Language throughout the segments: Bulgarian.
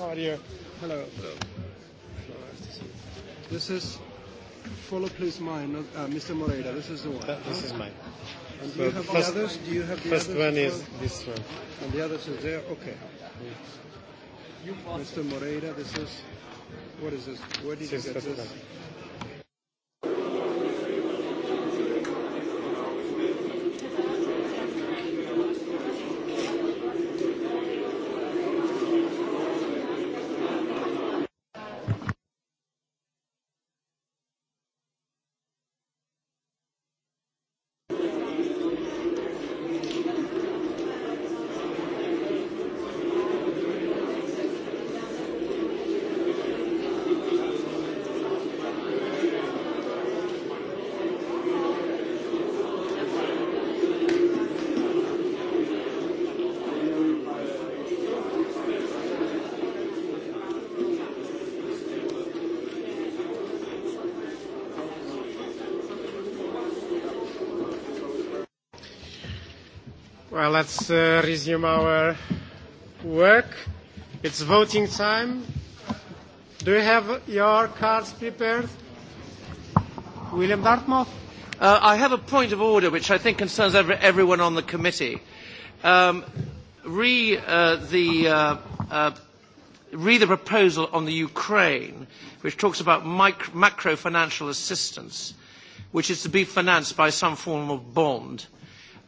How are you? Hello. Hello. see This is, follow please mine, uh, Mr. Moreira. This is the one. That, this is mine. And do you have first, the others? Do you have the first others one is this one. And the others are there? Okay. Mr. Moreira, this is, what is this? Where did you get this? Let's uh, resume our work. It's voting time. Do you have your cards prepared? William Dartmouth? Uh, I have a point of order which I think concerns every, everyone on the committee. Um, re, uh, the, uh, uh, re the proposal on the Ukraine, which talks about micro, macro financial assistance, which is to be financed by some form of bond. Uh,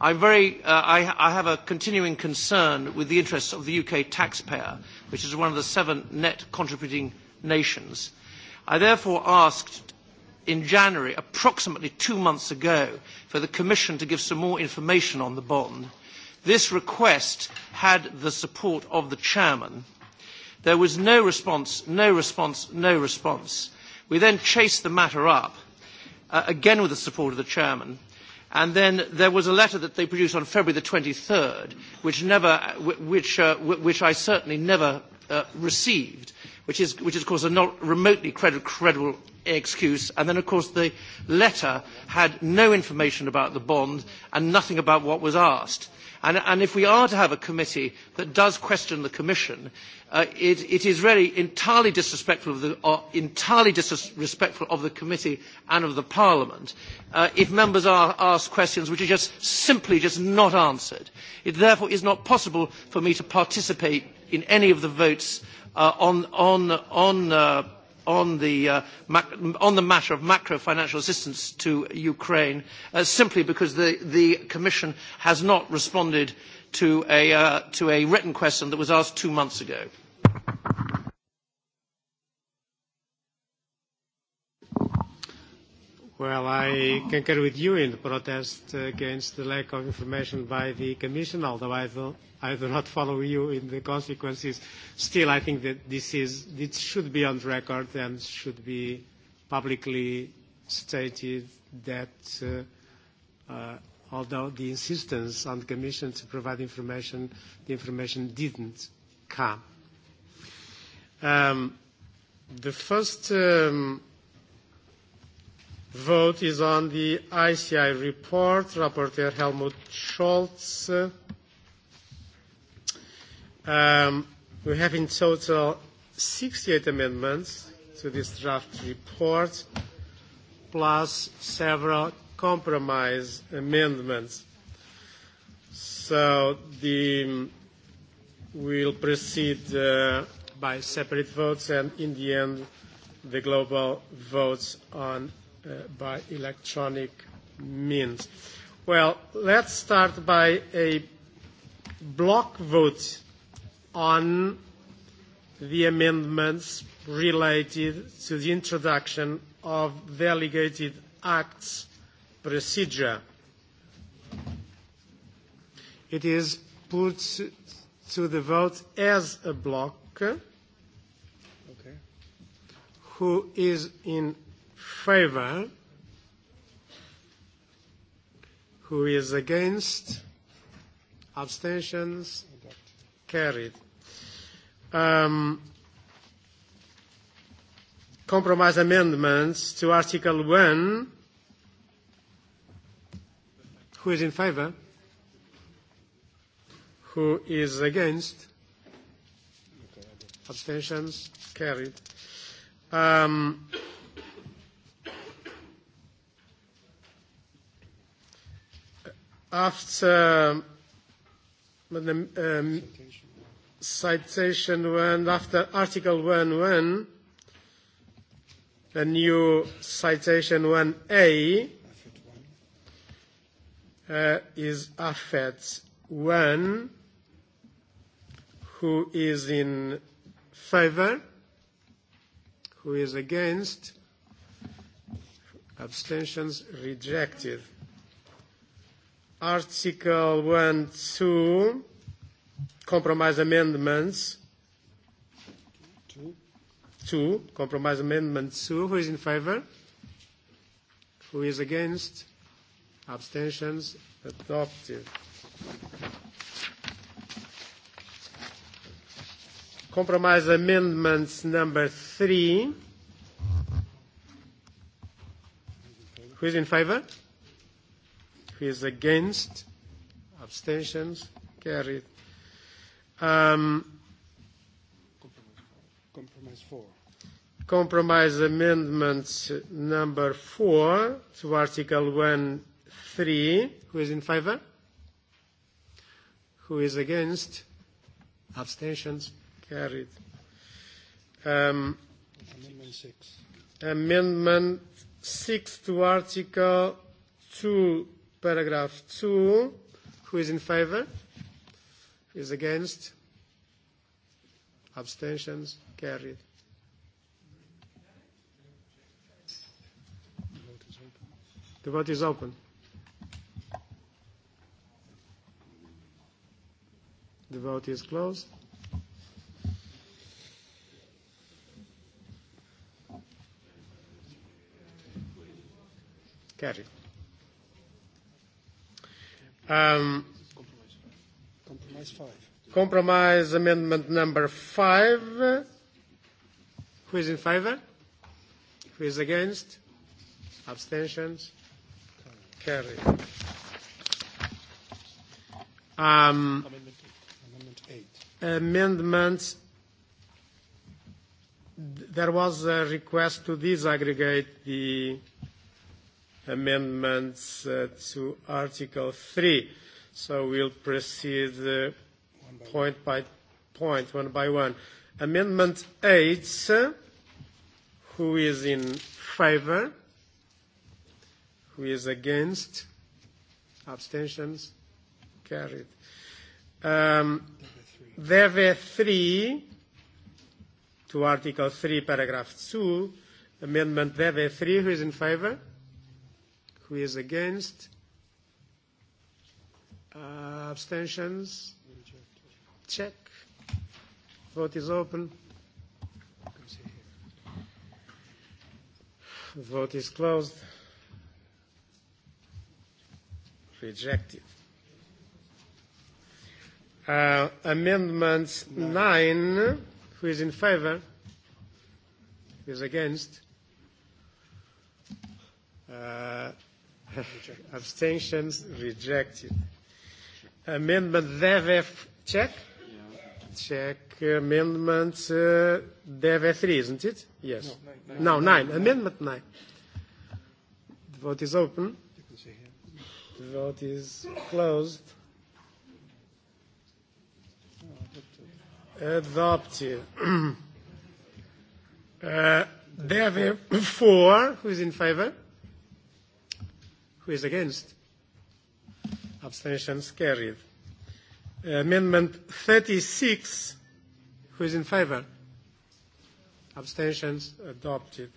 I'm very, uh, I, I have a continuing concern with the interests of the UK taxpayer, which is one of the seven net contributing nations. I therefore asked in January, approximately two months ago, for the Commission to give some more information on the bond. This request had the support of the chairman. There was no response, no response, no response. We then chased the matter up, again with the support of the chairman And then there was a letter that they produced on February the 23rd, which, never, which, uh, which I certainly never uh, received, which is, which is, of course, a not remotely credible excuse. And then, of course, the letter had no information about the bond and nothing about what was asked. And, and if we are to have a committee that does question the Commission, uh, it, it is really entirely disrespectful of the, uh, entirely disrespectful of the committee and of the Parliament uh, if members are asked questions which are just simply just not answered. It therefore is not possible for me to participate in any of the votes uh, on on on. Uh, on the, matter of macro financial assistance to Ukraine simply because the, Commission has not responded to a, written question that was asked two months ago. Well, I concur with you in the protest against the lack of information by the Commission, although I do, I do not follow you in the consequences. Still, I think that this, is, this should be on record and should be publicly stated that uh, uh, although the insistence on the Commission to provide information, the information didn't come. Um, the first... Um, Vote is on the ICI report. Rapporteur Helmut Scholz. Um, we have in total 68 amendments to this draft report, plus several compromise amendments. So the, we'll proceed uh, by separate votes and in the end the global votes on by electronic means. Well, let's start by a block vote on the amendments related to the introduction of delegated acts procedure. It is put to the vote as a block. Okay. Who is in favor? Who is against? Abstentions? Carried. Um, compromise amendments to Article 1. Who is in favor? Who is against? Abstentions? Carried. Um, after Madam um, citation one, after Article 1.1, the new citation 1A uh, is AFET 1. Who is in favor? Who is against? Abstentions rejected. Article 1, 2, compromise amendments. Two. Two. Compromise amendment two. Who is in favor? Who is against? Abstentions? Adopted. Compromise amendments number three. Who is in favour? is against? Abstentions? Carried. Um, compromise four. Compromise amendment number four to Article 1, 3. Who is in favour? Who is against? Abstentions? Carried. Um, Amendment 6. Amendment 6 to Article 2, Paragraph 2. Who is in favor? Who is against? Abstentions? Carried. The vote is open. The vote is closed. Carried. Um, compromise five. Compromise amendment number five. Who is in favour? Who is against? Abstentions? Carried. Um, amendment eight. Amendments there was a request to disaggregate the amendments to Article 3. So we'll proceed uh, point by point, one by one. Amendment 8, who is in favor? Who is against? Abstentions? Carried. Um, there were three to Article 3, paragraph 2, amendment there 3, Who is in favor? Who is against? Uh, abstentions? Check. Vote is open. Vote is closed. Rejected. Uh, amendment nine. nine. Who is in favor? Who is against? Uh, Abstentions rejected. Amendment DEVF check. Check amendment uh, DEVF 3, isn't it? Yes. No, nine. Amendment nine. The vote is open. The vote is closed. Adopted. Uh, DEVF 4, who is in favor? Who is against? Abstentions carried. Amendment 36. Who is in favor? Abstentions adopted.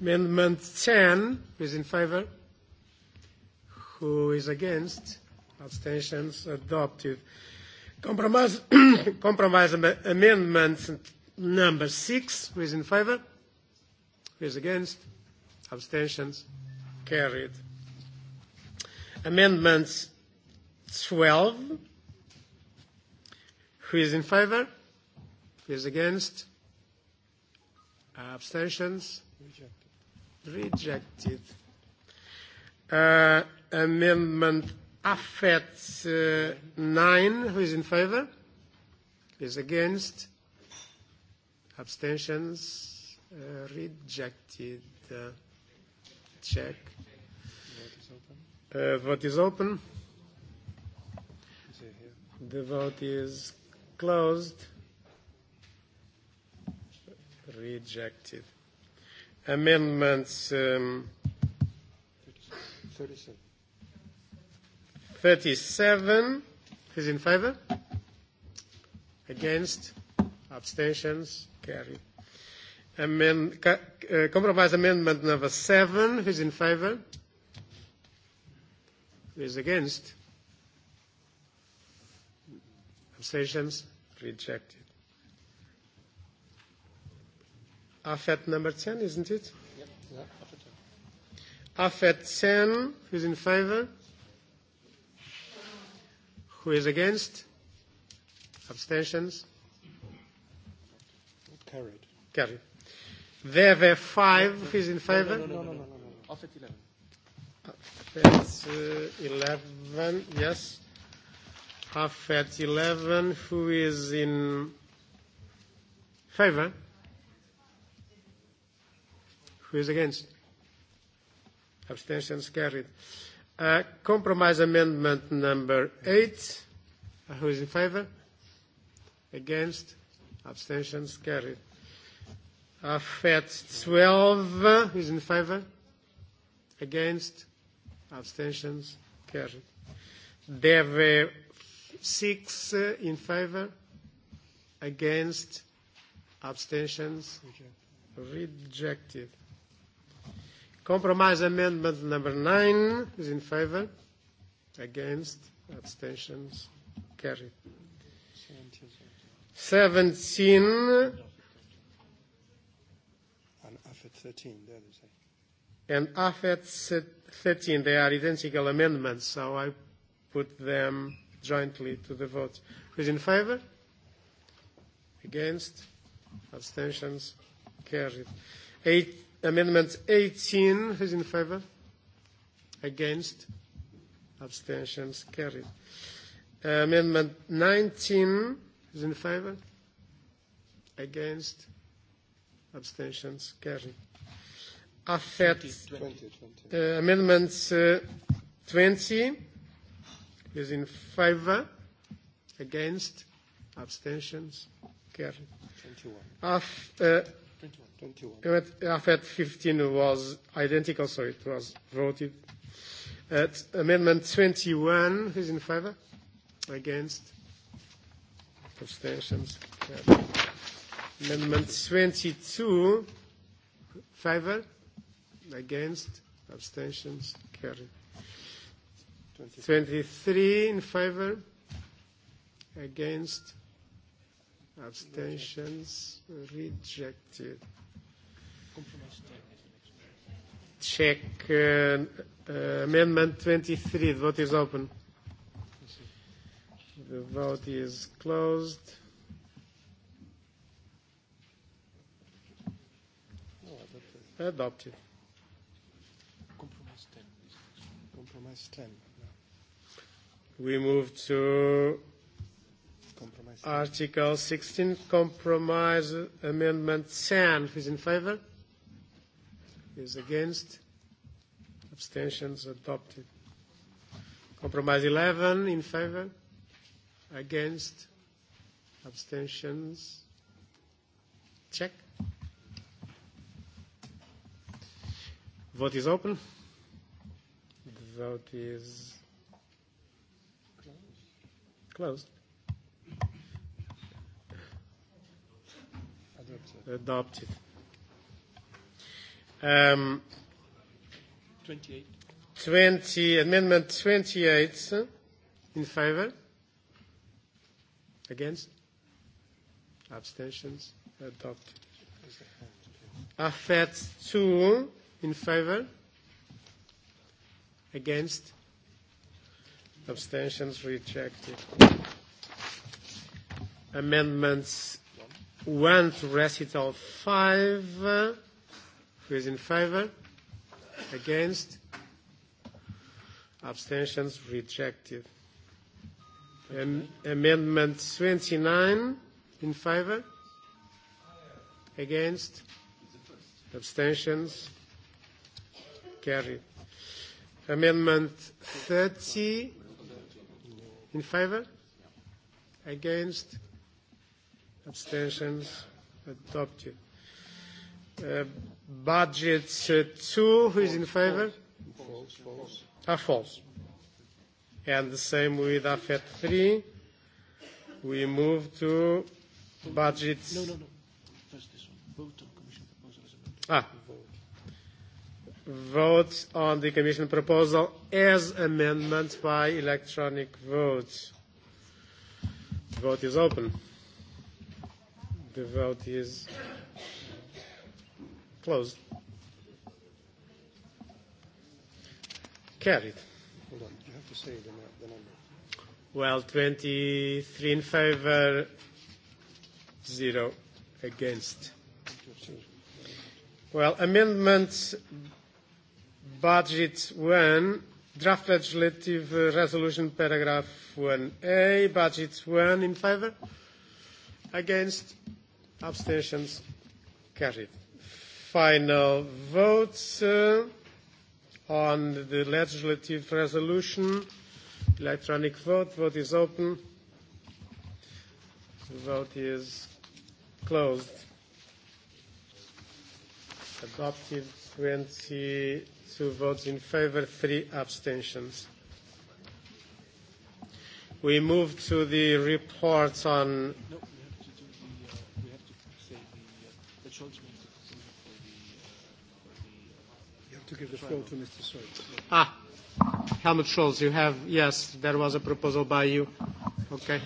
Amendment 10. Who is in favor? Who is against? Abstentions adopted. Compromise, compromise amendment number 6. Who is in favor? Who is against? Abstentions carried. Amendments 12. Who is in favor? Who is against? Abstentions? Rejected. Rejected. Uh, amendment AFET uh, 9. Who is in favor? Who is against? Abstentions? Uh, rejected. Uh, check. Uh, vote is open. The vote is closed. Rejected. Amendments um, 37. 37. Who's in favor? Against? Abstentions? Carried. Amend, uh, compromise amendment number 7. Who's in favor? is against? Abstentions? Rejected. Affet number 10, isn't it? Affet Yeah. AFET 10, who's in favor? Who is against? Abstentions? Carried. Carried. There were five. Who is in favor? No, no, no, no, no. no, AFET 11. That's uh, 11, yes. Half at 11, who is in favor? Who is against? Abstentions carried. Uh, compromise amendment number 8, who is in favor? Against? Abstentions carried. Half Affect 12, who is in favor? Against? Abstentions? Carried. There were six in favor? Against? Abstentions? Rejected. Compromise amendment number nine is in favor? Against? Abstentions? Carried. 17. And AFET 13, And AFET 13, they are identical amendments, so I put them jointly to the vote. Who's in favor? Against? Abstentions? Carried. Eight, amendment 18, who's in favor? Against? Abstentions? Carried. amendment 19, who's in favor? Against? Abstentions? Carried. AFET amendments 20 is in favor, against, abstentions, carried. 21. AFET 15 was identical, so it was voted. At amendment 21 is in favor, against, abstentions, carried. Amendment 22, favor, Against? Abstentions? Carried. 23 in favor? Against? Abstentions? Rejected. Check uh, uh, Amendment 23. The vote is open. The vote is closed. Adopted. Compromise 10. We move to compromise Article 16, Compromise Amendment 10. Who's in favor? Who's against? Abstentions adopted. Compromise 11, in favor? Against? Abstentions? Check. Vote is open vote is closed. Adopted. Um, 28. 20, amendment 28 in favor? Against? Abstentions? Adopted. AFET 2 in favor? Against? Abstentions rejected. Amendments 1 to recital 5. Who is in favor? Against? Abstentions rejected. Am- amendment 29 in favor? Against? Abstentions? Carried. Amendment 30. In favor? Against? Abstentions? Adopted. Uh, budget uh, 2, who is in favor? False. False. Ah, false. And the same with AFET 3. We move to budget. No, no, no. First this one. Vote on commission proposal as a amended. Ah, vote on the Commission proposal as amendment by electronic vote. The vote is open. The vote is closed. Carried. Hold on. You have to say the, the number. Well, 23 in favor, zero against. Well, amendment Budget 1, draft legislative resolution paragraph 1A, Budget 1 in favour, against, abstentions carried. Final votes uh, on the legislative resolution. Electronic vote. Vote is open. Vote is closed. Adopted 20 two votes in favor, three abstentions. We move to the report on. No, we have to do the, we have to say the Scholz makes the proposal for the. You have to give the floor to Mr. Scholz. Ah, Helmut Scholz, you have. Yes, there was a proposal by you. Okay.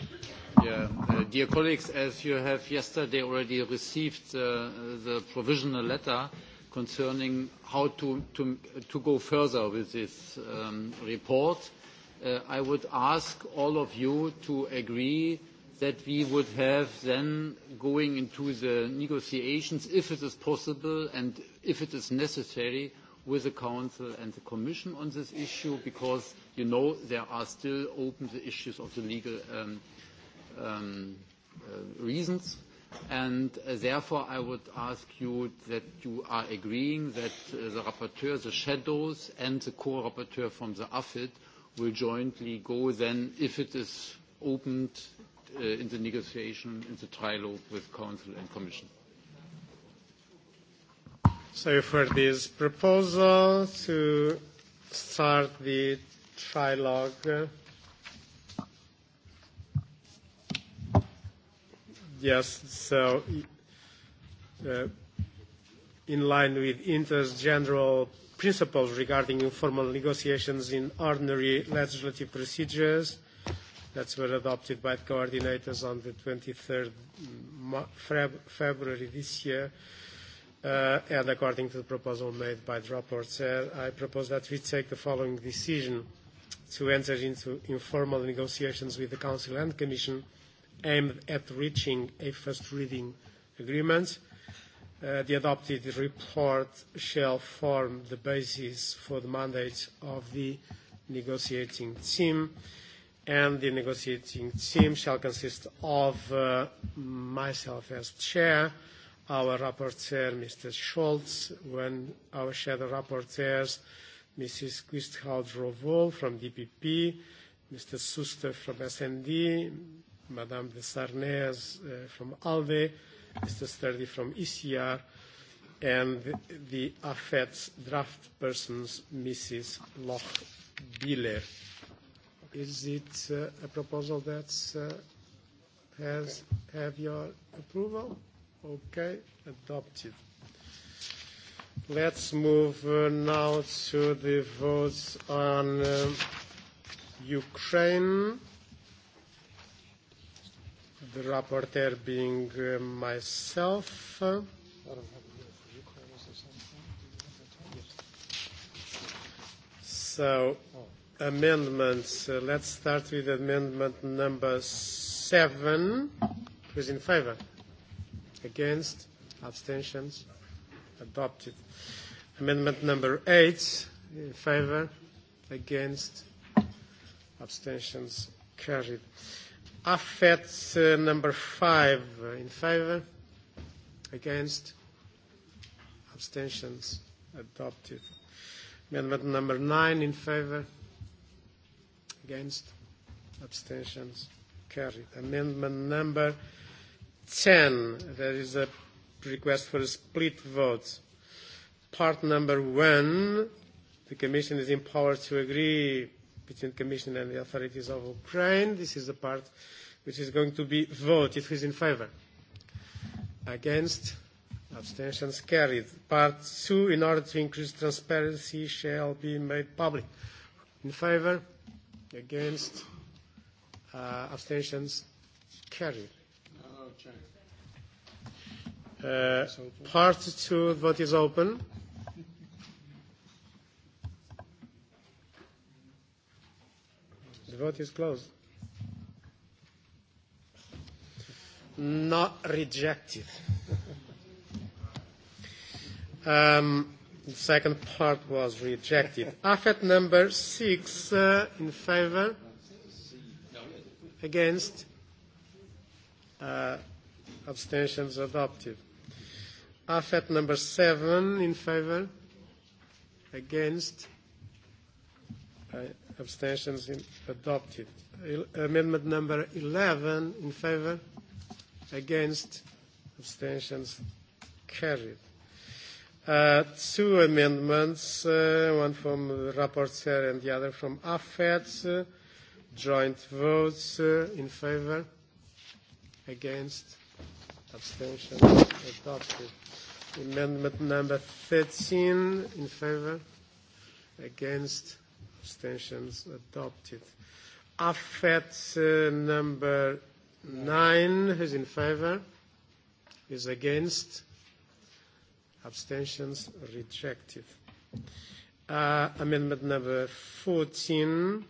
Yeah. Dear colleagues, as you have yesterday already received the provisional letter, concerning how to go further with this report. I would ask all of you to agree that we would have then going into the negotiations, if it is possible and if it is necessary, with the Council and the Commission on this issue, because you know there are still open the issues of the legal reasons And therefore, I would ask you that you are agreeing that the rapporteur, the shadows, and the co-rapporteur from the AFID will jointly go then, if it is opened in the negotiation, in the trilogue with Council and Commission. So for this proposal to start the trilogue Yes. So in line with Inter's general principles regarding informal negotiations in ordinary legislative procedures that were adopted by the coordinators on the 23rd February this year, and according to the proposal made by the rapporteur, I propose that we take the following decision to enter into informal negotiations with the Council and Commission – aimed at reaching a first reading agreement. The adopted report shall form the basis for the mandate of the negotiating team, and the negotiating team shall consist of myself as chair, our rapporteur, Mr. Scholz, when our shadow rapporteurs, Mrs. quisthoudt rowohl from DPP, Mr. Suster from S&D, Madame de Sarnez from ALDE, Mr. Sturdy from ECR, and the AFET's draft persons, Mrs. Loch Biller. Is it a proposal that has have your approval? Okay, adopted. Let's move now to the votes on Ukraine the rapporteur being uh, myself. Uh, so, amendments. Uh, let's start with amendment number seven. Who's in favor? Against? Abstentions? Adopted. Amendment number eight. In favor? Against? Abstentions? Carried. Uh, AFET number five in favor, against, abstentions adopted. Amendment number nine in favor, against, abstentions carried. Amendment number 10, there is a request for a split vote. Part number one, the Commission is empowered to agree between the Commission and the authorities of Ukraine. This is the part which is going to be voted. Who is in favour? Against? Abstentions carried. Part two, in order to increase transparency, shall be made public. In favour? Against? Uh, abstentions carried. Uh, part two, vote is open. The vote is closed. Not rejected. Um, the second part was rejected. Affect number six uh, in favor. Against. Uh, abstentions adopted. Affect number seven in favor. Against abstentions adopted. Amendment number 11 in favor, against, abstentions carried. Uh, two amendments, uh, one from the rapporteur and the other from AFET. Uh, joint votes uh, in favor, against, abstentions adopted. Amendment number 13 in favor, against, abstentions adopted. AFET number nine, who's in favor? Who's against? Abstentions rejected. Uh, amendment number 14.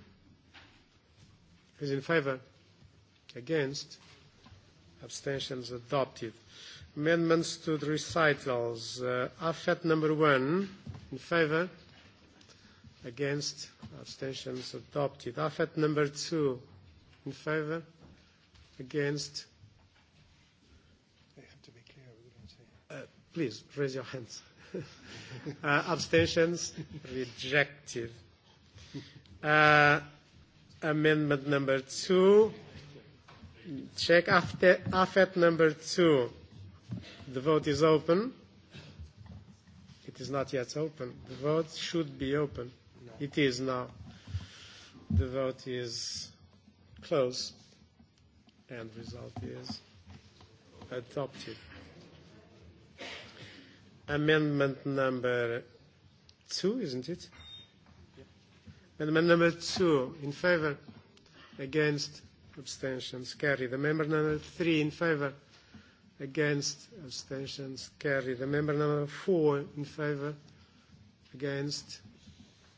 Who's in favor? Against? Abstentions adopted. Amendments to the recitals. Uh, AFET number one. In favor? Against? Abstentions adopted. Affect number two. In favor? Against? They have to be clear. We don't say. Uh, please, raise your hands. uh, abstentions? Rejected. Uh, amendment number two. Check after AFET number two. The vote is open. It is not yet open. The vote should be open. It is now. The vote is closed. And result is adopted. Amendment number two, isn't it? Amendment number two, in favor, against, abstentions carried. Amendment number three, in favor, against, abstentions carried. Amendment number four, in favor, against,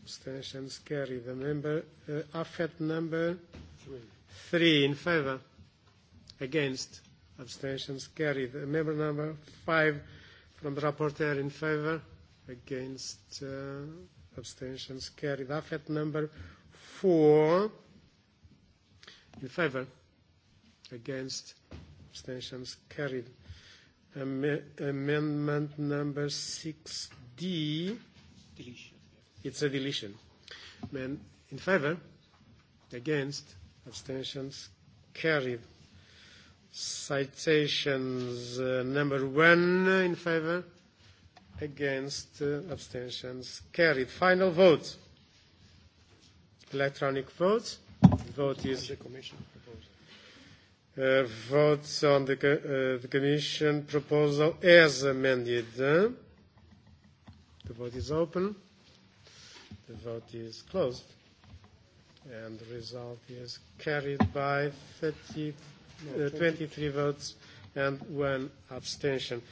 abstentions carry. The member, uh, AFET number three in favor? against, abstentions carry. The member number five from the rapporteur in favor? against, uh, abstentions carry. The AFET number four in favor? against, abstentions carried. Amendment number 6D. Deletion It's a deletion. And in favor? Against? Abstentions? Carried. Citations uh, number one in favor? Against? Uh, abstentions? Carried. Final vote. Electronic vote. Vote is. The commission votes on the uh the commission proposal as amended. The vote is open. The vote is closed. And the result is carried by 30, uh, 23 votes and one abstention.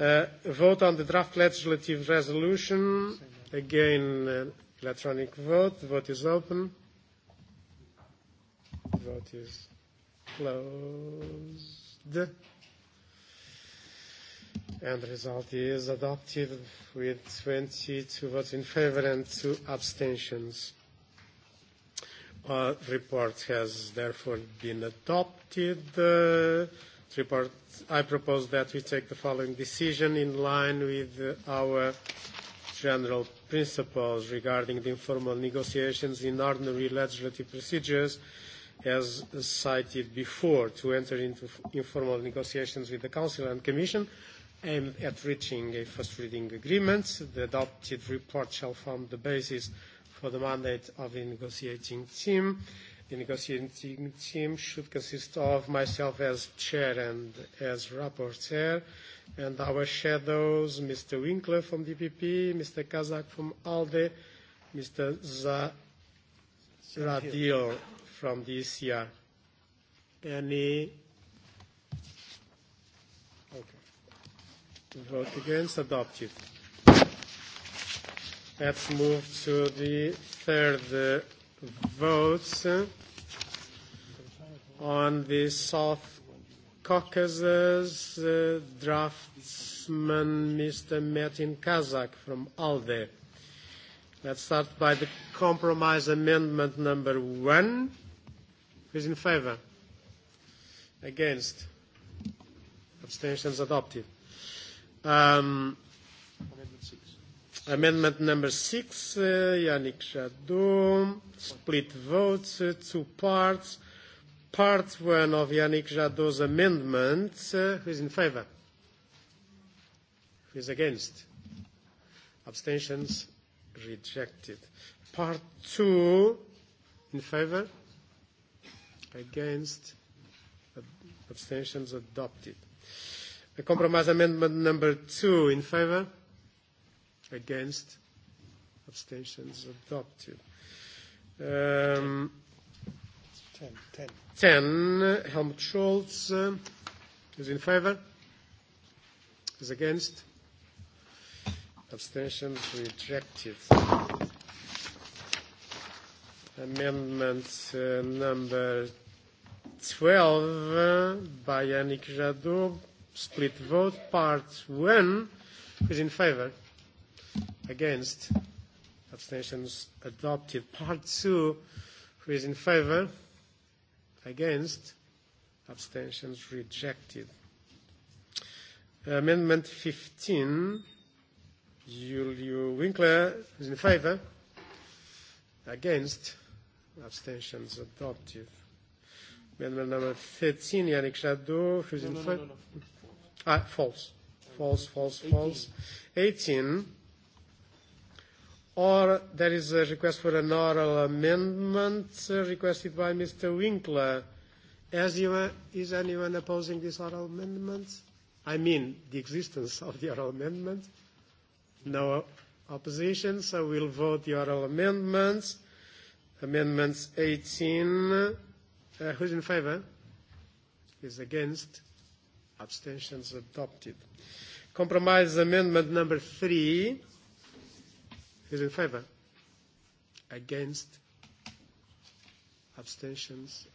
Uh, vote on the draft legislative resolution. Again, uh, electronic vote. The vote is open. The vote is closed and the result is adopted with 22 votes in favor and two abstentions. Our report has therefore been adopted. Uh, report, I propose that we take the following decision in line with our general principles regarding the informal negotiations in ordinary legislative procedures as cited before, to enter into informal negotiations with the Council and Commission aimed at reaching a first reading agreement. The adopted report shall form the basis for the mandate of the negotiating team. The negotiating team should consist of myself as chair and as rapporteur, and our shadows, Mr. Winkler from DPP, Mr. Kazak from ALDE, Mr. Zahradil from the ECR. Any Vote against. Adopted. Let's move to the third votes on the South Caucasus draftsman, Mr. Metin Kazak from ALDE. Let's start by the compromise amendment number one. Who's in favor? Against? Abstentions adopted. Um, amendment number six, uh, Yannick Jadot, split votes, uh, two parts. Part one of Yannick Jadot's amendment. Uh, who is in favour? Who is against? Abstentions? Rejected. Part two, in favour? Against? Abstentions adopted. The compromise amendment number two in favor? Against? Abstentions adopted. Um, ten ten. ten. Helmut Scholz uh, is in favor? Is against? Abstentions rejected. Amendment uh, number 12 uh, by Yannick Jadot split vote. Part one is in favor. Against. Abstentions adopted. Part two, who is in favor? Against. Abstentions rejected. Amendment 15, Julio Winkler is in favor. Against. Abstentions adopted. Amendment number 13, Yannick Jadot, who's in favor? Uh, false. False, false, false. 18. Or there is a request for an oral amendment requested by Mr. Winkler. As you, is anyone opposing this oral amendment? I mean, the existence of the oral amendment. No opposition, so we'll vote the oral amendments. Amendments 18. Uh, who's in favor? Is against? Abstentions adopted. Compromise amendment number three. Who's in favor? Against? Abstentions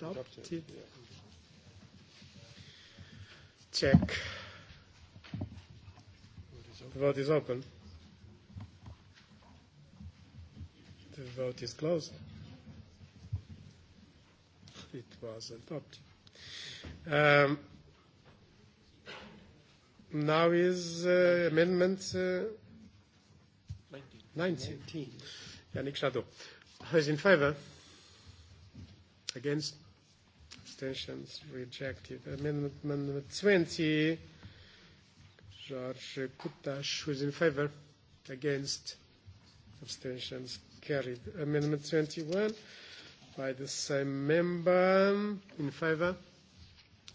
adopted. Check. The vote is open. The vote is closed. It was adopted. Um, now is uh, amendment uh, 19. Yannick Yannick Jadot. Who's in favour? Against? Abstentions? Rejected. Amendment, amendment 20. George Kutash. Who's in favour? Against? Abstentions? Carried. Amendment 21 by the same member. In favour?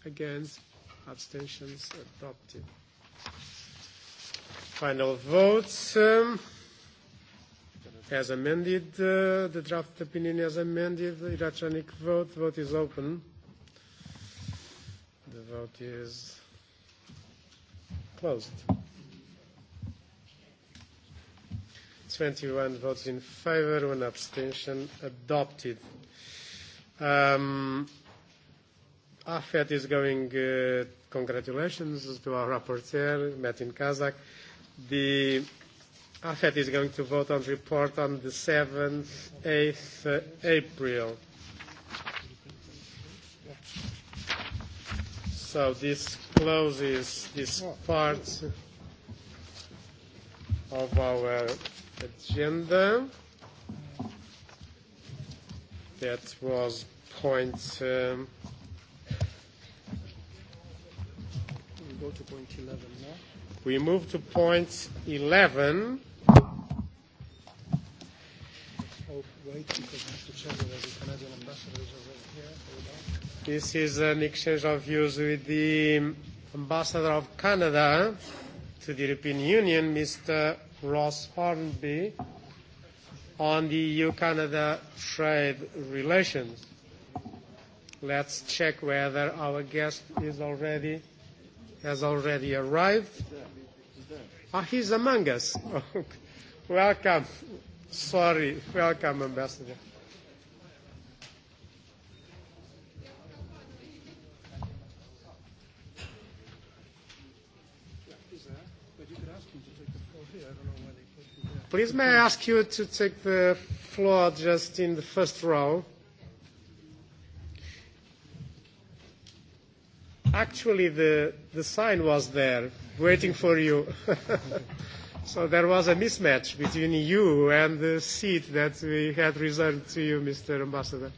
Against? Abstentions adopted. Final votes. Um, as amended, uh, the draft opinion as amended, electronic vote. Vote is open. The vote is closed. 21 votes in favor, one abstention adopted. Um, AFET is going, uh, congratulations to our rapporteur, Metin Kazak. The AFET is going to vote on the report on the 7th, 8th uh, April. So this closes this part of our agenda. That was point um, go to point 11 now. We move to point 11. Oh, wait, because I have to check whether the Canadian ambassador is already here. This is an exchange of views with the ambassador of Canada to the European Union, Mr. Ross Hornby, on the EU-Canada trade relations. Let's check whether our guest is already has already arrived. Ah, he's among us. Welcome. Sorry. Welcome, Ambassador. Please may I ask you to take the floor just in the first row? Actually, the, the sign was there waiting for you. so there was a mismatch between you and the seat that we had reserved to you, Mr. Ambassador.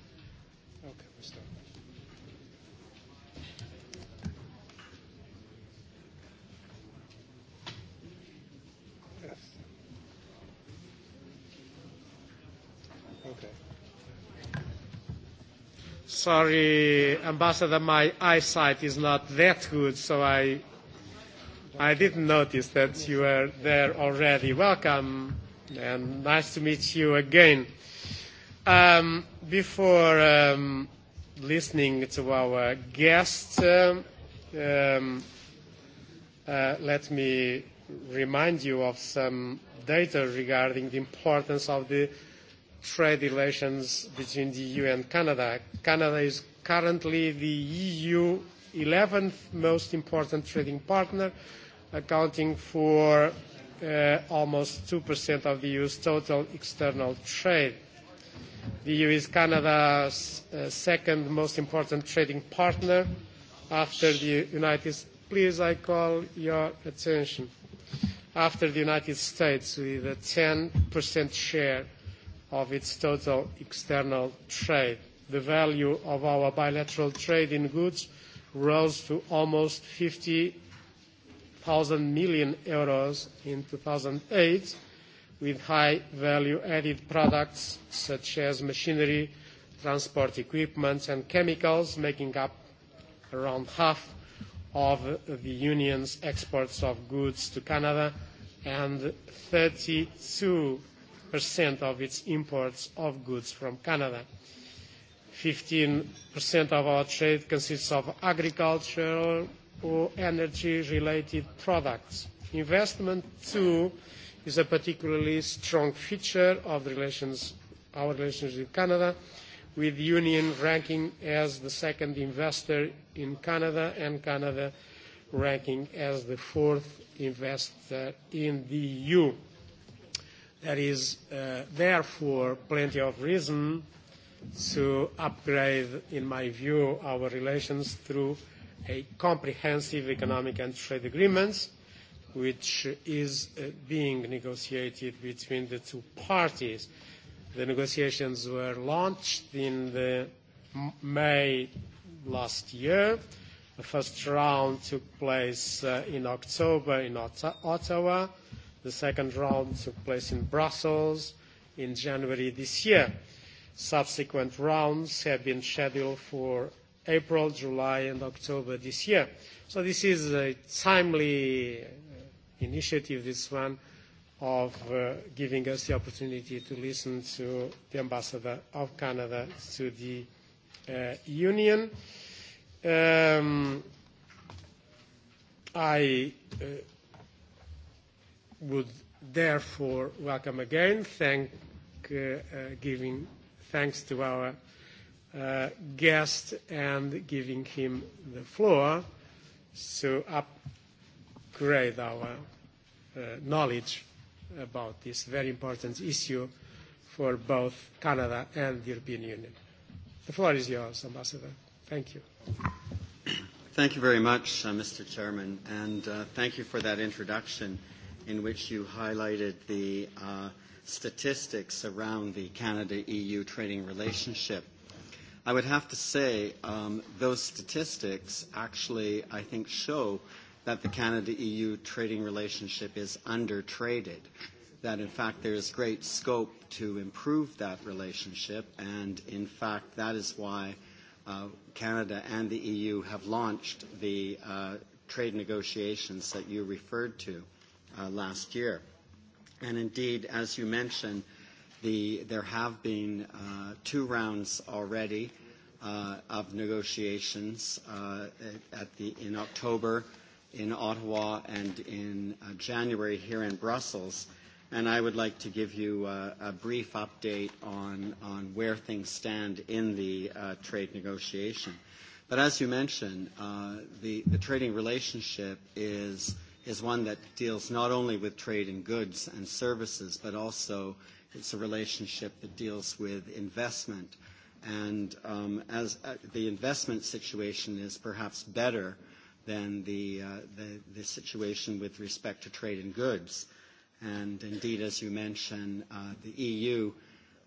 Sorry, Ambassador, my eyesight is not that good, so I, I didn't notice that you were there already. Welcome, and nice to meet you again. Um, before um, listening to our guest, um, um, uh, let me remind you of some data regarding the importance of the trade relations between the EU and Canada. Canada is currently the EU 11th most important trading partner, accounting for uh, almost 2% of the EU's total external trade. The EU is Canada's uh, second most important trading partner after the United States. Please, I call your attention. After the United States with a 10% share of its total external trade. The value of our bilateral trade in goods rose to almost 50,000 million euros in 2008, with high value-added products such as machinery, transport equipment, and chemicals making up around half of the union's exports of goods to Canada and 32 of its imports of goods from Canada. percent of our trade consists of agricultural or energy-related products. Investment, too, is a particularly strong feature of our relations with Canada, with the Union ranking as the second investor in Canada and Canada ranking as the fourth investor in the EU. There is uh, therefore plenty of reason to upgrade, in my view, our relations through a comprehensive economic and trade agreements, which is uh, being negotiated between the two parties. The negotiations were launched in the May last year. The first round took place uh, in October in Ottawa The second round took place in Brussels in January this year. Subsequent rounds have been scheduled for April, July, and October this year. So this is a timely initiative, this one, of giving us the opportunity to listen to the ambassador of Canada to the Union. I would therefore welcome again, thank, uh, uh, giving thanks to our uh, guest and giving him the floor to upgrade our uh, knowledge about this very important issue for both Canada and the European Union. The floor is yours, Ambassador. Thank you. Thank you very much, uh, Mr. Chairman, and uh, thank you for that introduction in which you highlighted the uh, statistics around the Canada-EU trading relationship. I would have to say um, those statistics actually, I think, show that the Canada-EU trading relationship is under-traded, that in fact there is great scope to improve that relationship, and in fact that is why uh, Canada and the EU have launched the uh, trade negotiations that you referred to last year. And indeed, as you mentioned, the, there have been uh, two rounds already uh, of negotiations uh, at the, in October in Ottawa and in uh, January here in Brussels. And I would like to give you a, a brief update on, on where things stand in the uh, trade negotiation. But as you mentioned, uh, the, the trading relationship is – is one that deals not only with trade in goods and services, but also it's a relationship that deals with investment. And um, as uh, the investment situation is perhaps better than the, uh, the, the situation with respect to trade in goods. And indeed, as you mentioned, uh, the EU,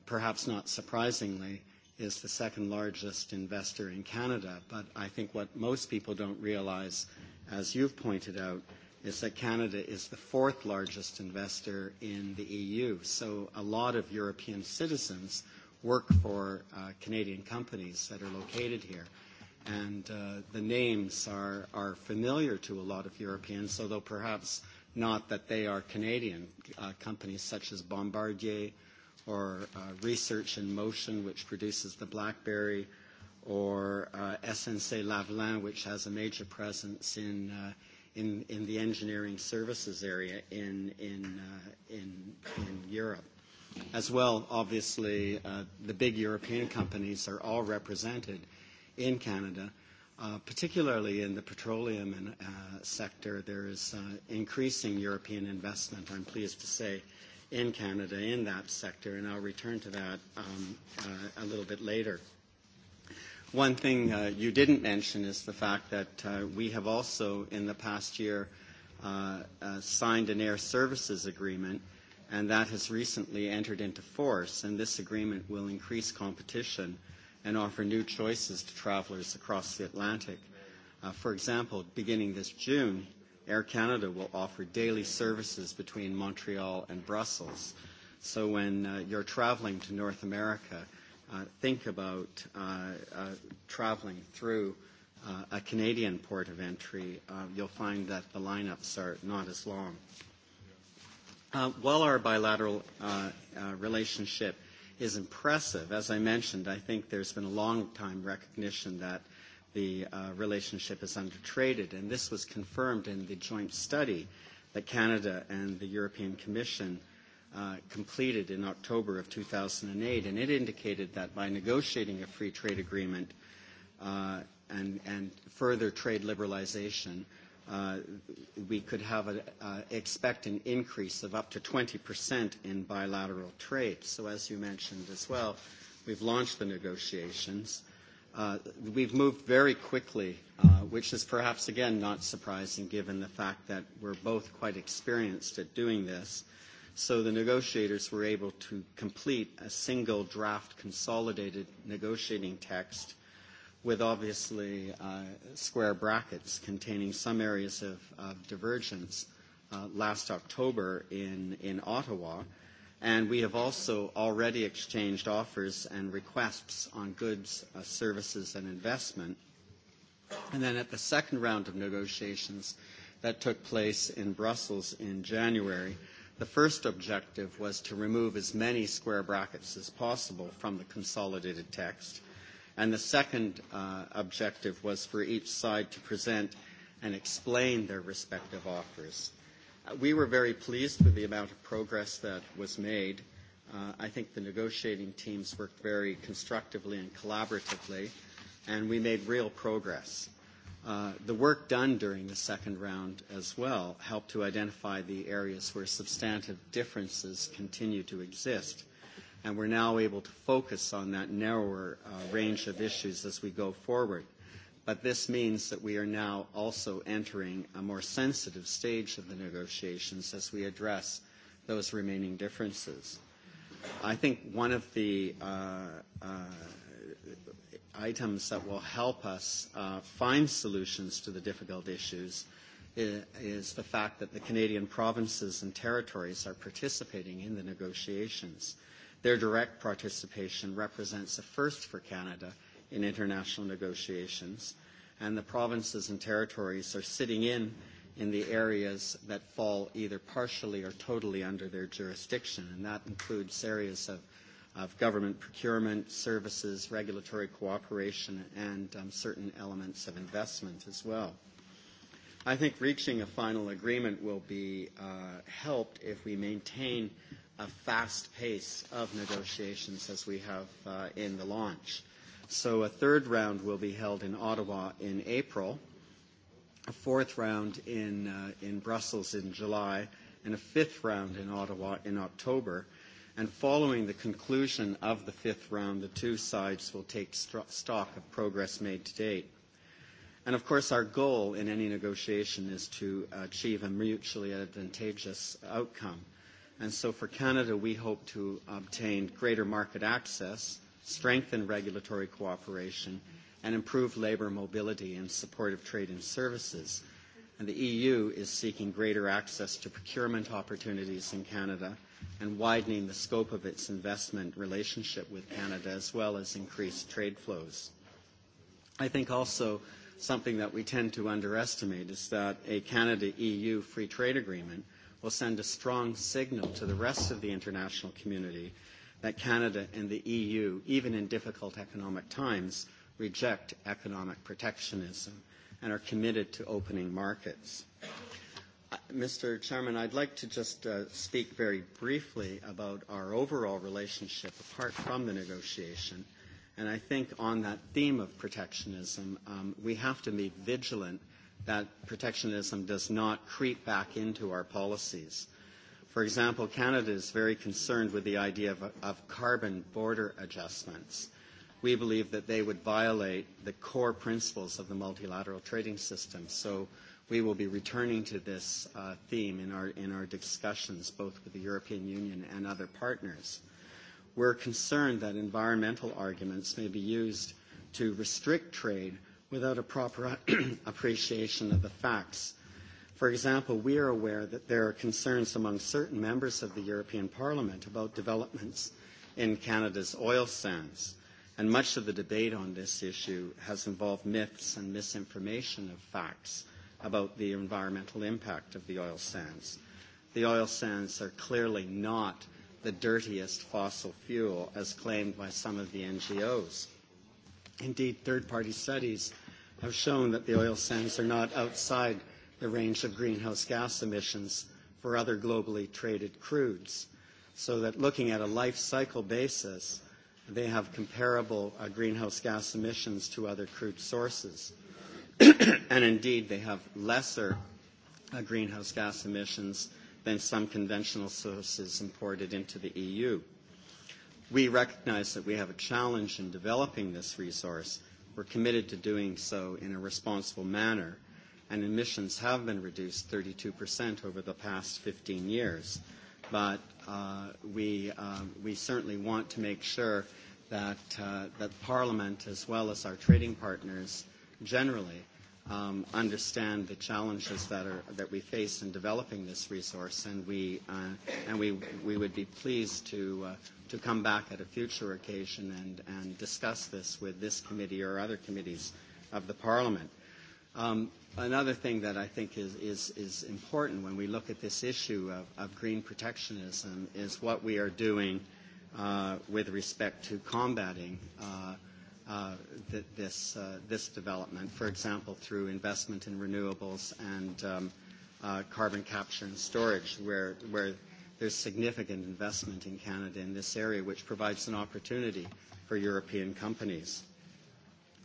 perhaps not surprisingly, is the second largest investor in Canada. But I think what most people don't realize, as you've pointed out, is that Canada is the fourth largest investor in the EU. So a lot of European citizens work for uh, Canadian companies that are located here. And uh, the names are, are familiar to a lot of Europeans, although perhaps not that they are Canadian. Uh, companies such as Bombardier or uh, Research in Motion, which produces the BlackBerry, or uh, SNC-Lavalin, which has a major presence in uh, in, in the engineering services area in, in, uh, in, in Europe. As well, obviously, uh, the big European companies are all represented in Canada, uh, particularly in the petroleum and, uh, sector. There is uh, increasing European investment, I'm pleased to say, in Canada in that sector, and I'll return to that um, uh, a little bit later. One thing uh, you didn't mention is the fact that uh, we have also, in the past year, uh, uh, signed an air services agreement, and that has recently entered into force. And this agreement will increase competition and offer new choices to travelers across the Atlantic. Uh, for example, beginning this June, Air Canada will offer daily services between Montreal and Brussels. So when uh, you're traveling to North America, uh, think about uh, uh, traveling through uh, a Canadian port of entry, uh, you'll find that the lineups are not as long. Uh, while our bilateral uh, uh, relationship is impressive, as I mentioned, I think there's been a long time recognition that the uh, relationship is undertraded, and this was confirmed in the joint study that Canada and the European Commission uh, completed in October of 2008, and it indicated that by negotiating a free trade agreement uh, and, and further trade liberalization, uh, we could have a, uh, expect an increase of up to 20% in bilateral trade. So as you mentioned as well, we've launched the negotiations. Uh, we've moved very quickly, uh, which is perhaps, again, not surprising given the fact that we're both quite experienced at doing this. Uh, So the negotiators were able to complete a single draft consolidated negotiating text with obviously uh, square brackets containing some areas of, of divergence uh, last October in, in Ottawa. And we have also already exchanged offers and requests on goods, uh, services, and investment. And then at the second round of negotiations that took place in Brussels in January, The first objective was to remove as many square brackets as possible from the consolidated text. And the second uh, objective was for each side to present and explain their respective offers. We were very pleased with the amount of progress that was made. Uh, I think the negotiating teams worked very constructively and collaboratively, and we made real progress. Uh, the work done during the second round as well helped to identify the areas where substantive differences continue to exist. And we're now able to focus on that narrower uh, range of issues as we go forward. But this means that we are now also entering a more sensitive stage of the negotiations as we address those remaining differences. I think one of the uh, uh, items that will help us uh, find solutions to the difficult issues is the fact that the Canadian provinces and territories are participating in the negotiations. Their direct participation represents a first for Canada in international negotiations, and the provinces and territories are sitting in in the areas that fall either partially or totally under their jurisdiction, and that includes areas of of government procurement, services, regulatory cooperation, and um, certain elements of investment as well. I think reaching a final agreement will be uh, helped if we maintain a fast pace of negotiations as we have uh, in the launch. So a third round will be held in Ottawa in April, a fourth round in, uh, in Brussels in July, and a fifth round in Ottawa in October – And following the conclusion of the fifth round, the two sides will take st- stock of progress made to date. And of course, our goal in any negotiation is to achieve a mutually advantageous outcome. And so for Canada, we hope to obtain greater market access, strengthen regulatory cooperation, and improve labour mobility in support of trade and services. And the EU is seeking greater access to procurement opportunities in Canada and widening the scope of its investment relationship with Canada, as well as increased trade flows. I think also something that we tend to underestimate is that a Canada-EU free trade agreement will send a strong signal to the rest of the international community that Canada and the EU, even in difficult economic times, reject economic protectionism and are committed to opening markets. Mr. Chairman, I'd like to just uh, speak very briefly about our overall relationship apart from the negotiation. And I think on that theme of protectionism, um, we have to be vigilant that protectionism does not creep back into our policies. For example, Canada is very concerned with the idea of, of carbon border adjustments. We believe that they would violate the core principles of the multilateral trading system. So we will be returning to this uh, theme in our, in our discussions, both with the European Union and other partners. We're concerned that environmental arguments may be used to restrict trade without a proper appreciation of the facts. For example, we are aware that there are concerns among certain members of the European Parliament about developments in Canada's oil sands. And much of the debate on this issue has involved myths and misinformation of facts about the environmental impact of the oil sands. The oil sands are clearly not the dirtiest fossil fuel as claimed by some of the NGOs. Indeed, third-party studies have shown that the oil sands are not outside the range of greenhouse gas emissions for other globally traded crudes, so that looking at a life cycle basis, they have comparable uh, greenhouse gas emissions to other crude sources and indeed, they have lesser uh, greenhouse gas emissions than some conventional sources imported into the EU. We recognize that we have a challenge in developing this resource. We're committed to doing so in a responsible manner, and emissions have been reduced 32% over the past 15 years. But uh, we, uh, we certainly want to make sure that, uh, that Parliament, as well as our trading partners, uh, generally um, understand the challenges that are that we face in developing this resource, and we uh, and we we would be pleased to uh, to come back at a future occasion and and discuss this with this committee or other committees of the Parliament. Um, another thing that I think is, is, is important when we look at this issue of, of green protectionism is what we are doing uh, with respect to combating uh, uh, th- this, uh, this development, for example, through investment in renewables and um, uh, carbon capture and storage, where, where there's significant investment in Canada in this area, which provides an opportunity for European companies.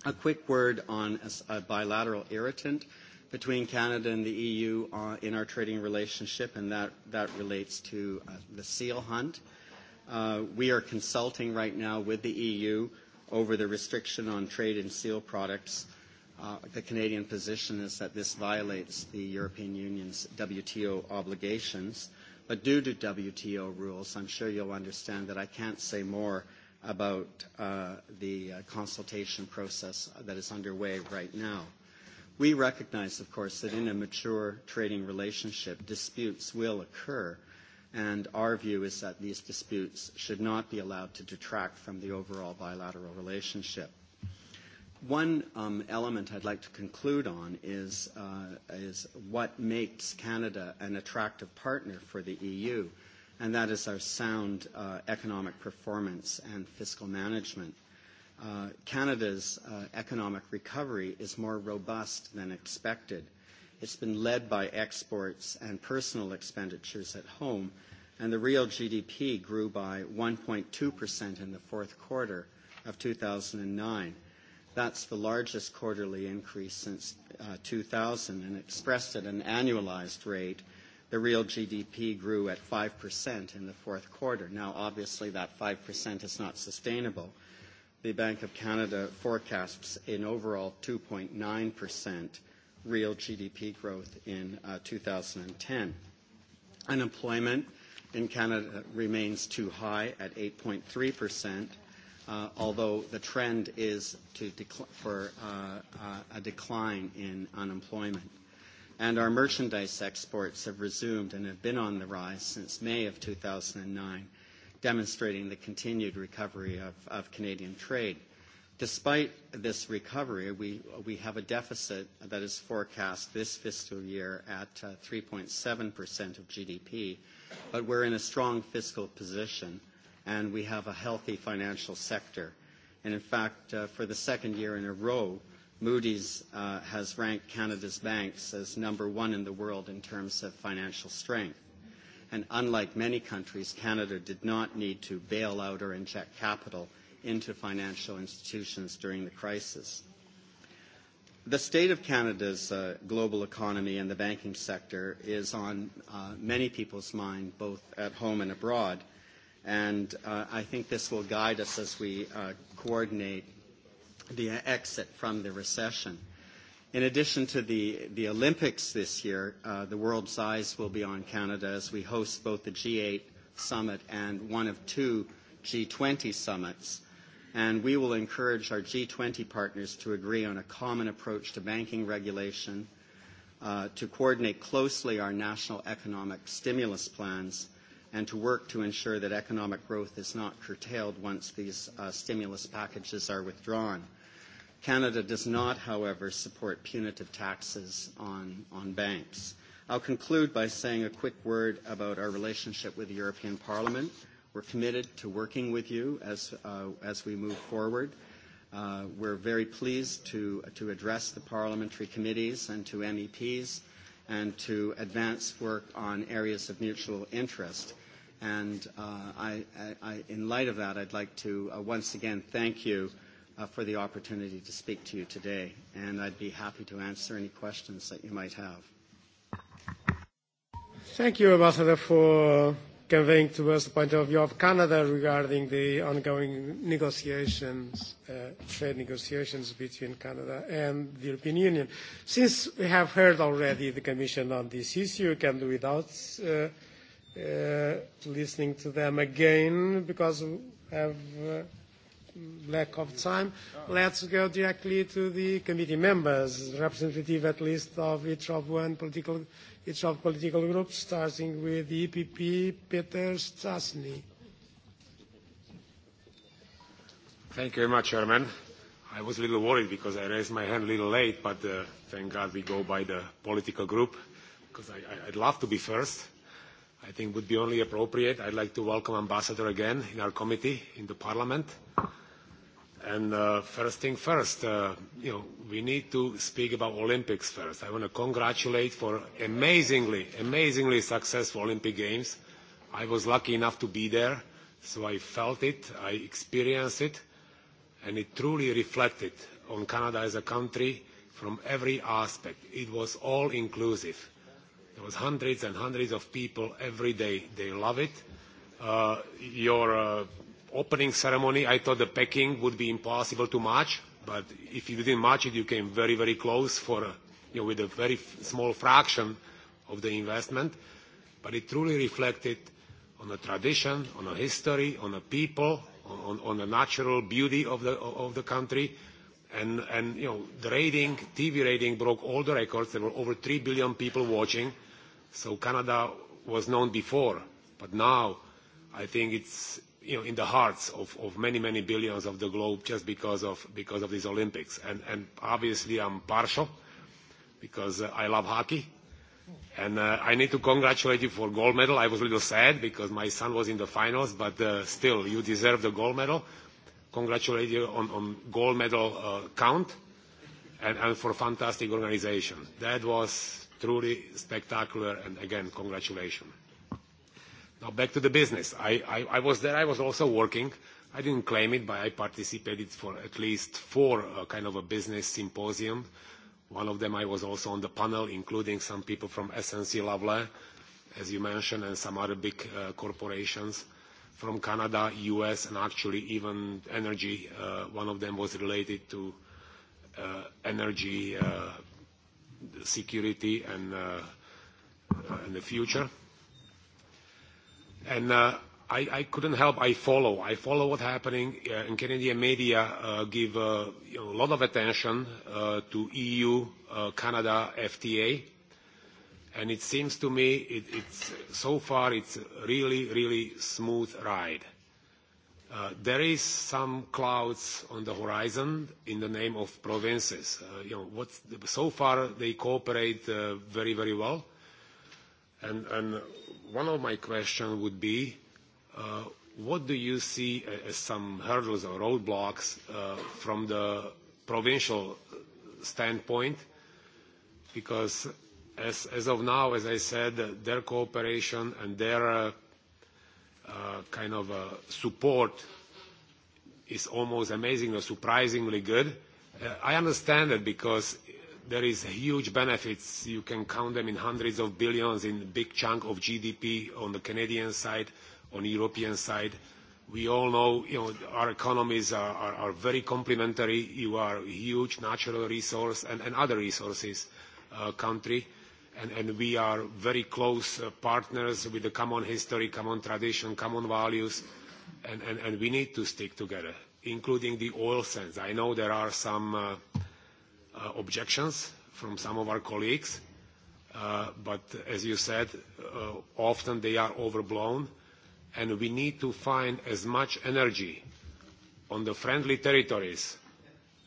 A quick word on a, a bilateral irritant between Canada and the EU uh, in our trading relationship, and that, that relates to uh, the seal hunt. Uh, we are consulting right now with the EU over the restriction on trade in SEAL products. Uh, the Canadian position is that this violates the European Union's WTO obligations. But due to WTO rules, I'm sure you'll understand that I can't say more about uh, the uh, consultation process that is underway right now. We recognize, of course, that in a mature trading relationship, disputes will occur, and our view is that these disputes should not be allowed to detract from the overall bilateral relationship. One um, element I'd like to conclude on is, uh, is what makes Canada an attractive partner for the EU, and that is our sound uh, economic performance and fiscal management. Uh, Canada's uh, economic recovery is more robust than expected – It's been led by exports and personal expenditures at home, and the real GDP grew by 1.2% in the fourth quarter of 2009. That's the largest quarterly increase since uh, 2000, and expressed at an annualized rate, the real GDP grew at 5% in the fourth quarter. Now, obviously, that 5% is not sustainable. The Bank of Canada forecasts an overall 2.9% real GDP growth in uh, 2010. Unemployment in Canada remains too high at 8.3 percent, uh, although the trend is to decl- for uh, uh, a decline in unemployment. And our merchandise exports have resumed and have been on the rise since May of 2009, demonstrating the continued recovery of, of Canadian trade. Despite this recovery, we we have a deficit that is forecast this fiscal year at 3.7% of GDP, but we're in a strong fiscal position, and we have a healthy financial sector. In fact, for the second year in a row, Moody's has ranked Canada's banks as number one in the world in terms of financial strength. And Unlike many countries, Canada did not need to bail out or inject capital into financial institutions during the crisis. The state of Canada's uh, global economy and the banking sector is on uh, many people's mind, both at home and abroad. And uh, I think this will guide us as we uh, coordinate the exit from the recession. In addition to the, the Olympics this year, uh, the world's eyes will be on Canada as we host both the G8 summit and one of two G20 summits and we will encourage our G20 partners to agree on a common approach to banking regulation, uh, to coordinate closely our national economic stimulus plans, and to work to ensure that economic growth is not curtailed once these uh, stimulus packages are withdrawn. Canada does not, however, support punitive taxes on, on banks. I'll conclude by saying a quick word about our relationship with the European Parliament. Uh, We're committed to working with you as, uh, as we move forward. Uh, we're very pleased to, to address the parliamentary committees and to MEPs and to advance work on areas of mutual interest. And uh, I, I, in light of that, I'd like to uh, once again thank you uh, for the opportunity to speak to you today. And I'd be happy to answer any questions that you might have. Thank you, Ambassador, for conveying to us the point of view of Canada regarding the ongoing negotiations, trade negotiations between Canada and the European Union. Since we have heard already the Commission on this issue, we can do without listening to them again because we have lack of time, let's go directly to the committee members, representative at least of each of one political, each of political groups, starting with the EPP, Peter Stasny. Thank you very much, Chairman. I was a little worried because I raised my hand a little late, but uh, thank God we go by the political group because I, I, I'd love to be first. I think it would be only appropriate. I'd like to welcome Ambassador again in our committee in the Parliament. And uh, first thing first, uh, you know, we need to speak about Olympics first. I want to congratulate for amazingly, amazingly successful Olympic Games. I was lucky enough to be there, so I felt it, I experienced it, and it truly reflected on Canada as a country from every aspect. It was all inclusive. There was hundreds and hundreds of people every day. They love it. Uh, your uh, opening ceremony, I thought the packing would be impossible to match, but if you didn't match it, you came very, very close for, you know, with a very small fraction of the investment. But it truly reflected on a tradition, on a history, on a people, on, on the natural beauty of the, of the country. And, and, you know, the rating, TV rating broke all the records. There were over 3 billion people watching. So Canada was known before, but now I think it's you know, in the hearts of, of many, many billions of the globe just because of, because of these Olympics. And, and obviously I'm partial because uh, I love hockey. And uh, I need to congratulate you for gold medal. I was a little sad because my son was in the finals, but uh, still, you deserve the gold medal. Congratulate you on, on gold medal uh, count and, and for fantastic organization. That was truly spectacular, and again, congratulations. Now back to the business. I, I, I was there. I was also working. I didn't claim it, but I participated for at least four uh, kind of a business symposium. One of them I was also on the panel, including some people from SNC-Lavalin, as you mentioned, and some other big uh, corporations from Canada, U.S., and actually even energy. Uh, one of them was related to uh, energy uh, security and, uh, and the future. And uh, I, I couldn't help. I follow. I follow what's happening uh, in Canadian media. Uh, give uh, you know, a lot of attention uh, to EU uh, Canada FTA, and it seems to me it, it's so far it's a really really smooth ride. Uh, there is some clouds on the horizon in the name of provinces. Uh, you know, what's the, so far they cooperate uh, very very well, and and one of my questions would be, uh, what do you see as some hurdles or roadblocks uh, from the provincial standpoint? Because as, as of now, as I said, their cooperation and their uh, uh, kind of uh, support is almost amazingly, surprisingly good. Uh, I understand that because there is huge benefits. You can count them in hundreds of billions, in big chunk of GDP on the Canadian side, on the European side. We all know, you know, our economies are, very complementary. You are a huge natural resource and, other resources country. And, we are very close partners with a common history, common tradition, common values. And, we need to stick together, including the oil sense. I know there are some objections from some of our colleagues, but as you said, often they are overblown, and we need to find as much energy on the friendly territories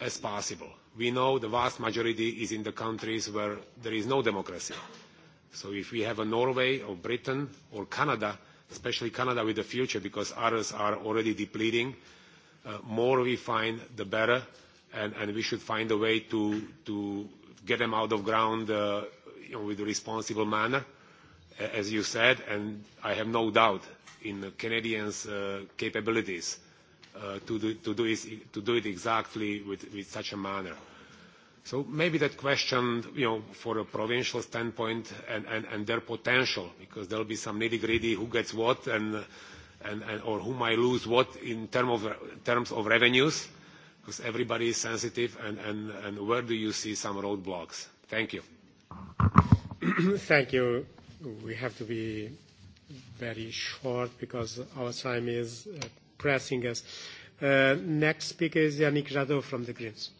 as possible. We know the vast majority is in the countries where there is no democracy. So if we have a Norway or Britain or Canada, especially Canada with the future because others are already depleting, more we find, the better and and we should find a way to to get them out of ground uh you know with a responsible manner, as you said, and I have no doubt in the Canadians' uh capabilities uh to do to do to do it exactly with with such a manner. So maybe that question, you know, for a provincial standpoint and and and their potential, because there'll be some nitty-gritty, who gets what and and and or who might lose what in terms of revenues because everybody is sensitive, and where do you see some roadblocks? Thank you. Thank you. We have to be very short because our time is pressing us. Next speaker is Yannick Jadot from the Greens.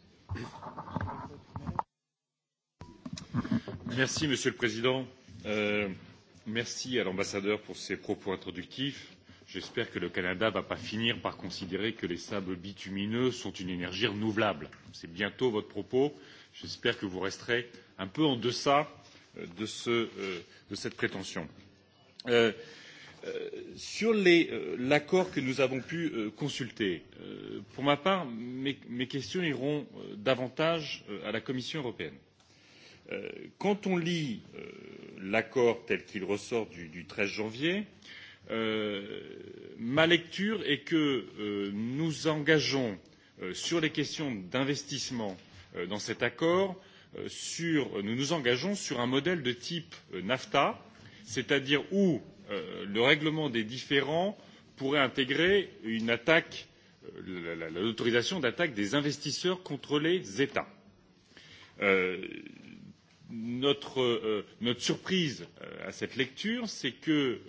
Merci, Monsieur le Président. Merci à l'ambassadeur pour ses propos introductifs J'espère que le Canada ne va pas finir par considérer que les sables bitumineux sont une énergie renouvelable. C'est bientôt votre propos. J'espère que vous resterez un peu en deçà de, cette prétention. sur l'accord que nous avons pu consulter, pour ma part, mes, questions iront davantage à la Commission européenne. quand on lit l'accord tel qu'il ressort du, treize janvier, euh, ma lecture est que nous engageons sur les questions d'investissement dans cet accord nous nous engageons sur un modèle de type NAFTA, c'est-à-dire où le règlement des différends pourrait intégrer une attaque l'autorisation d'attaque des investisseurs contre les États notre, surprise à cette lecture, c'est que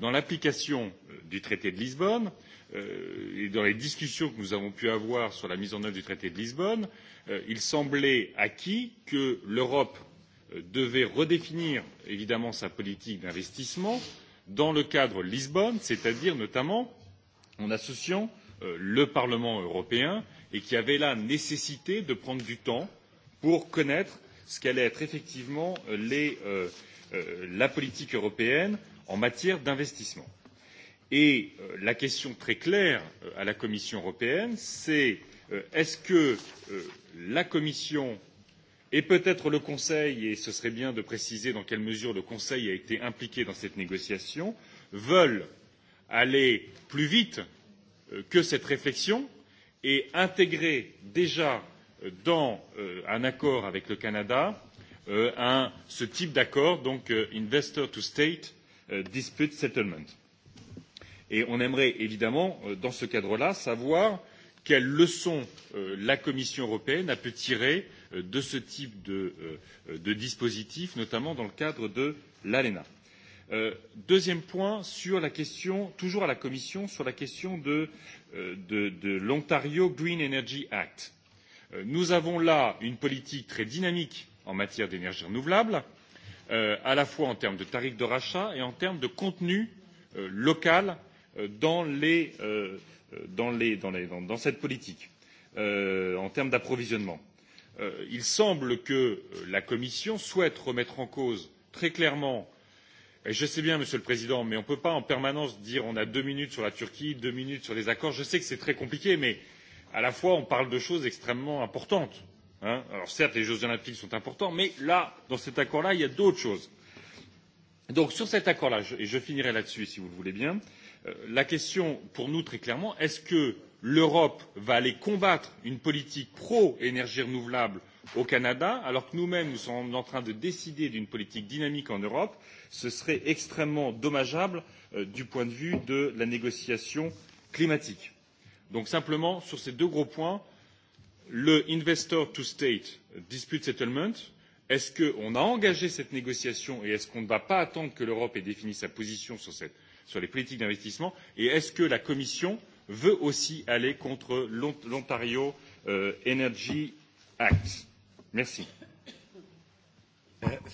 dans l'application du traité de Lisbonne et dans les discussions que nous avons pu avoir sur la mise en œuvre du traité de Lisbonne, il semblait acquis que l'Europe devait redéfinir évidemment sa politique d'investissement dans le cadre Lisbonne, c'est-à-dire notamment en associant le Parlement européen et qu'il y avait là nécessité de prendre du temps pour connaître ce qu'allait être effectivement la politique européenne en matière d'investissement. Et la question très claire à la Commission européenne, c'est est ce que la Commission et peut être le Conseil et ce serait bien de préciser dans quelle mesure le Conseil a été impliqué dans cette négociation veulent aller plus vite que cette réflexion et intégrer déjà dans un accord avec le Canada ce type d'accord, donc Investor to State Dispute Settlement. Et on aimerait évidemment, dans ce cadre-là, savoir quelles leçons la Commission européenne a pu tirer de ce type de, dispositif, notamment dans le cadre de l'ALENA. deuxième point, sur la question, toujours à la Commission, sur la question de, l'Ontario Green Energy Act nous avons là une politique très dynamique en matière d'énergies renouvelables à la fois en termes de tarifs de rachat et en termes de contenu local dans cette politique en termes d'approvisionnement. il semble que la commission souhaite remettre en cause très clairement et je sais bien monsieur le président mais on ne peut pas en permanence dire on a deux minutes sur la turquie deux minutes sur les accords je sais que c'est très compliqué mais à la fois on parle de choses extrêmement importantes. Hein Alors certes, les Jeux Olympiques sont importants, mais là, dans cet accord-là, il y a d'autres choses. Donc sur cet accord-là, et je finirai là-dessus si vous le voulez bien, la question pour nous très clairement, est-ce que l'Europe va aller combattre une politique pro-énergie renouvelable au Canada, alors que nous-mêmes, nous sommes en train de décider d'une politique dynamique en Europe, ce serait extrêmement dommageable du point de vue de la négociation climatique Donc simplement, sur ces deux gros points, le investor to state dispute settlement, est-ce qu'on a engagé cette négociation et est-ce qu'on ne va pas attendre que l'Europe ait défini sa position sur, cette, sur les politiques d'investissement et est-ce que la Commission veut aussi aller contre l'Ontario Energy Act Merci.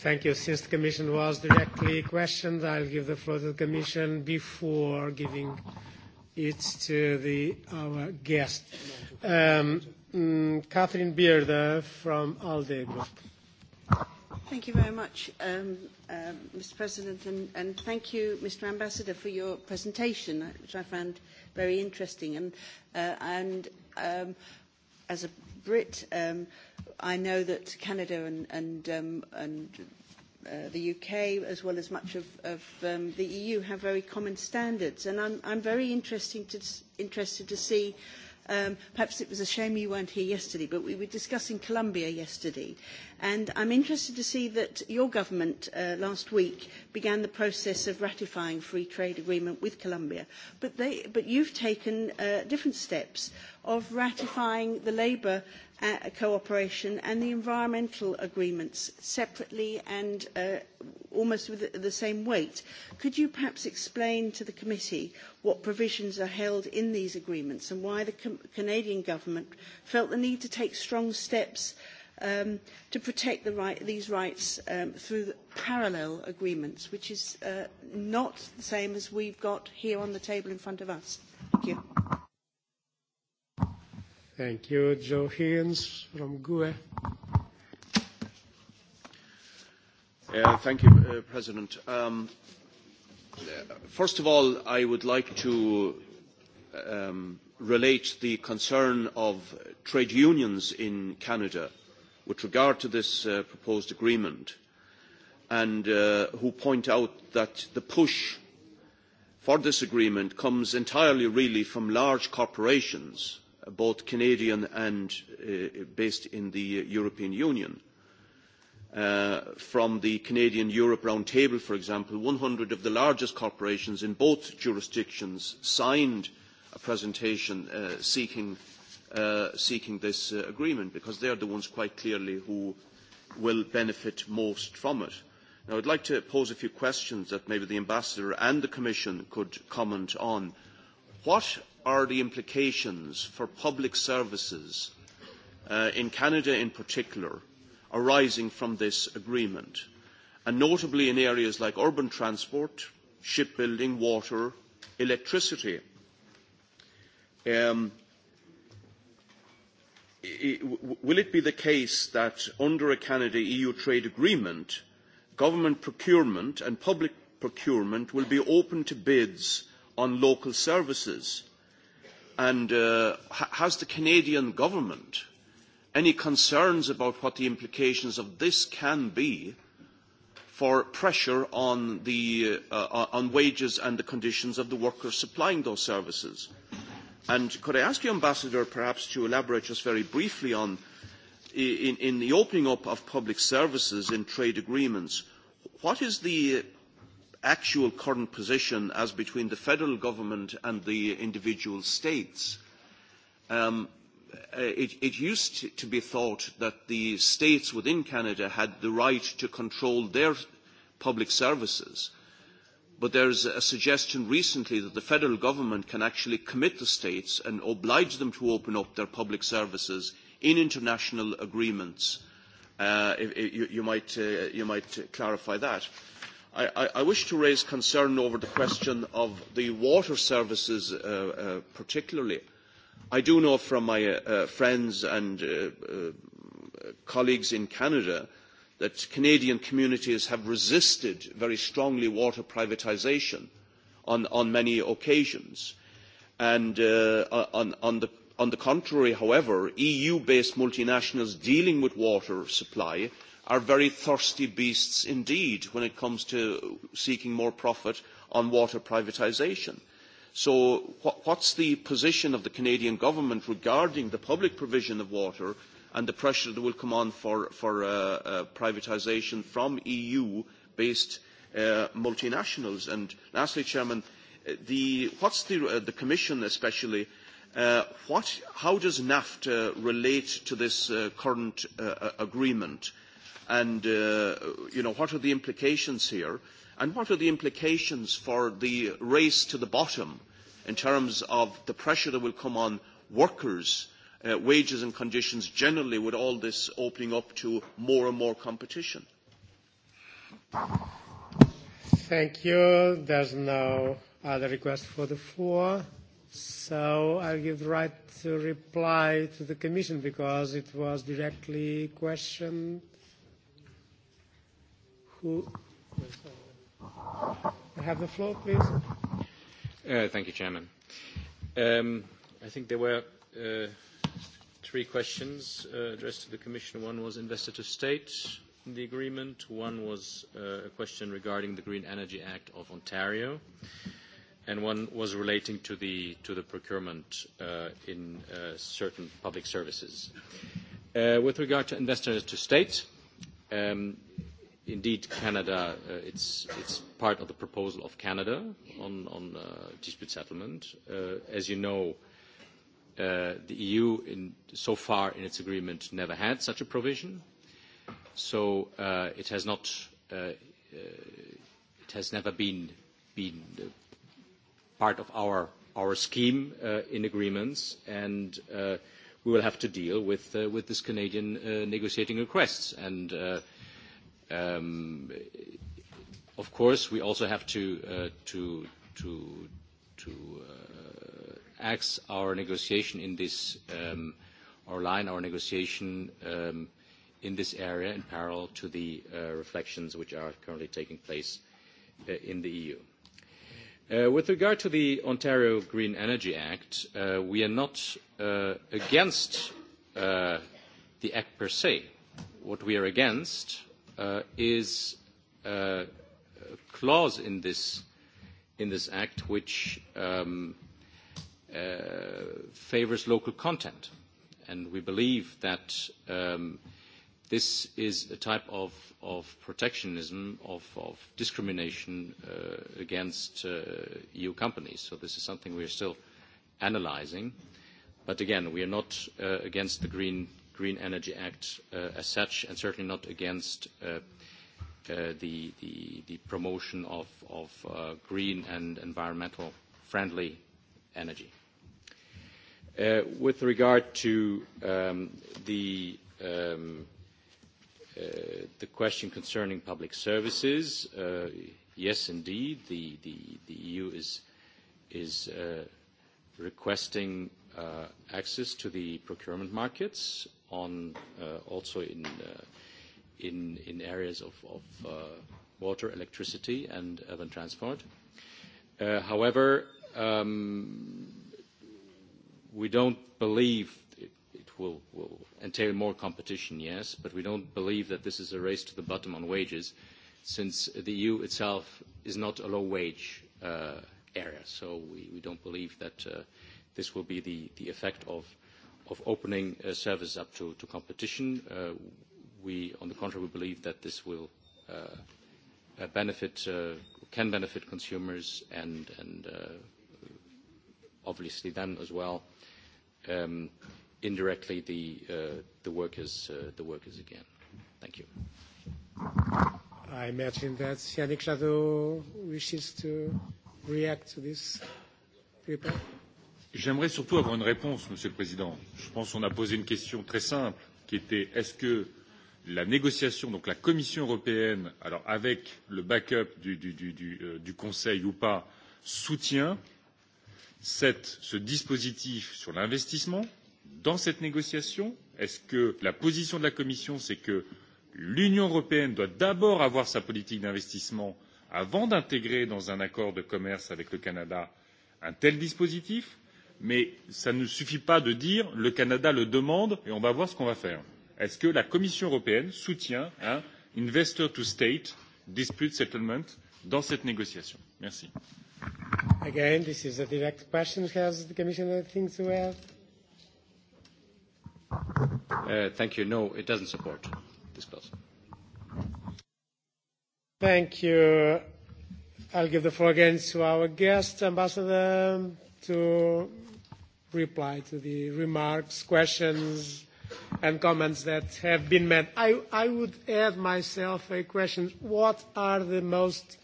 Thank you. Since the Commission was directly questioned, I'll give the floor to the Commission before giving It's to the, our guest, um, mm, Catherine Bearder from ALDE Group. Thank you very much, um, uh, Mr. President, and, and thank you, Mr. Ambassador, for your presentation, which I found very interesting. And, uh, and um, as a Brit, um, I know that Canada and, and, um, and the UK, as well as much of, of um, the EU, have very common standards. And I'm, I'm very interesting to, interested to see um, perhaps it was a shame you weren't here yesterday, but we were discussing Colombia yesterday. And I'm interested to see that your government uh, last week began the process of ratifying free trade agreement with Colombia. But, but you've taken uh, different steps of ratifying the labour cooperation and the environmental agreements separately and almost with the same weight. Could you perhaps explain to the committee what provisions are held in these agreements and why the Canadian government felt the need to take strong steps to protect the right, these rights through parallel agreements, which is not the same as we've got here on the table in front of us? Thank you. Thank you. Joe Higgins from GUE. Thank you, President. First of all, I would like to relate the concern of trade unions in Canada with regard to this proposed agreement and who point out that the push for this agreement comes entirely really from large corporations both Canadian and based in the European Union. from the Canadian Europe Roundtable, for example, one hundred of the largest corporations in both jurisdictions signed a presentation seeking, this agreement because they are the ones quite clearly who will benefit most from it. I would like to pose a few questions that maybe the Ambassador and the Commission could comment on. What are the implications for public services in Canada in particular arising from this agreement, and notably in areas like urban transport, shipbuilding, water, electricity. will it be the case that under a Canada-EU trade agreement, government procurement and public procurement will be open to bids on local services – And uh, has the Canadian government any concerns about what the implications of this can be for pressure on, the, uh, on wages and the conditions of the workers supplying those services? And could I ask you, Ambassador, perhaps to elaborate just very briefly on, in, in the opening up of public services in trade agreements, what is the actual current position as between the federal government and the individual states. Um, it, it used to be thought that the states within Canada had the right to control their public services. But there is a suggestion recently that the federal government can actually commit the states and oblige them to open up their public services in international agreements. you, might, clarify that. I, wish to raise concern over the question of the water services particularly. I do know from my friends and colleagues in Canada that Canadian communities have resisted very strongly water privatisation on, many occasions. And on, the, contrary, however, EU-based multinationals dealing with water supply are very thirsty beasts indeed when it comes to seeking more profit on water privatisation. So what, is the position of the Canadian government regarding the public provision of water and the pressure that will come on for, privatisation from EU-based multinationals? And lastly, Chairman, the, what's the, the Commission especially, how does NAFTA relate to this current agreement? and you know, what are the implications here? And what are the implications for the race to the bottom in terms of the pressure that will come on workers, uh, wages and conditions generally with all this opening up to more and more competition? Thank you. There's no other request for the floor. So I'll give the right to reply to the Commission because it was directly questioned who have the floor, please. Uh, thank you, Chairman. Um, I think there were uh, three questions uh, addressed to the Commission. One was investor to state in the agreement. One was uh, a question regarding the Green Energy Act of Ontario. And one was relating to the, to the procurement uh, in uh, certain public services. Uh, with regard to investors to state, um, Indeed, Canada, uh, it's, it's part of the proposal of Canada on, on uh, dispute settlement. Uh, as you know, uh, the EU, in, so far in its agreement, never had such a provision. So uh, it has not, uh, uh, it has never been, been part of our, our scheme uh, in agreements, and uh, we will have to deal with, uh, with this Canadian uh, negotiating requests. And uh, Of course, we also have to axe our negotiation in this or line our negotiation in this area in parallel to the reflections which are currently taking place in the EU. With regard to the Ontario Green Energy Act, we are not against the act per se. What we are against is a clause in this in this act which favours local content, and we believe that this is a type of, of protectionism, of, of discrimination uh, against uh, EU companies. So this is something we are still analysing. But again, we are not uh, against the green Green Energy Act as such, and certainly not against the, promotion of, green and environmental friendly energy. with regard to the the question concerning public services, yes, indeed, the, the, the EU is, is requesting access to the procurement markets on also in areas of water, electricity, and urban transport. However, we don't believe it will entail more competition, yes, but we don't believe that this is a race to the bottom on wages since the EU itself is not a low-wage area. So we don't believe that this will be the effect of of opening uh, services up to, to competition. Uh, we, on the contrary, we believe that this will uh, uh, benefit, uh, can benefit consumers and, and uh, obviously them as well um, indirectly the, uh, the, workers, uh, the workers again. Thank you. I imagine that Yannick Jadot wishes to react to this report. J'aimerais surtout avoir une réponse, Monsieur le Président. Je pense qu'on a posé une question très simple, qui était est-ce que la négociation, donc la Commission européenne, alors avec le backup du, Conseil ou pas, soutient ce dispositif sur l'investissement dans cette négociation Est-ce que la position de la Commission, c'est que l'Union européenne doit d'abord avoir sa politique d'investissement avant d'intégrer dans un accord de commerce avec le Canada un tel dispositif mais cela ne suffit pas de dire le Canada le demande et on va voir ce qu'on va faire. Est-ce que la Commission européenne soutient un investor to state dispute settlement dans cette négociation Merci. Again, this is a direct question. Has the Commission anything to add? Uh, thank you. No, it doesn't support this clause. Thank you. I'll give the floor again to our guest, Ambassador, to reply to the remarks, questions, and comments that have been made. I, I would add myself a question. What are the most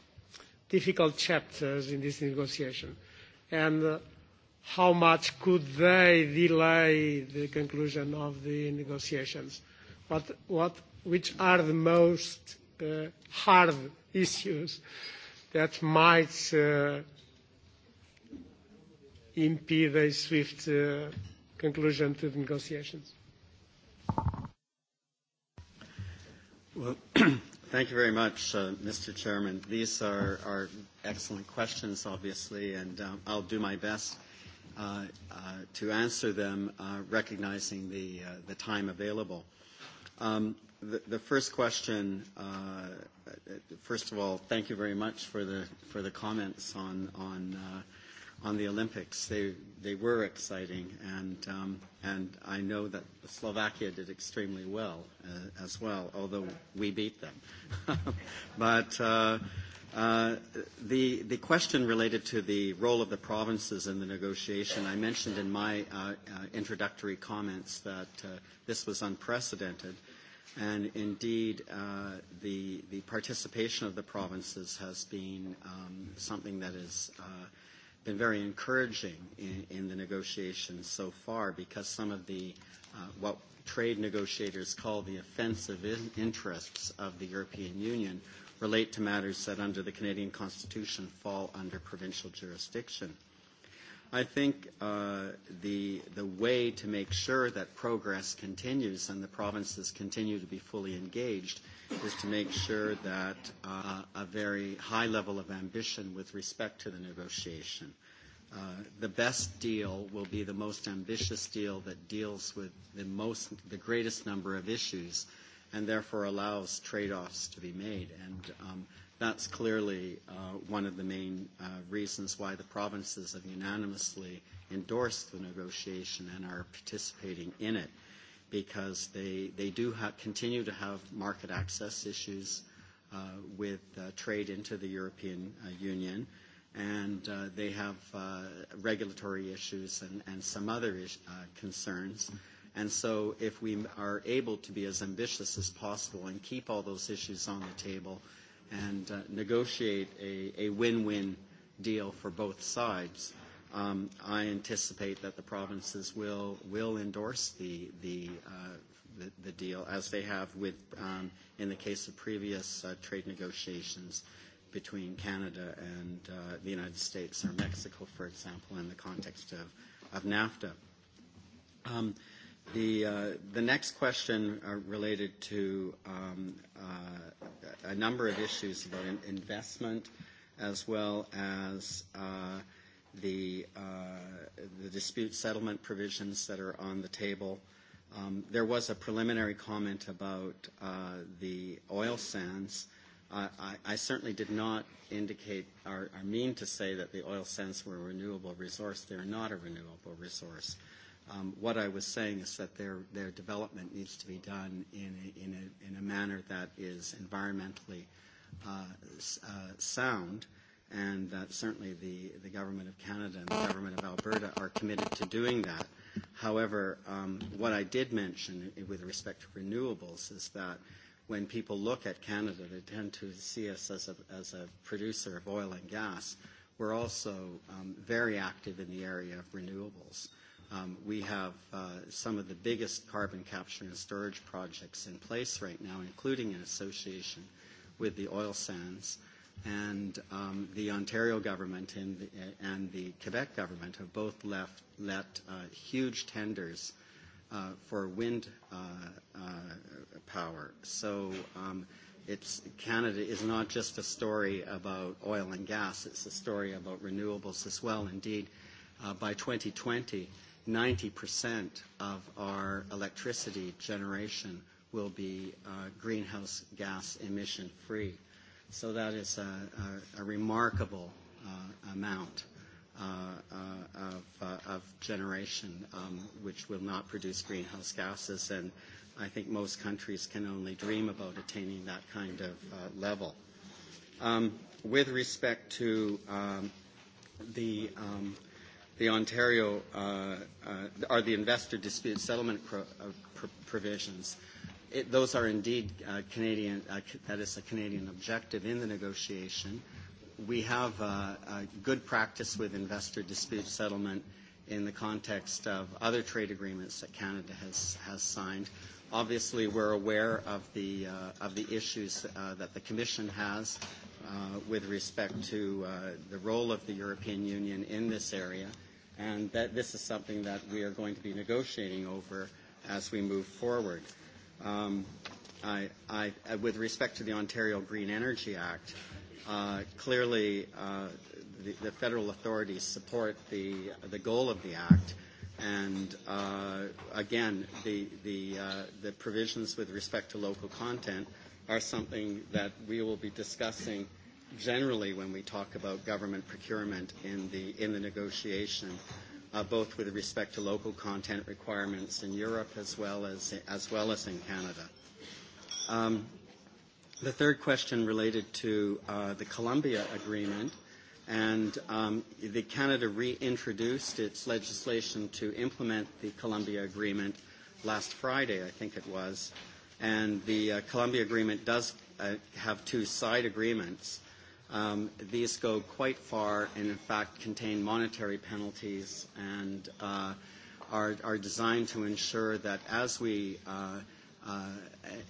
difficult chapters in this negotiation? And how much could they delay the conclusion of the negotiations? What, what, which are the most uh, hard issues that might uh, impede a swift conclusion to the negotiations. Well, thank you very much, Mr. Chairman. These are are excellent questions, obviously, and um I'll do my best uh uh to answer them, uh recognizing the uh the time available. Um The the first question, uh first of all, thank you very much for the for the comments on on uh on the Olympics. They they were exciting, and um, and I know that Slovakia did extremely well uh, as well, although we beat them. but uh, uh, the the question related to the role of the provinces in the negotiation, I mentioned in my uh, uh, introductory comments that uh, this was unprecedented. And indeed, uh, the, the participation of the provinces has been um, something that is uh, been very encouraging in, in the negotiations so far because some of the uh, what trade negotiators call the offensive in- interests of the European Union relate to matters that under the Canadian Constitution fall under provincial jurisdiction. I think uh, the, the way to make sure that progress continues and the provinces continue to be fully engaged is to make sure that uh, a very high level of ambition with respect to the negotiation. Uh, the best deal will be the most ambitious deal that deals with the, most, the greatest number of issues and therefore allows trade-offs to be made. And um, That's clearly uh, one of the main uh, reasons why the provinces have unanimously endorsed the negotiation and are participating in it, because they, they do ha- continue to have market access issues uh, with uh, trade into the European uh, Union and uh, they have uh, regulatory issues and, and some other is, uh, concerns. And so if we are able to be as ambitious as possible and keep all those issues on the table, and uh, negotiate a, a win-win deal for both sides. Um, I anticipate that the provinces will will endorse the the, uh, the, the deal as they have with um, in the case of previous uh, trade negotiations between Canada and uh, the United States or Mexico, for example, in the context of of NAFTA. Um, uh, The, uh, the next question related to um, uh, a number of issues about in- investment as well as uh, the, uh, the dispute settlement provisions that are on the table. Um, there was a preliminary comment about uh, the oil sands. I, I certainly did not indicate or, or mean to say that the oil sands were a renewable resource. They're not a renewable resource. Um, what I was saying is that their, their development needs to be done in a, in a, in a manner that is environmentally uh, uh, sound, and that certainly the, the Government of Canada and the Government of Alberta are committed to doing that. However, um, what I did mention with respect to renewables is that when people look at Canada, they tend to see us as a, as a producer of oil and gas. We're also um, very active in the area of renewables. Uh, Um, we have uh, some of the biggest carbon capture and storage projects in place right now, including an association with the oil sands. And um, the Ontario government and the, and the Quebec government have both left, let uh, huge tenders uh, for wind uh, uh, power. So um, it's Canada is not just a story about oil and gas; it's a story about renewables as well. Indeed, uh, by 2020, 90% of our electricity generation will be uh, greenhouse gas emission free. So that is a, a, a remarkable uh, amount uh, uh, of, uh, of generation um, which will not produce greenhouse gases. And I think most countries can only dream about attaining that kind of uh, level. Um, with respect to um, the um, – the Ontario uh, uh, or the investor dispute settlement pro, uh, pr- provisions. It, those are indeed uh, Canadian. Uh, that is a Canadian objective in the negotiation. We have uh, a good practice with investor dispute settlement in the context of other trade agreements that Canada has has signed. Obviously, we're aware of the uh, of the issues uh, that the Commission has uh, with respect to uh, the role of the European Union in this area and that this is something that we are going to be negotiating over as we move forward. Um, I, I, with respect to the Ontario Green Energy Act, uh, clearly uh, the, the federal authorities support the, the goal of the act. And uh, again, the, the, uh, the provisions with respect to local content are something that we will be discussing – generally when we talk about government procurement in the, in the negotiation, uh, both with respect to local content requirements in Europe as well as, as, well as in Canada. Um, the third question related to uh, the Columbia Agreement. And um, the Canada reintroduced its legislation to implement the Columbia Agreement last Friday, I think it was. And the uh, Columbia Agreement does uh, have two side agreements. Um, these go quite far and, in fact, contain monetary penalties and uh, are, are designed to ensure that as we uh, uh,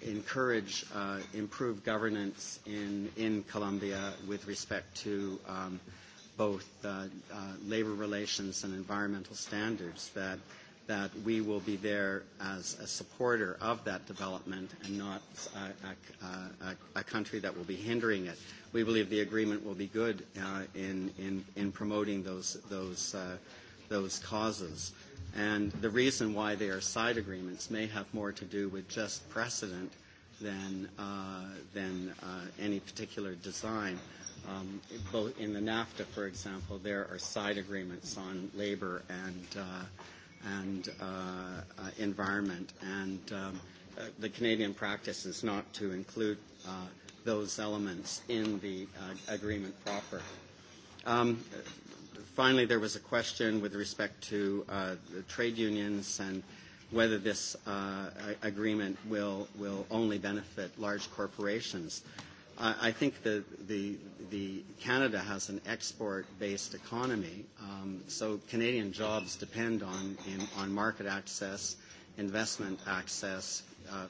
encourage uh, improved governance in, in Colombia with respect to um, both uh, uh, labor relations and environmental standards, that uh, that we will be there as a supporter of that development and not a, a, a, a country that will be hindering it. We believe the agreement will be good uh, in, in, in promoting those, those, uh, those causes. And the reason why they are side agreements may have more to do with just precedent than, uh, than uh, any particular design. Um, both in the NAFTA, for example, there are side agreements on labor and uh, and uh, uh, environment. And um, uh, the Canadian practice is not to include uh, those elements in the uh, agreement proper. Um, finally, there was a question with respect to uh, the trade unions and whether this uh, agreement will, will only benefit large corporations. I, I think the the, the Canada has an export-based economy, um, so Canadian jobs depend on, in, on market access, investment access, uh,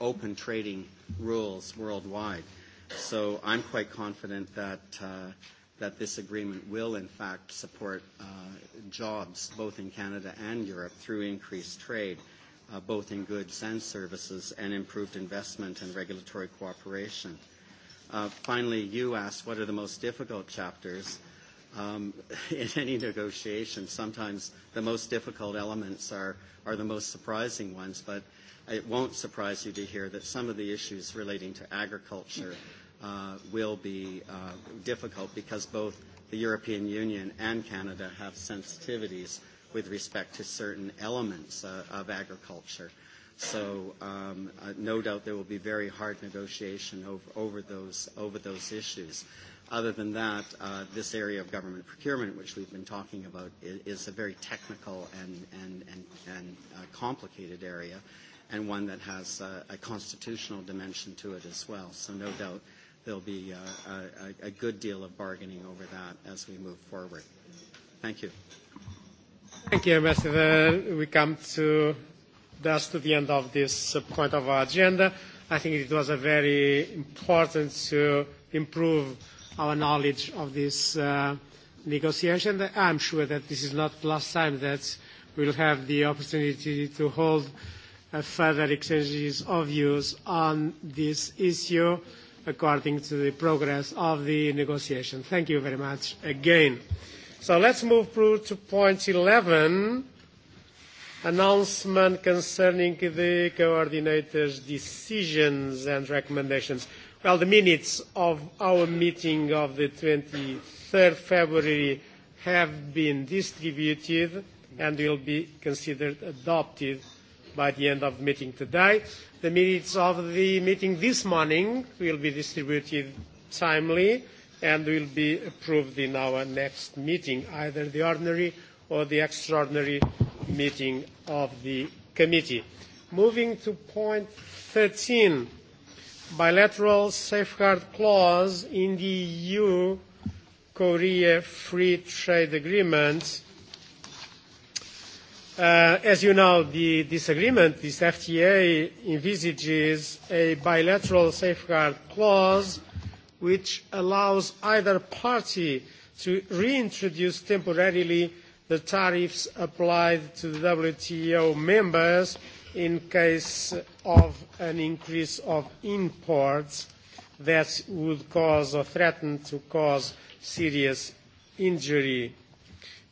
open trading rules worldwide. So I'm quite confident that uh, that this agreement will, in fact, support uh, jobs both in Canada and Europe through increased trade, uh, both in goods and services, and improved investment and regulatory cooperation. Uh, Uh, finally, you asked what are the most difficult chapters um, in any negotiation. Sometimes the most difficult elements are, are the most surprising ones, but it won't surprise you to hear that some of the issues relating to agriculture uh, will be uh, difficult because both the European Union and Canada have sensitivities with respect to certain elements uh, of agriculture. Uh, So um, uh, no doubt there will be very hard negotiation over, over, those, over those issues. Other than that, uh, this area of government procurement, which we've been talking about, is, is a very technical and, and, and, and uh, complicated area, and one that has uh, a constitutional dimension to it as well. So no doubt there'll be uh, a, a good deal of bargaining over that as we move forward. Thank you. Thank you, Ambassador. We come to thus to the end of this point of our agenda. I think it was a very important to improve our knowledge of this uh, negotiation. I'm sure that this is not the last time that we'll have the opportunity to hold uh, further exchanges of views on this issue according to the progress of the negotiation. Thank you very much again. So let's move through to point 11 announcement concerning the coordinators' decisions and recommendations. Well, the minutes of our meeting of the 23rd February have been distributed and will be considered adopted by the end of the meeting today. The minutes of the meeting this morning will be distributed timely and will be approved in our next meeting, either the ordinary or the extraordinary meeting of the committee. Moving to point 13, bilateral safeguard clause in the EU Korea free trade Uh, As you know, this agreement, this FTA, envisages a bilateral safeguard clause which allows either party to reintroduce temporarily the tariffs applied to the WTO members in case of an increase of imports that would cause or threaten to cause serious injury.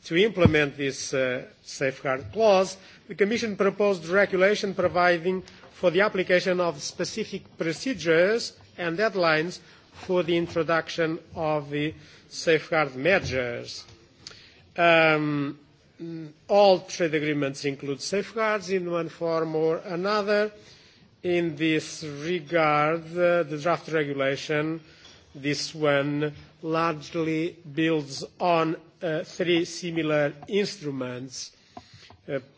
To implement this safeguard clause, the Commission proposed regulation providing for the application of specific procedures and deadlines for the introduction of the safeguard measures all trade agreements include safeguards in one form or another. In this regard, the draft regulation, this one, largely builds on three similar instruments,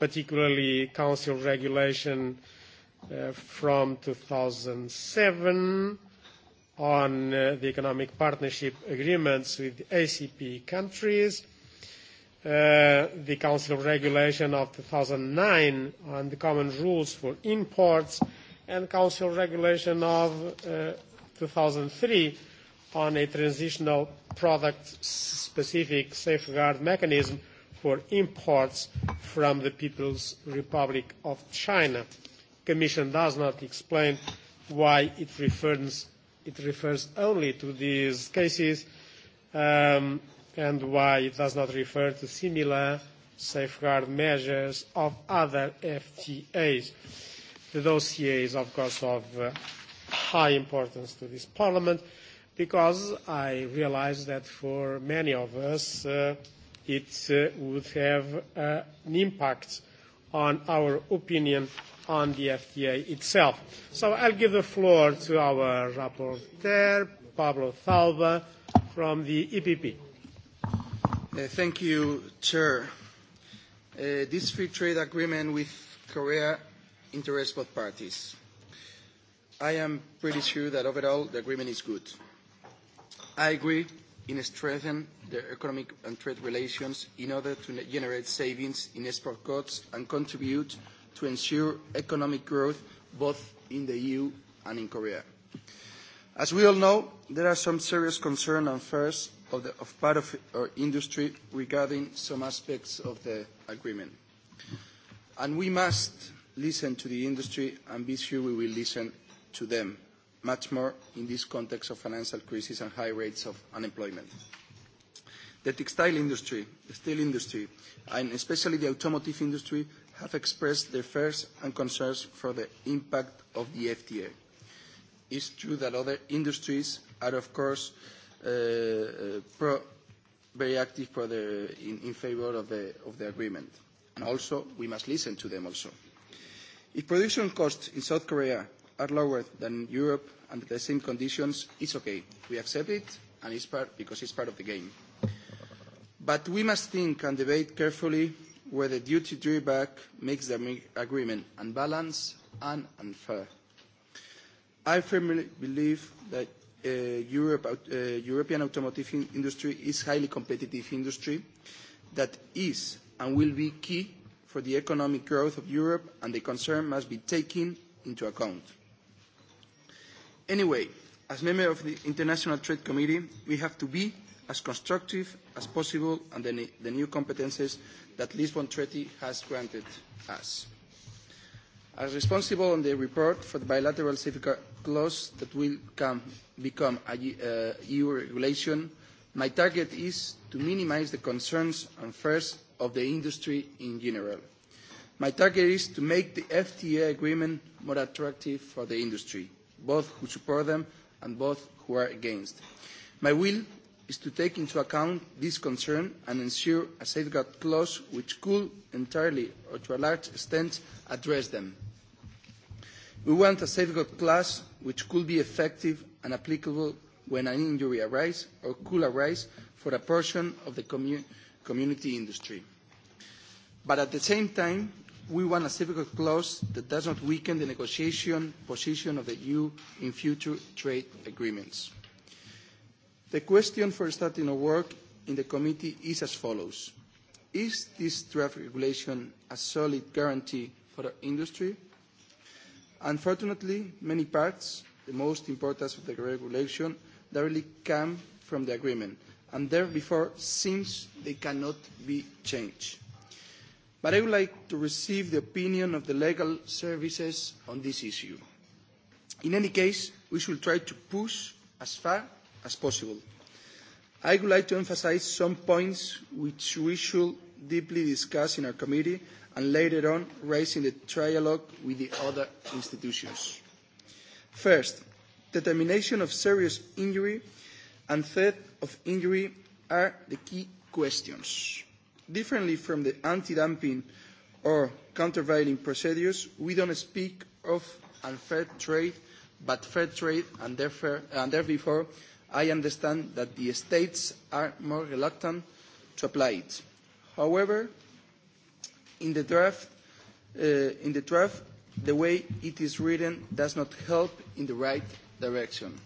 particularly Council regulation from two thousand seven on the economic partnership agreements with ACP countries, the Council Regulation of 2009 on the common rules for imports and Council Regulation of uh, 2003 on a transitional product-specific safeguard mechanism for imports from the People's Republic of China. The Commission does not explain why it refers, it refers only to these cases. Um, and why it does not refer to similar safeguard measures of other FTAs. The dossier is, of course, of high importance to this Parliament because I realise that for many of us it would have an impact on our opinion on the FTA itself. So I'll give the floor to our rapporteur, Pablo Zalba, from the EPP. Thank you, Chair. This free trade agreement with Korea interests both parties. I am pretty sure that overall the agreement is good. I agree in strengthening the economic and trade relations in order to generate savings in export costs and contribute to ensure economic growth both in the EU and in Korea. As we all know, there are some serious concerns and first of, the, of part of our industry regarding some aspects of the agreement. And we must listen to the industry and be sure we will listen to them much more in this context of financial crisis and high rates of unemployment. The textile industry, the steel industry, and especially the automotive industry have expressed their fears and concerns for the impact of the FTA. It's true that other industries are, of course, pro, very active pro the, in, in favor of the, of the agreement. And also, we must listen to them also. If production costs in South Korea are lower than Europe under the same conditions, it's okay. We accept it, and it's part, because it's part of the game. But we must think and debate carefully whether duty drawback makes the agreement unbalanced and unfair. I firmly believe that European automotive industry is a highly competitive industry that is and will be key for the economic growth of Europe, and the concern must be taken into account. Anyway, as member of the International Trade Committee, we have to be as constructive as possible on the new competences that the Lisbon Treaty has granted us. As responsible on the report for the bilateral safeguard clause that will become a EU regulation, my target is to minimise the concerns and fears of the industry in general. My target is to make the FTA agreement more attractive for the industry, both who support them and both who are against. My will is to take into account this concern and ensure a safeguard clause which could entirely or to a large extent address them. We want a safeguard clause which could be effective and applicable when an injury arises or could arise for a portion of the community industry. But at the same time, we want a safeguard clause that does not weaken the negotiation position of the EU in future trade agreements. The question for starting our work in the committee is as follows. Is this draft regulation a solid guarantee for our industry? Unfortunately, many parts, the most important of the regulation, directly come from the agreement, and therefore seems they cannot be changed. But I would like to receive the opinion of the legal services on this issue. In any case, we should try to push as far as possible. I would like to emphasise some points which we should deeply discuss in our committee and later on raising the trialogue with the other institutions. First, determination of serious injury and threat of injury are the key questions. Differently from the anti-dumping or countervailing procedures, we don't speak of unfair trade, but fair trade, and therefore I understand that the states are more reluctant to apply it. However, in the draft, uh, in the draft, the way it is written does not help in the right direction.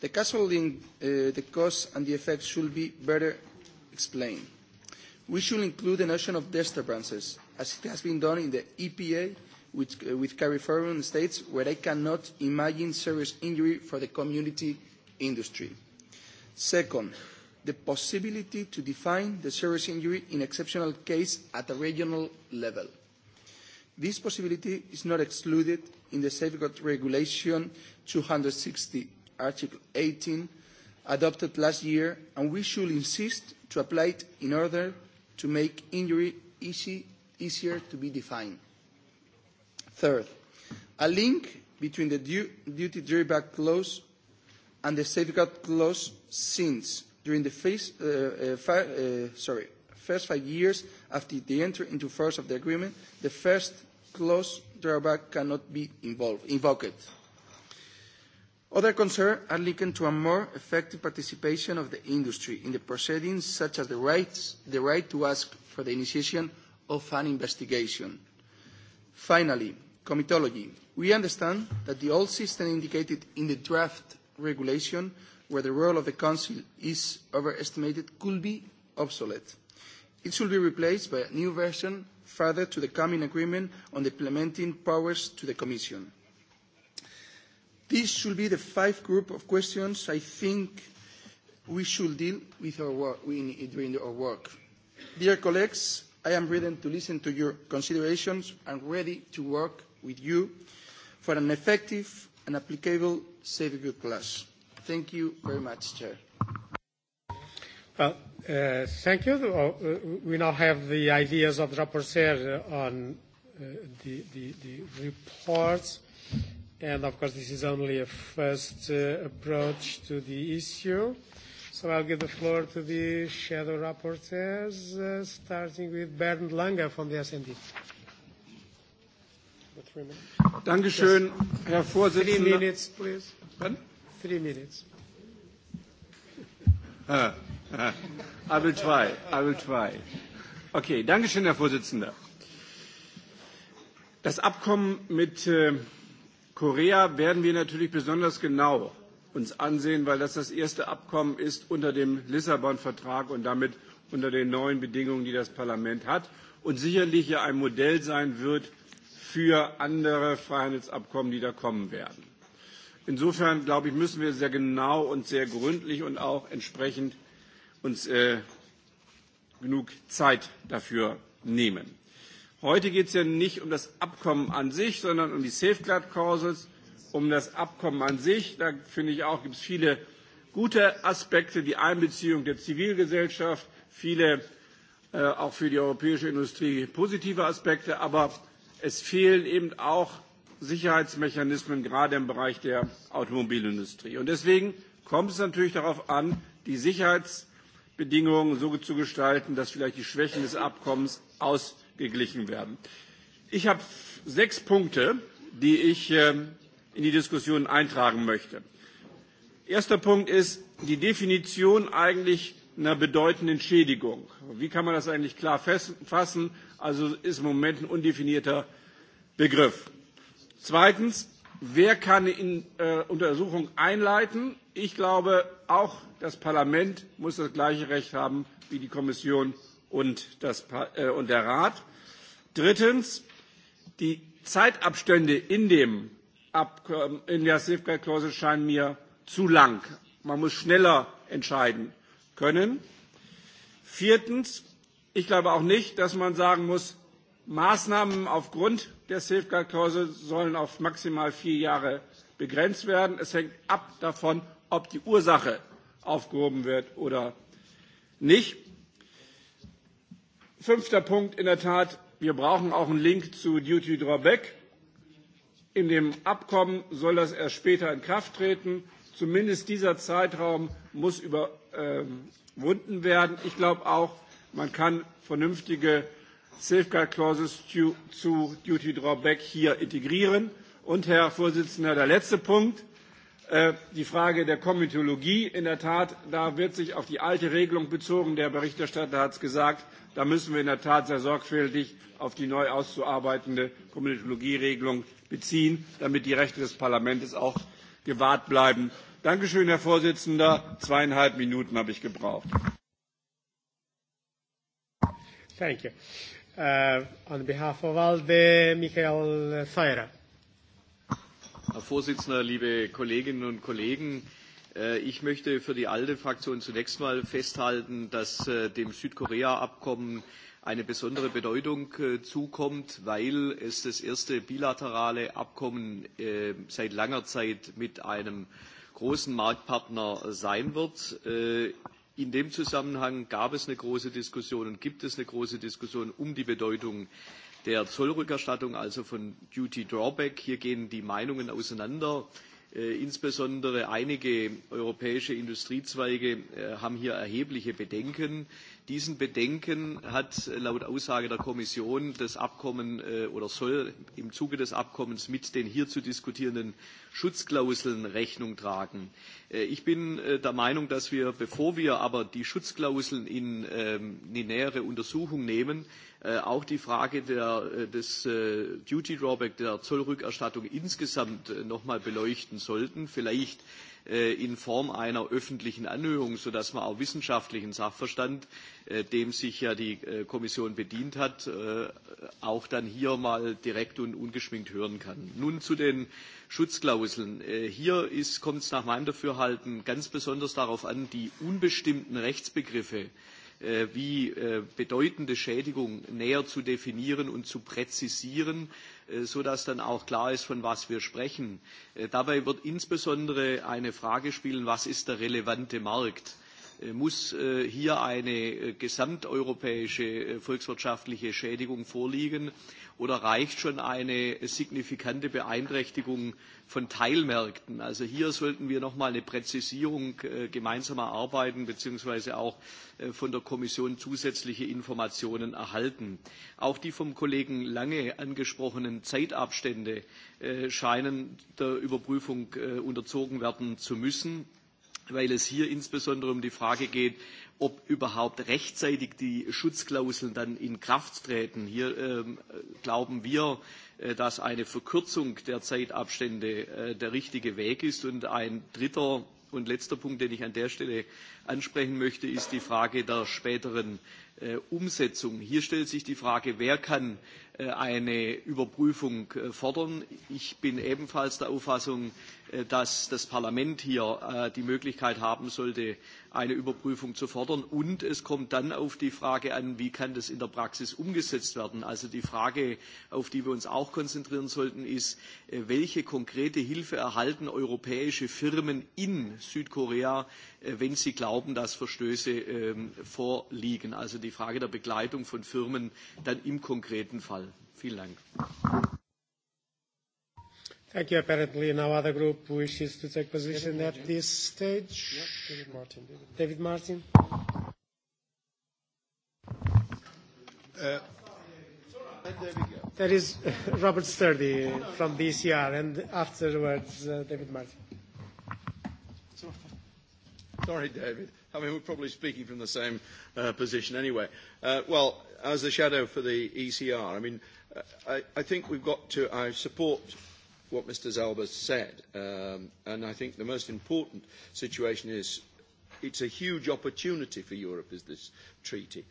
The counseling, uh, the cause and the effects should be better explained. We should include the notion of disturbances, as it has been done in the EPA with, uh, with California states where they cannot imagine serious injury for the community industry. Second, the possibility to define the serious injury in exceptional case at a regional level. This possibility is not excluded in the Safeguard Regulation 260, Article 18, adopted last year, and we should insist to apply it in order to make injury easy, easier to be defined. Third, a link between the duty drawback clause and the safeguard clause since during the first, uh, five, first five years after the entry into force of the agreement, the first clause drawback cannot be involved, invoked. Other concerns are linked to a more effective participation of the industry in the proceedings, such as the, rights, the right to ask for the initiation of an investigation. Finally, comitology. We understand that the old system indicated in the draft regulation where the role of the Council is overestimated could be obsolete. It should be replaced by a new version further to the coming agreement on the implementing powers to the Commission. These should be the five group of questions I think we should deal with our work, during our work. Dear colleagues, I am ready to listen to your considerations and ready to work with you for an effective and applicable safeguard class. Thank you very much, Chair. Well, uh, thank you. We now have the ideas of the rapporteur on uh, the, the, the reports. And of course, this is only a first uh, approach to the issue. So I'll give the floor to the shadow rapporteurs, uh, starting with Bernd Lange from the SND. Three minutes. SD. Dankeschön, Herr Vorsitzender. Three minutes, please. Pardon? Three minutes. I will try. I will try. Okay, danke schön, Herr Vorsitzender. Das Abkommen mit Korea werden wir natürlich besonders genau uns ansehen, weil das das erste Abkommen ist unter dem Lissabon-Vertrag und damit unter den neuen Bedingungen, die das Parlament hat und sicherlich ja ein Modell sein wird für andere Freihandelsabkommen, die da kommen werden. Insofern, glaube ich, müssen wir sehr genau und sehr gründlich und auch entsprechend uns genug Zeit dafür nehmen. Heute geht es ja nicht um das Abkommen an sich, sondern um die Safeguard Causes, um das Abkommen an sich. Da finde ich auch, gibt es viele gute Aspekte, die Einbeziehung der Zivilgesellschaft, viele auch für die europäische Industrie positive Aspekte, aber es fehlen eben auch Sicherheitsmechanismen, gerade im Bereich der Automobilindustrie. deswegen kommt es natürlich darauf an, die Sicherheitsbedingungen so zu gestalten, dass vielleicht die Schwächen des Abkommens ausgeglichen werden. Ich habe sechs Punkte, die ich in die Diskussion eintragen möchte. Erster Punkt ist die Definition eigentlich einer bedeutenden Schädigung. Wie kann man das eigentlich klar fassen? Also ist im Moment ein undefinierter Begriff. Zweitens, wer kann eine Untersuchung einleiten? Ich glaube, auch das Parlament muss das gleiche Recht haben wie die Kommission und, der Rat. Drittens, die Zeitabstände in dem Abkommen, in der Safeguard Clause scheinen mir zu lang. Man muss schneller entscheiden können. Viertens, ich glaube auch nicht, dass man sagen muss, Maßnahmen aufgrund der Safeguard-Klausel sollen auf maximal vier Jahre begrenzt werden. Es hängt ab davon, ob die Ursache aufgehoben wird oder nicht. Fünfter Punkt in der Tat, wir brauchen auch einen Link zu Duty Drawback. In dem Abkommen soll das erst später in Kraft treten. Zumindest dieser Zeitraum muss überwunden werden. Ich glaube auch, man kann vernünftige Safeguard Clauses zu Duty Drawback hier integrieren. Und Herr Vorsitzender, der letzte Punkt, die Frage der Komitologie. In der Tat, da wird sich auf die alte Regelung bezogen. Der Berichterstatter hat es gesagt. Da müssen wir in der Tat sehr sorgfältig auf die neu auszuarbeitende Komitologieregelung beziehen, damit die Rechte des Parlaments auch gewahrt bleiben. Dankeschön, Herr Vorsitzender. Zweieinhalb Minuten habe ich gebraucht. Thank you. Uh, on behalf of ALDE, Michael Herr Vorsitzender, liebe Kolleginnen und Kollegen, ich möchte für die ALDE-Fraktion zunächst mal festhalten, dass dem Südkorea-Abkommen eine besondere Bedeutung zukommt, weil es das erste bilaterale Abkommen seit langer Zeit mit einem großen Marktpartner sein wird. In dem Zusammenhang gab es eine große Diskussion und gibt es eine große Diskussion um die Bedeutung der Zollrückerstattung, also von Duty Drawback. Hier gehen die Meinungen auseinander. Insbesondere einige europäische Industriezweige haben hier erhebliche Bedenken. Diesen Bedenken hat laut Aussage der Kommission das Abkommen oder soll im Zuge des Abkommens mit den hier zu diskutierenden Schutzklauseln Rechnung tragen. Ich bin der Meinung, dass wir, bevor wir aber die Schutzklauseln in eine nähere Untersuchung nehmen, auch die Frage des Duty Drawback, der Zollrückerstattung insgesamt noch mal beleuchten sollten. Vielleicht in Form einer öffentlichen Anhörung, sodass man auch wissenschaftlichen Sachverstand, dem sich ja die Kommission bedient hat, auch dann hier mal direkt und ungeschminkt hören kann. Nun zu den Schutzklauseln. Hier kommt es nach meinem Dafürhalten ganz besonders darauf an, die unbestimmten Rechtsbegriffe wie bedeutende Schädigung näher zu definieren und zu präzisieren, sodass dann auch klar ist, von was wir sprechen. Dabei wird insbesondere eine Frage spielen, was ist der relevante Markt? muss hier eine gesamteuropäische volkswirtschaftliche Schädigung vorliegen oder reicht schon eine signifikante Beeinträchtigung von Teilmärkten? Also hier sollten wir noch mal eine Präzisierung gemeinsam erarbeiten bzw. auch von der Kommission zusätzliche Informationen erhalten. Auch die vom Kollegen Lange angesprochenen Zeitabstände scheinen der Überprüfung unterzogen werden zu müssen weil es hier insbesondere um die Frage geht, ob überhaupt rechtzeitig die Schutzklauseln dann in Kraft treten. Hier glauben wir, dass eine Verkürzung der Zeitabstände der richtige Weg ist. Und ein dritter und letzter Punkt, den ich an der Stelle ansprechen möchte, ist die Frage der späteren Umsetzung. Hier stellt sich die Frage, wer kann eine Überprüfung fordern. Ich bin ebenfalls der Auffassung, dass das Parlament hier die Möglichkeit haben sollte, eine Überprüfung zu fordern. Und es kommt dann auf die Frage an, wie kann das in der Praxis umgesetzt werden. Also die Frage, auf die wir uns auch konzentrieren sollten, ist, welche konkrete Hilfe erhalten europäische Firmen in Südkorea, wenn sie glauben, dass Verstöße vorliegen. Also die Frage der Begleitung von Firmen dann im konkreten Fall. Vielen Dank. Thank you. Apparently, no other group wishes to take position at this stage. David Martin. David Martin. There is Robert Sturdy from BCR, and afterwards, David Martin. Sorry, David. I mean, we're probably speaking from the same position anyway. Well, as the shadow for the ECR, I mean, I, I think we've got to, I support what Mr. Zalba said, um, and I think the most important situation is it's a huge opportunity for Europe, is this treaty.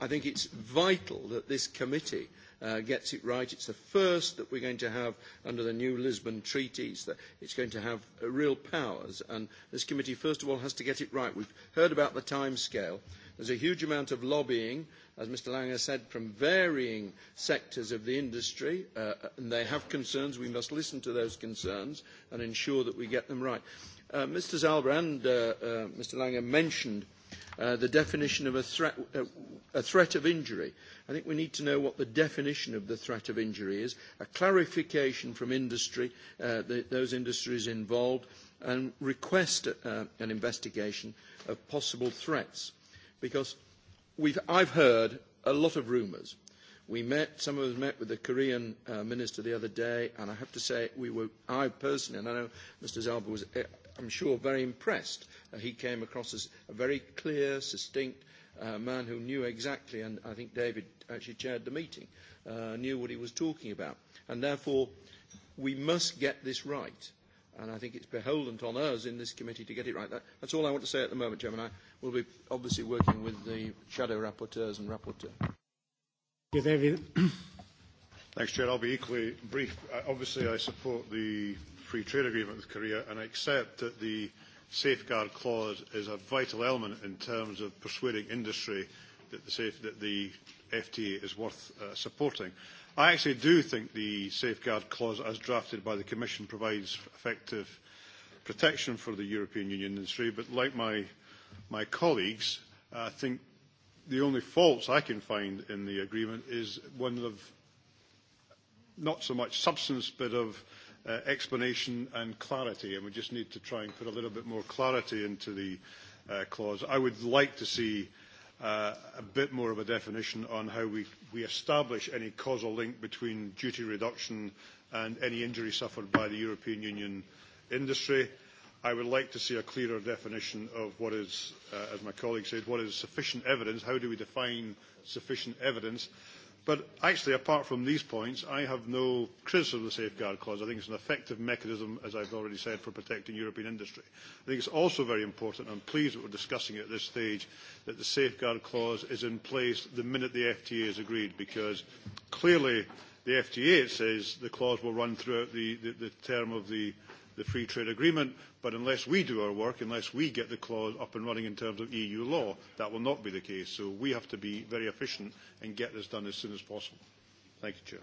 I think it's vital that this committee uh, gets it right. It's the first that we're going to have under the new Lisbon treaties that it's going to have real powers. And this committee, first of all, has to get it right. We've heard about the timescale. Uh, There's a huge amount of lobbying, as Mr. Langer said, from varying sectors of the industry, uh, and they have concerns. We must listen to those concerns and ensure that we get them right. Uh, Mr. Zalber and uh, uh, Mr. Langer mentioned uh, the definition of a threat, uh, a threat of injury. I think we need to know what the definition of the threat of injury is, a clarification from industry, uh, the, those industries involved, and request uh, an investigation of possible threats because we've, I've heard a lot of rumours. We met, some of us met with the Korean uh, minister the other day, and I have to say, we were, I personally, and I know Mr. Zalba was, I'm sure, very impressed. Uh, he came across as a very clear, succinct uh, man who knew exactly, and I think David actually chaired the meeting, uh, knew what he was talking about. And therefore, we must get this right. And I think it's beholden on us in this committee to get it right. That, that's all I want to say at the moment, Chairman. I, we'll be obviously working with the shadow rapporteurs and rapporteur. David. Thanks, Chair. I'll be equally brief. Obviously, I support the free trade agreement with Korea, and I accept that the safeguard clause is a vital element in terms of persuading industry that the, safe, that the FTA is worth uh, supporting. I actually do think the safeguard clause as drafted by the Commission provides effective protection for the European Union industry, but like my my colleagues, I think the only faults I can find in the agreement is one of not so much substance, but of uh, explanation and clarity. And we just need to try and put a little bit more clarity into the uh, clause. I would like to see uh, a bit more of a definition on how we, we establish any causal link between duty reduction and any injury suffered by the European Union industry. Uh, I would like to see a clearer definition of what is, uh, as my colleague said, what is sufficient evidence. How do we define sufficient evidence? But actually, apart from these points, I have no criticism of the Safeguard Clause. I think it's an effective mechanism, as I've already said, for protecting European industry. I think it's also very important, and I'm pleased that we're discussing it at this stage, that the Safeguard Clause is in place the minute the FTA is agreed, because clearly the FTA, it says, the clause will run throughout the, the, the term of the, the free trade agreement. But unless we do our work, unless we get the clause up and running in terms of EU law, that will not be the case. So we have to be very efficient and get this done as soon as possible. Thank you, Chair.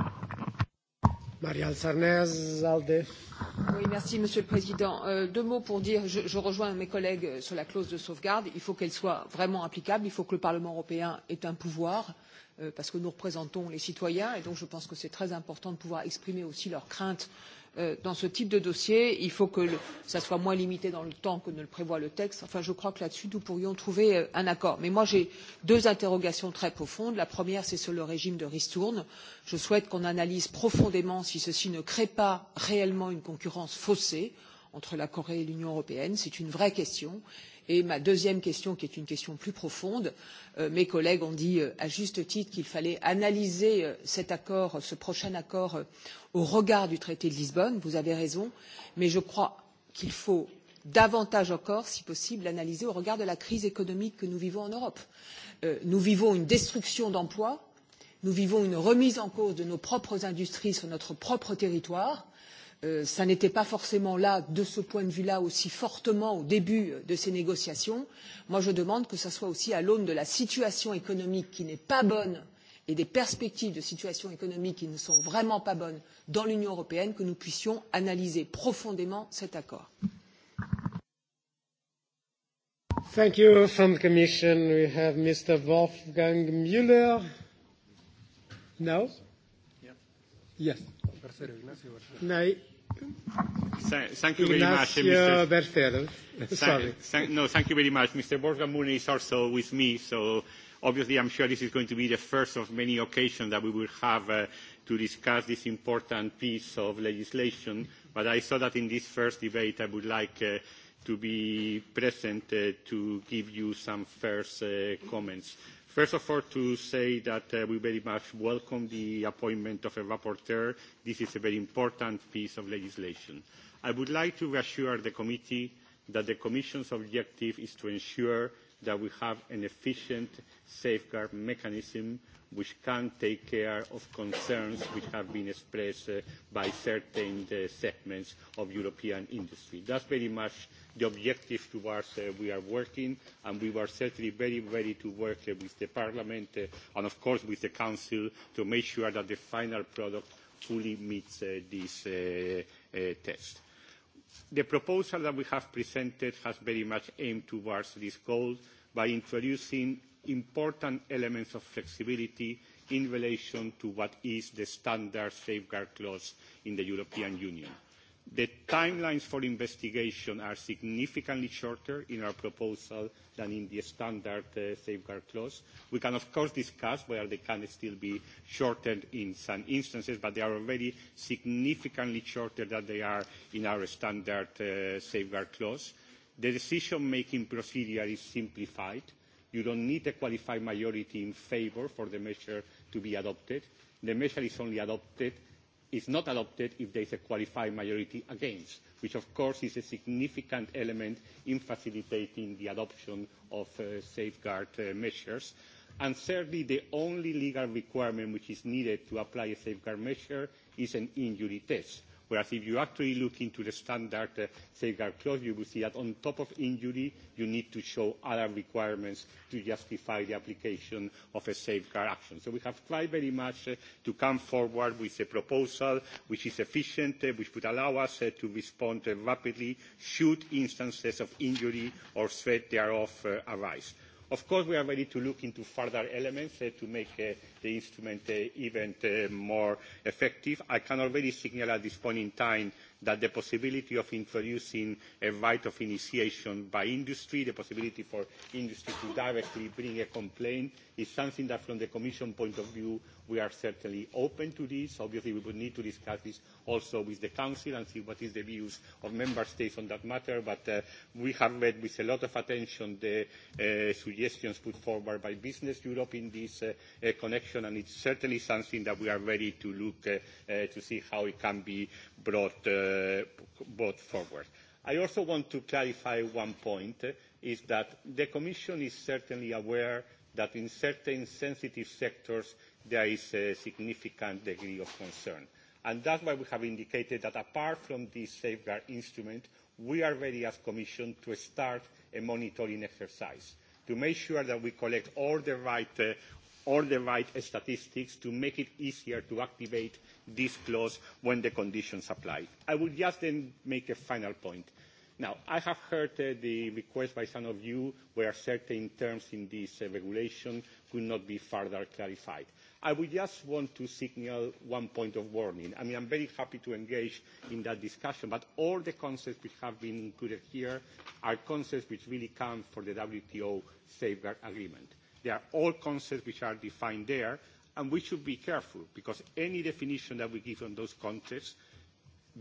Monsieur le Président. Deux mots pour dire, je, je rejoins mes collègues sur la clause de sauvegarde. Il faut qu'elle soit vraiment applicable. Il faut que le Parlement européen ait un pouvoir, parce que nous représentons les citoyens. Et donc, je pense que c'est très important de pouvoir exprimer aussi leurs craintes euh, dans ce type de dossier. Il faut que cela soit moins limité dans le temps que ne le prévoit le texte. Enfin, je crois que là-dessus, nous pourrions trouver un accord. Mais moi, j'ai deux interrogations très profondes. La première, c'est sur le régime de ristourne. Je souhaite qu'on analyse profondément si ceci ne crée pas réellement une concurrence faussée entre la Corée et l'Union européenne. C'est une vraie question. Et ma deuxième question, qui est une question plus profonde, mes collègues ont dit à juste titre qu'il fallait analyser cet accord, ce prochain accord, au regard du traité de Lisbonne. Vous avez raison, mais je crois qu'il faut davantage encore, si possible, l'analyser au regard de la crise économique que nous vivons en Europe. nous vivons une destruction d'emplois, nous vivons une remise en cause de nos propres industries sur notre propre territoire, ça n'était pas forcément là, de ce point de vue-là, aussi fortement au début de ces négociations. Moi, je demande que ce soit aussi à l'aune de la situation économique qui n'est pas bonne et des perspectives de situation économique qui ne sont vraiment pas bonnes dans l'Union européenne que nous puissions analyser profondément cet accord. Thank you from the Commission. We have Mr. Wolfgang Müller. No? Yeah. Yes. Ignacio Thank you very much, Mr. no, thank you very much. Mr. Borgamuni is also with me, so obviously I'm sure this is going to be the first of many occasions that we will have uh, to discuss this important piece of legislation. But I thought that in this first debate I would like uh, to be present uh, to give you some first uh, comments. First of all, to say that uh, we very much welcome the appointment of a rapporteur. This is a very important piece of legislation. I would like to reassure the committee that the Commission's objective is to ensure that we have an efficient safeguard mechanism which can take care of concerns which have been expressed by certain segments of European industry. That's very much the objective towards uh, we are working, and we were certainly very ready to work with the Parliament and, of course, with the Council to make sure that the final product fully meets this test. The proposal that we have presented has very much aimed towards this goal by introducing important elements of flexibility in relation to what is the standard safeguard clause in the European Union. The timelines for investigation are significantly shorter in our proposal than in the standard safeguard clause. We can, of course, discuss whether they can still be shortened in some instances, but they are already significantly shorter than they are in our standard safeguard clause. The decision-making procedure is simplified You don't need a qualified majority in favour for the measure to be adopted. The measure is only adopted, is not adopted if there is a qualified majority against, which of course is a significant element in facilitating the adoption of safeguard measures. And thirdly, the only legal requirement which is needed to apply a safeguard measure is an injury test Whereas if you actually look into the standard safeguard clause, you will see that on top of injury, you need to show other requirements to justify the application of a safeguard action. So we have tried very much to come forward with a proposal which is efficient, which would allow us to respond rapidly should instances of injury or threat thereof arise. Of course, we are ready to look into further elements to make the instrument even more effective. I can already signal at this point in time that the possibility of introducing a right of initiation by industry, the possibility for industry to directly bring a complaint, is something that from the Commission point of view, we are certainly open to this. Obviously, we would need to discuss this also with the Council and see what is the views of Member States on that matter. But uh, we have read with a lot of attention the uh, suggestions put forward by Business Europe in this uh, uh, connection, and it's certainly something that we are ready to look uh, uh, to see how it can be brought uh, brought forward. I also want to clarify one point, is that the Commission is certainly aware that in certain sensitive sectors there is a significant degree of concern. And that's why we have indicated that apart from this safeguard instrument, we are ready as Commission to start a monitoring exercise to make sure that we collect all the right, all the right statistics to make it easier to activate this clause when the conditions apply. I will just then make a final point. Now, I have heard uh, the request by some of you where certain terms in this uh, regulation could not be further clarified. I would just want to signal one point of warning. I mean, I'm very happy to engage in that discussion, but all the concepts which have been included here are concepts which really come from the WTO safeguard agreement. They are all concepts which are defined there, and we should be careful because any definition that we give on those contexts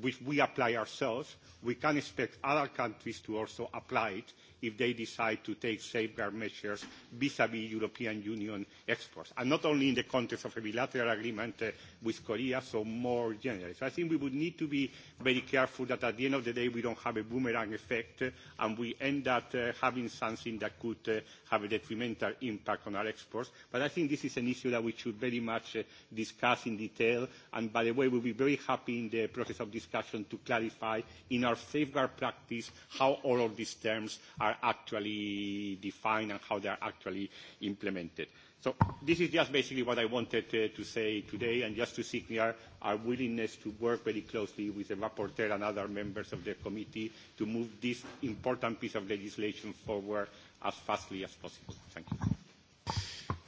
which we apply ourselves, we can expect other countries to also apply it if they decide to take safeguard measures vis-à-vis European Union exports, and not only in the context of a bilateral agreement with Korea, so more generally. So I think we would need to be very careful that at the end of the day we don't have a boomerang effect and we end up having something that could have a detrimental impact on our exports. But I think this is an issue that we should very much discuss in detail, and by the way, we'll be very happy in the process of discussion to clarify in our safeguard practice how all of these terms are actually defined and how they are actually implemented. So this is just basically what I wanted to say today, and just to signal our willingness to work very closely with the rapporteur and other members of the committee to move this important piece of legislation forward as fastly as possible. Thank you.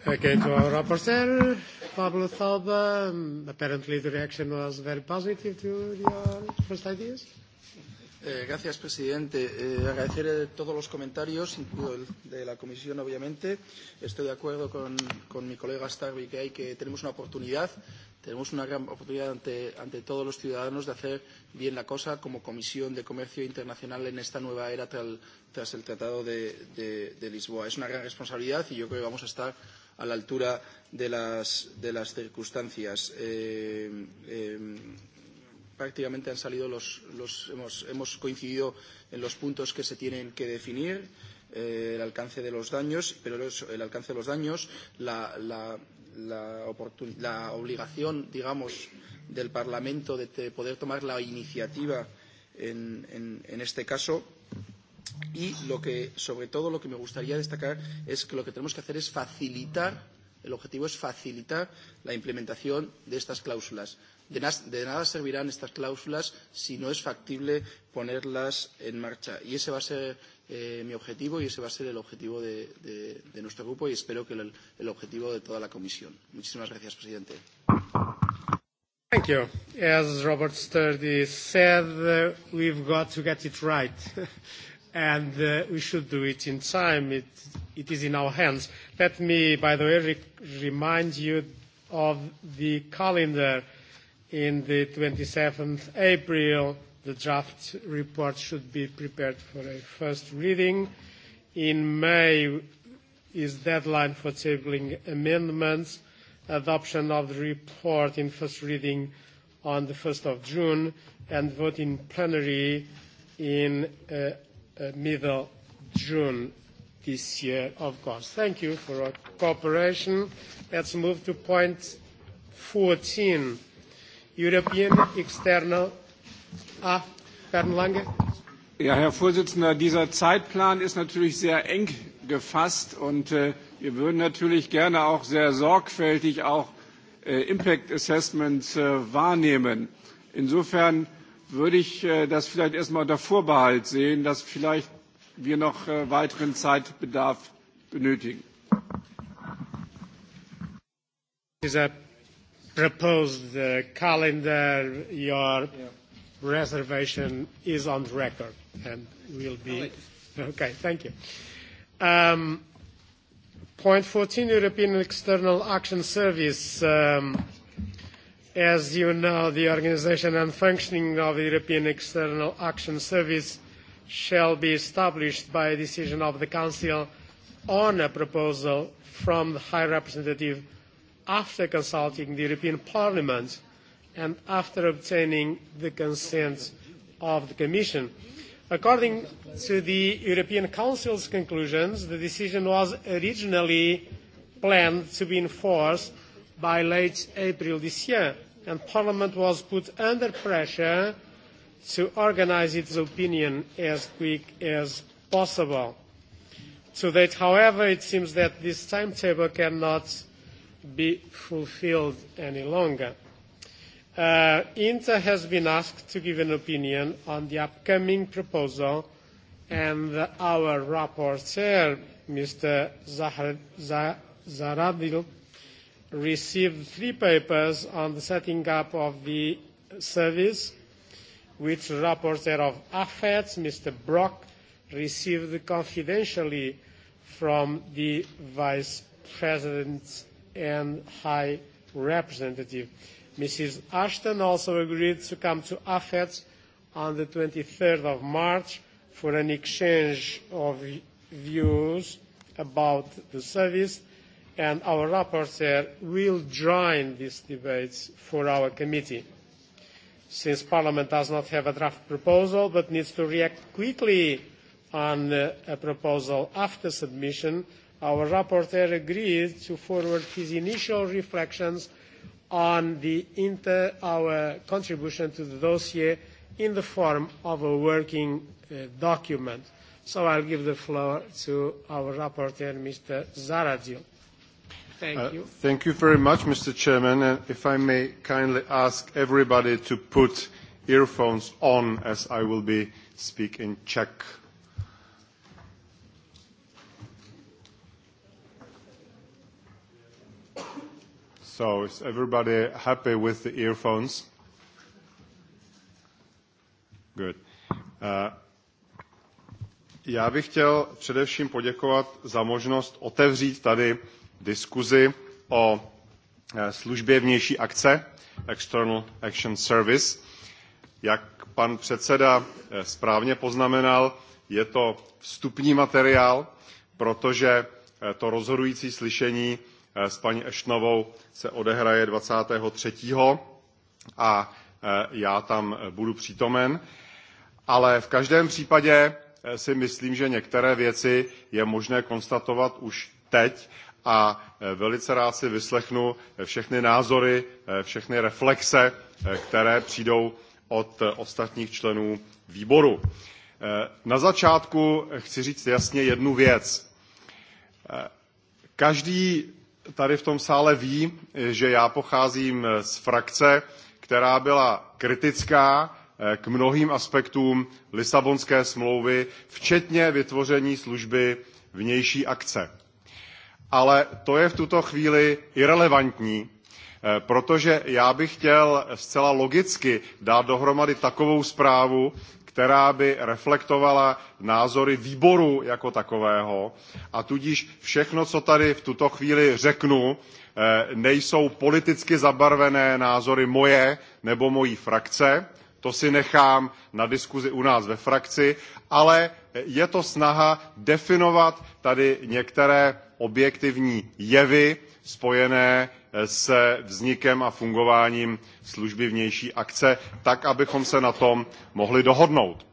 Okay, to our rapporteur, Pablo Zalba. Apparently, the reaction was very positive to your first ideas. gracias, presidente. Eh, agradecer todos los comentarios, incluido el de la comisión, obviamente. Estoy de acuerdo con, mi colega Starby que que tenemos una oportunidad, tenemos una gran oportunidad ante, todos los ciudadanos de hacer bien la cosa como Comisión de Comercio Internacional en esta nueva era tras, el Tratado de Lisboa. Es una gran responsabilidad y yo creo que vamos a estar a la altura de las, de las circunstancias. Eh, eh, prácticamente han salido los, los hemos, hemos coincidido en los puntos que se tienen que definir eh, el alcance de los daños, pero eso, el alcance de los daños, la, la, la, la obligación, digamos, del Parlamento de, de poder tomar la iniciativa en, en, en este caso Y lo que, sobre todo, lo que me gustaría destacar es que lo que tenemos que hacer es facilitar, el objetivo es facilitar la implementación de estas cláusulas. De, de nada servirán estas cláusulas si no es factible ponerlas en marcha. Y ese va a ser eh, mi objetivo y ese va a ser el objetivo de, de, de nuestro grupo y espero que el, el objetivo de toda la comisión. Muchísimas gracias, presidente. Thank you. As Robert Sturdy said, uh, we've got to get it right and uh, we should do it in time. It, it is in our hands. Let me, by the way, re- remind you of the calendar in the 27th April. The draft report should be prepared for a first reading. In May is deadline for tabling amendments. Adoption of the report in first reading on the 1st of June and vote in plenary in uh, middle June this year, of course. Thank you for your cooperation. Let's move to point 14, European External. Ah, Herrn Lange. Ja, Herr Vorsitzender, dieser Zeitplan ist natürlich sehr eng gefasst und wir würden natürlich gerne auch sehr sorgfältig auch Impact Assessments wahrnehmen. Insofern würde ich das vielleicht erst einmal unter Vorbehalt sehen, dass vielleicht wir noch weiteren Zeitbedarf benötigen. calendar. Your reservation is on record and will be. Okay, thank you. Um, point 14, European External Action Service. Um, As you know, the organisation and functioning of the European External Action Service shall be established by a decision of the Council on a proposal from the High Representative after consulting the European Parliament and after obtaining the consent of the Commission. According to the European Council's conclusions, the decision was originally planned to be enforced by late April this year, and Parliament was put under pressure to organise its opinion as quick as possible. To date, however, it seems that this timetable cannot be fulfilled any longer. Uh, INTA has been asked to give an opinion on the upcoming proposal, and our rapporteur, Mr. Zahradil, received three papers on the setting up of the service, which Rapporteur of AFETS, Mr. Brock, received confidentially from the Vice President and High Representative. Mrs. Ashton also agreed to come to AFETS on the 23rd of March for an exchange of views about the service and our rapporteur will join these debates for our committee. Since Parliament does not have a draft proposal but needs to react quickly on a proposal after submission, our rapporteur agreed to forward his initial reflections on the inter our contribution to the dossier in the form of a working document. So I'll give the floor to our rapporteur, Mr. Zaradil. Thank you. Thank you very much, Mr. Chairman. And if I may kindly ask everybody to put earphones on as I will be speaking Czech. So is everybody happy with the earphones? Good. Já bych chtěl především poděkovat za možnost otevřít tady diskuzi o službě vnější akce, External Action Service. Jak pan předseda správně poznamenal, je to vstupní materiál, protože to rozhodující slyšení s paní Ešnovou se odehraje 23. a já tam budu přítomen. Ale v každém případě si myslím, že některé věci je možné konstatovat už teď a velice rád si vyslechnu všechny názory, všechny reflexe, které přijdou od ostatních členů výboru. Na začátku chci říct jasně jednu věc. Každý tady v tom sále ví, že já pocházím z frakce, která byla kritická k mnohým aspektům Lisabonské smlouvy, včetně vytvoření služby vnější akce ale to je v tuto chvíli irrelevantní, protože já bych chtěl zcela logicky dát dohromady takovou zprávu, která by reflektovala názory výboru jako takového a tudíž všechno, co tady v tuto chvíli řeknu, nejsou politicky zabarvené názory moje nebo mojí frakce, to si nechám na diskuzi u nás ve frakci, ale je to snaha definovat tady některé objektivní jevy spojené se vznikem a fungováním služby vnější akce, tak abychom se na tom mohli dohodnout.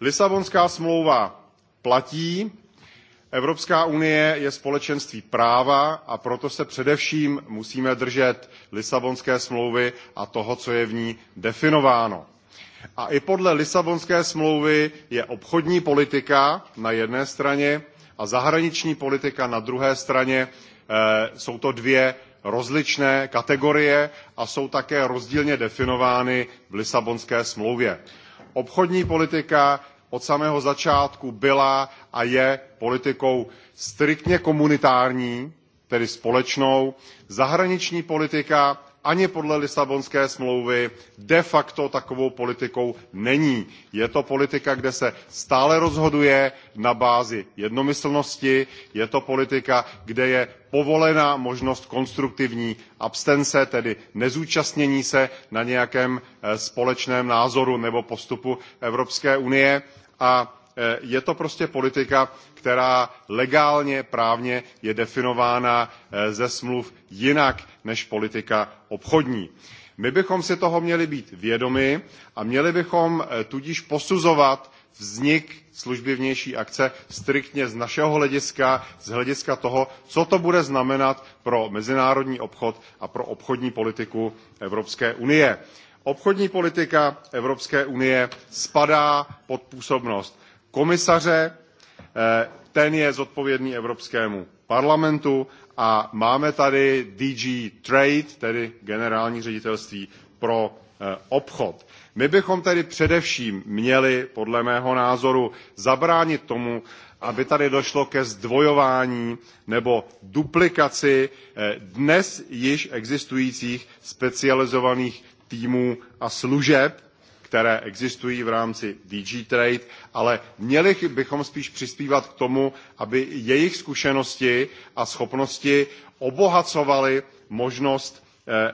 Lisabonská smlouva platí, Evropská unie je společenství práva a proto se především musíme držet Lisabonské smlouvy a toho, co je v ní definováno. A i podle Lisabonské smlouvy je obchodní politika na jedné straně a zahraniční politika na druhé straně. Jsou to dvě rozličné kategorie a jsou také rozdílně definovány v Lisabonské smlouvě. Obchodní politika od samého začátku byla a je politikou striktně komunitární, tedy společnou. Zahraniční politika ani podle Lisabonské smlouvy de facto takovou politikou není. Je to politika, kde se stále rozhoduje na bázi jednomyslnosti, je to politika, kde je povolena možnost konstruktivní abstence, tedy nezúčastnění se na nějakém společném názoru nebo postupu Evropské unie a je to prostě politika, která legálně, právně je definována ze smluv jinak než politika obchodní. My bychom si toho měli být vědomi a měli bychom tudíž posuzovat vznik služby vnější akce striktně z našeho hlediska, z hlediska toho, co to bude znamenat pro mezinárodní obchod a pro obchodní politiku Evropské unie. Obchodní politika Evropské unie spadá pod působnost komisaře, ten je zodpovědný Evropskému parlamentu a máme tady DG Trade, tedy generální ředitelství pro obchod. My bychom tedy především měli, podle mého názoru, zabránit tomu, aby tady došlo ke zdvojování nebo duplikaci dnes již existujících specializovaných týmů a služeb, které existují v rámci DG Trade, ale měli bychom spíš přispívat k tomu, aby jejich zkušenosti a schopnosti obohacovaly možnost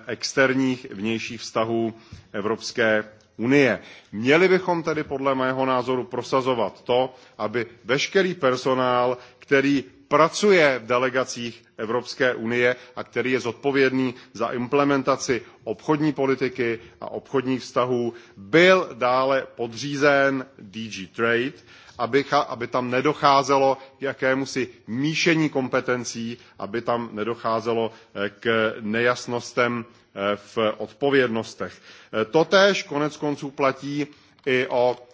externích vnějších vztahů Evropské unie. Měli bychom tedy podle mého názoru prosazovat to, aby veškerý personál, který pracuje v delegacích Evropské unie a který je zodpovědný za implementaci obchodní politiky a obchodních vztahů, byl dále podřízen DG Trade, aby, tam nedocházelo k jakémusi míšení kompetencí, aby tam nedocházelo k nejasnostem v odpovědnostech. Totéž konec konců platí i o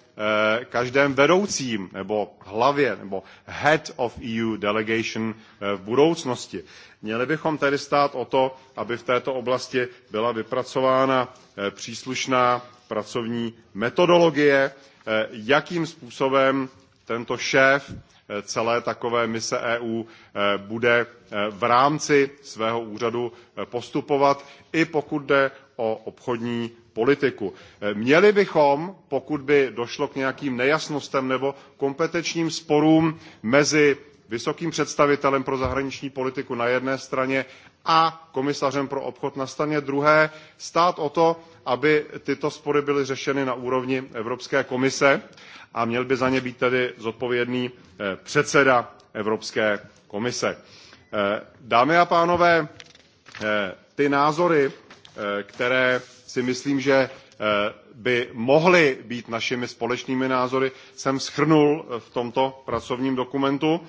každém vedoucím nebo hlavě nebo head of EU delegation v budoucnosti. Měli bychom tedy stát o to, aby v této oblasti byla vypracována příslušná pracovní metodologie, jakým způsobem tento šéf celé takové mise EU bude v rámci svého úřadu postupovat, i pokud jde o obchodní politiku. Měli bychom, pokud by došlo k nějakým nejasnostem nebo kompetenčním sporům mezi vysokým představitelem pro zahraniční politiku na jedné straně a komisařem pro obchod na straně druhé stát o to, aby tyto spory byly řešeny na úrovni Evropské komise a měl by za ně být tedy zodpovědný předseda Evropské komise. Dámy a pánové, ty názory, které si myslím, že by mohly být našimi společnými názory, jsem schrnul v tomto pracovním dokumentu.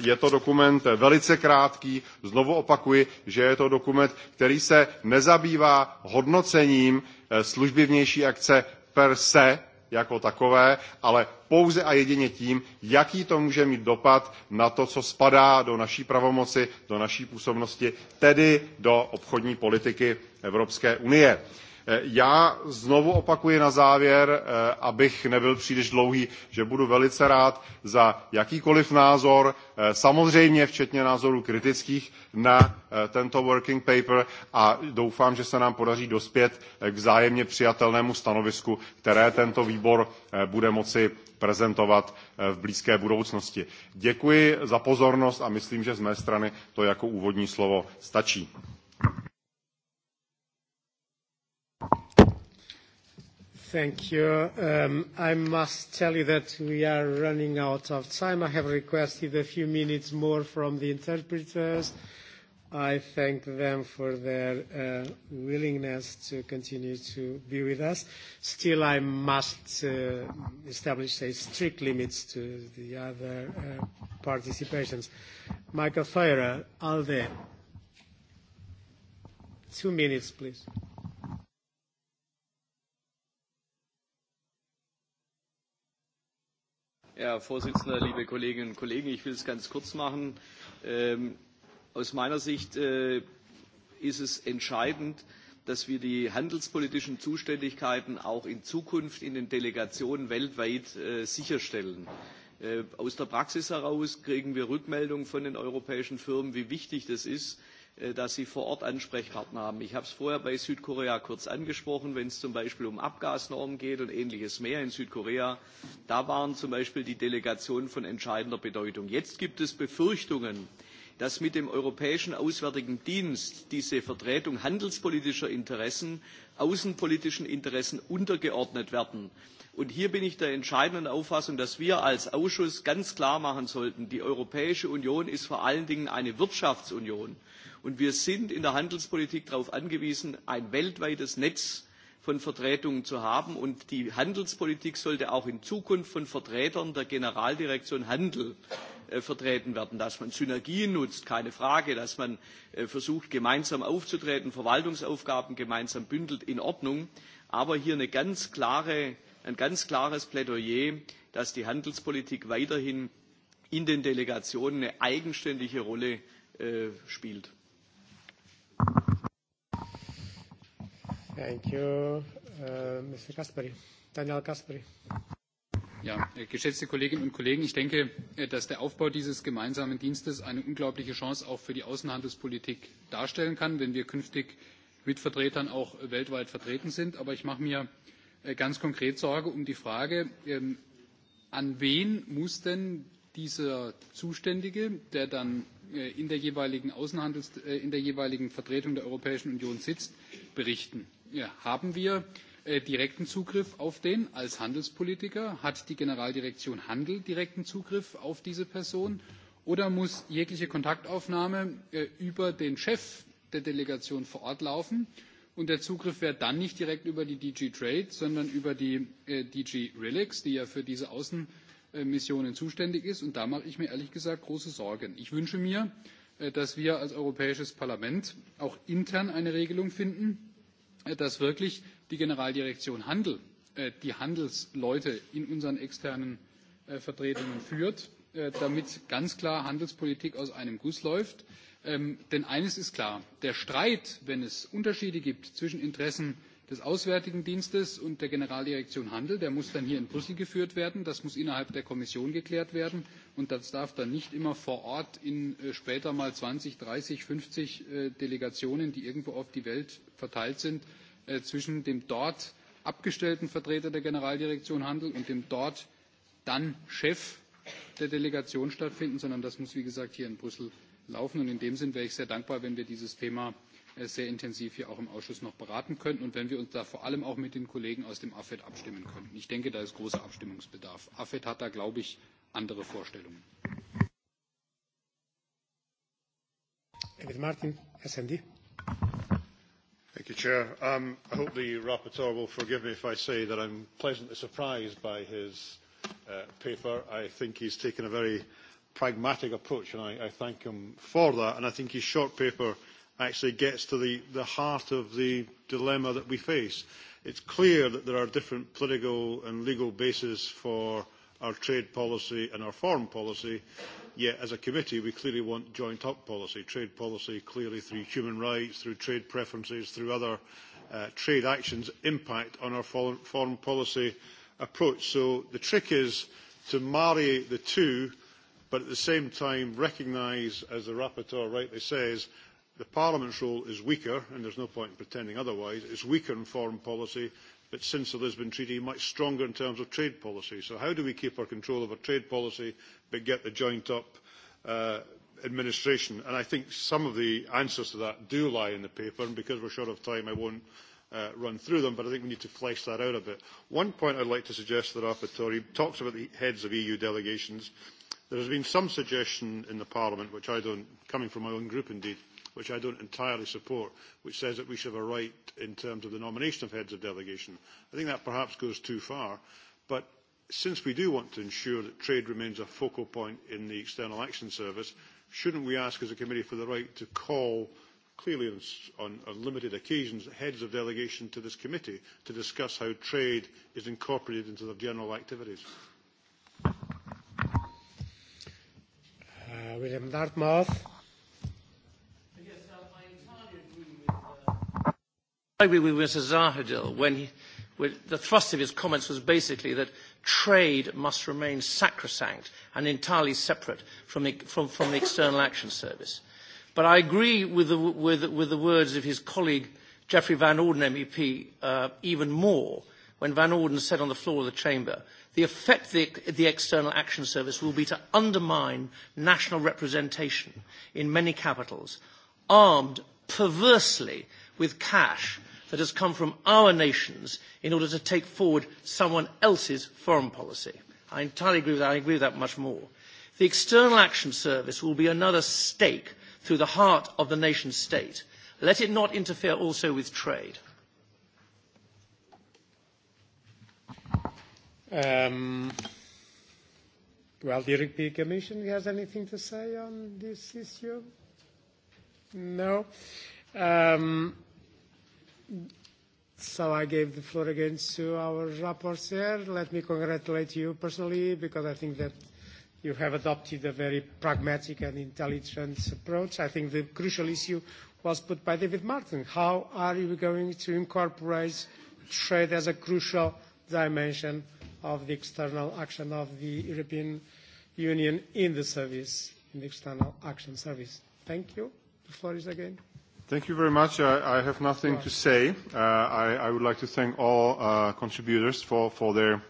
Je to dokument velice krátký, znovu opakuji, že je to dokument, který se nezabývá hodnocením služby vnější akce per se, jako takové, ale pouze a jedině tím, jaký to může mít dopad na to, co spadá do naší pravomoci, do naší působnosti, tedy do obchodní politiky Evropské unie. Já znovu opakuji na závěr, abych nebyl příliš dlouhý, že budu velice rád za jakýkoliv názor, samozřejmě včetně názorů kritických na tento working paper a doufám, že se nám podaří dospět k vzájemně přijatelnému stanovisku, které tento výbor bude moci prezentovat v blízké budoucnosti. Děkuji za pozornost a myslím, že z mé strany to jako úvodní slovo stačí. Thank you. Um, I must tell you that we are running out of time. I have requested a few minutes more from the interpreters. I thank them for their uh, willingness to continue to be with us. Still, I must uh, establish a strict limits to the other uh, participations. Michael Feurer, ALDE. Two minutes, please. Herr Vorsitzender, liebe Kolleginnen und Kollegen, ich will es ganz kurz machen. Aus meiner Sicht ist es entscheidend, dass wir die handelspolitischen Zuständigkeiten auch in Zukunft in den Delegationen weltweit sicherstellen. Aus der Praxis heraus kriegen wir Rückmeldungen von den europäischen Firmen, wie wichtig das ist, dass sie vor Ort Ansprechpartner haben. Ich habe es vorher bei Südkorea kurz angesprochen, wenn es zum Beispiel um Abgasnormen geht und ähnliches mehr in Südkorea. Da waren zum Beispiel die Delegationen von entscheidender Bedeutung. Jetzt gibt es Befürchtungen, dass mit dem Europäischen Auswärtigen Dienst diese Vertretung handelspolitischer Interessen außenpolitischen Interessen untergeordnet werden. Und hier bin ich der entscheidenden Auffassung, dass wir als Ausschuss ganz klar machen sollten, die Europäische Union ist vor allen Dingen eine Wirtschaftsunion. Und wir sind in der Handelspolitik darauf angewiesen, ein weltweites Netz von Vertretungen zu haben. Und die Handelspolitik sollte auch in Zukunft von Vertretern der Generaldirektion Handel vertreten werden, dass man Synergien nutzt, keine Frage, dass man versucht, gemeinsam aufzutreten, Verwaltungsaufgaben gemeinsam bündelt, in Ordnung. Aber hier ein ganz klares Plädoyer, dass die Handelspolitik weiterhin in den Delegationen eine eigenständige Rolle spielt. Thank you. Mr. Daniel Ja, geschätzte Kolleginnen und Kollegen, ich denke, dass der Aufbau dieses gemeinsamen Dienstes eine unglaubliche Chance auch für die Außenhandelspolitik darstellen kann, wenn wir künftig mit Vertretern auch weltweit vertreten sind. Aber ich mache mir ganz konkret Sorge um die Frage, an wen muss denn dieser Zuständige, der dann in der jeweiligen Vertretung der Europäischen Union sitzt, berichten. Haben wir direkten Zugriff auf den als Handelspolitiker? Hat die Generaldirektion Handel direkten Zugriff auf diese Person? Oder muss jegliche Kontaktaufnahme über den Chef der Delegation vor Ort laufen? Und der Zugriff wäre dann nicht direkt über die DG Trade, sondern über die DG Relex, die ja für diese Außen Missionen zuständig ist. Und da mache ich mir ehrlich gesagt große Sorgen. Ich wünsche mir, dass wir als Europäisches Parlament auch intern eine Regelung finden, dass wirklich die Generaldirektion Handel die Handelsleute in unseren externen Vertretungen führt, damit ganz klar Handelspolitik aus einem Guss läuft. Denn eines ist klar, der Streit, wenn es Unterschiede gibt zwischen Interessen des Auswärtigen Dienstes und der Generaldirektion Handel. Der muss dann hier in Brüssel geführt werden. Das muss innerhalb der Kommission geklärt werden. Und das darf dann nicht immer vor Ort in später mal zwanzig, dreißig, fünfzig Delegationen, die irgendwo auf die Welt verteilt sind, zwischen dem dort abgestellten Vertreter der Generaldirektion Handel und dem dort dann Chef der Delegation stattfinden, sondern das muss, wie gesagt, hier in Brüssel laufen. Und in dem Sinn wäre ich sehr dankbar, wenn wir dieses Thema sehr intensiv hier auch im Ausschuss noch beraten könnten und wenn wir uns da vor allem auch mit den Kollegen aus dem AFED abstimmen könnten. Ich denke, da ist großer Abstimmungsbedarf. AFET hat da, glaube ich, andere Vorstellungen. I hope the rapporteur will forgive me if I say that I'm pleasantly surprised by his paper. I think he's taken a very pragmatic approach, and I, thank him for that. And I think his short paper actually gets to the, the heart of the dilemma that we face. It's clear that there are different political and legal bases for our trade policy and our foreign policy, yet as a committee we clearly want joint up policy, trade policy clearly through human rights, through trade preferences, through other trade actions impact on our foreign policy approach. So the trick is to marry the two, but at the same time recognise, as the rapporteur rightly says, The Parliament's role is weaker, and there's no point in pretending otherwise. It's weaker in foreign policy, but since the Lisbon Treaty, much stronger in terms of trade policy. So how do we keep our control over trade policy but get the joint-up uh, administration? And I think some of the answers to that do lie in the paper, and because we're short of time, I won't uh, run through them, but I think we need to flesh that out a bit. One point I'd like to suggest to the rapporteur, he talks about the heads of EU delegations. There has been some suggestion in the Parliament, which I don't, coming from my own group indeed, which I don't entirely support, which says that we should have a right in terms of the nomination of heads of delegation. I think that perhaps goes too far. But since we do want to ensure that trade remains a focal point in the External Action Service, shouldn't we ask as a committee for the right to call clearly on, on limited occasions, heads of delegation to this committee to discuss how trade is incorporated into their general activities. William Dartmouth. I agree with Mr. Zahedil when, he, when the thrust of his comments was basically that trade must remain sacrosanct and entirely separate from the, from, from the External Action Service. But I agree with the, with, with the words of his colleague, Geoffrey Van Orden MEP, uh, even more when Van Orden said on the floor of the chamber, the effect the, the External Action Service will be to undermine national representation in many capitals, armed perversely with cash that has come from our nations in order to take forward someone else's foreign policy. I entirely agree with that. I agree with that much more. The External Action Service will be another stake through the heart of the nation state. Let it not interfere also with trade. Um, well, the European Commission has anything to say on this issue? No. Um, So I gave the floor again to our rapporteur. Let me congratulate you personally because I think that you have adopted a very pragmatic and intelligent approach. I think the crucial issue was put by David Martin. How are you going to incorporate trade as a crucial dimension of the external action of the European Union in the service, in the external action service? Thank you. The floor is again Thank you very much. I, I have nothing to say. Uh, I, I would like to thank all uh, contributors for, for their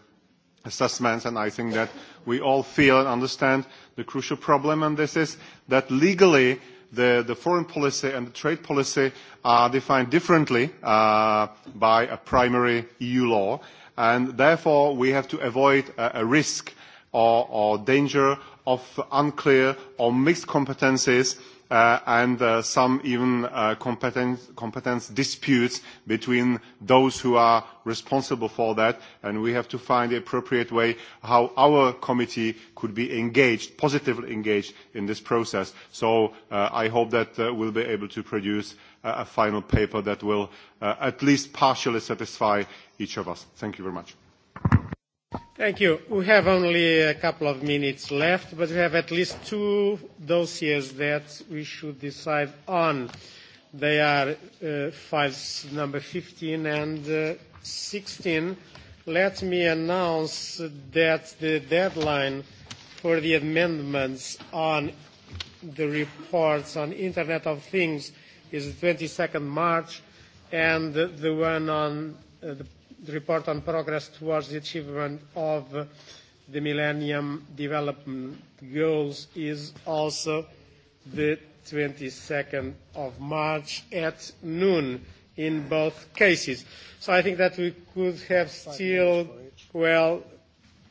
assessments, and I think that we all feel and understand the crucial problem, and this is that legally the, the foreign policy and the trade policy are defined differently uh, by a primary EU law, and therefore we have to avoid a, a risk or, or danger of unclear or mixed competencies and some even competence, disputes between those who are responsible for that, and we have to find the appropriate way how our committee could be engaged, positively engaged in this process. So I hope that we will be able to produce a final paper that will at least partially satisfy each of us. Thank you very much. Thank you. We have only a couple of minutes left, but we have at least two dossiers that we should decide on. They are files number 15 and uh, 16. Let me announce that the deadline for the amendments on the reports on Internet of Things is the 22nd March, and the one on the the report on progress towards the achievement of the Millennium Development Goals is also the 22nd of March at noon in both cases. So I think that we could have still, well,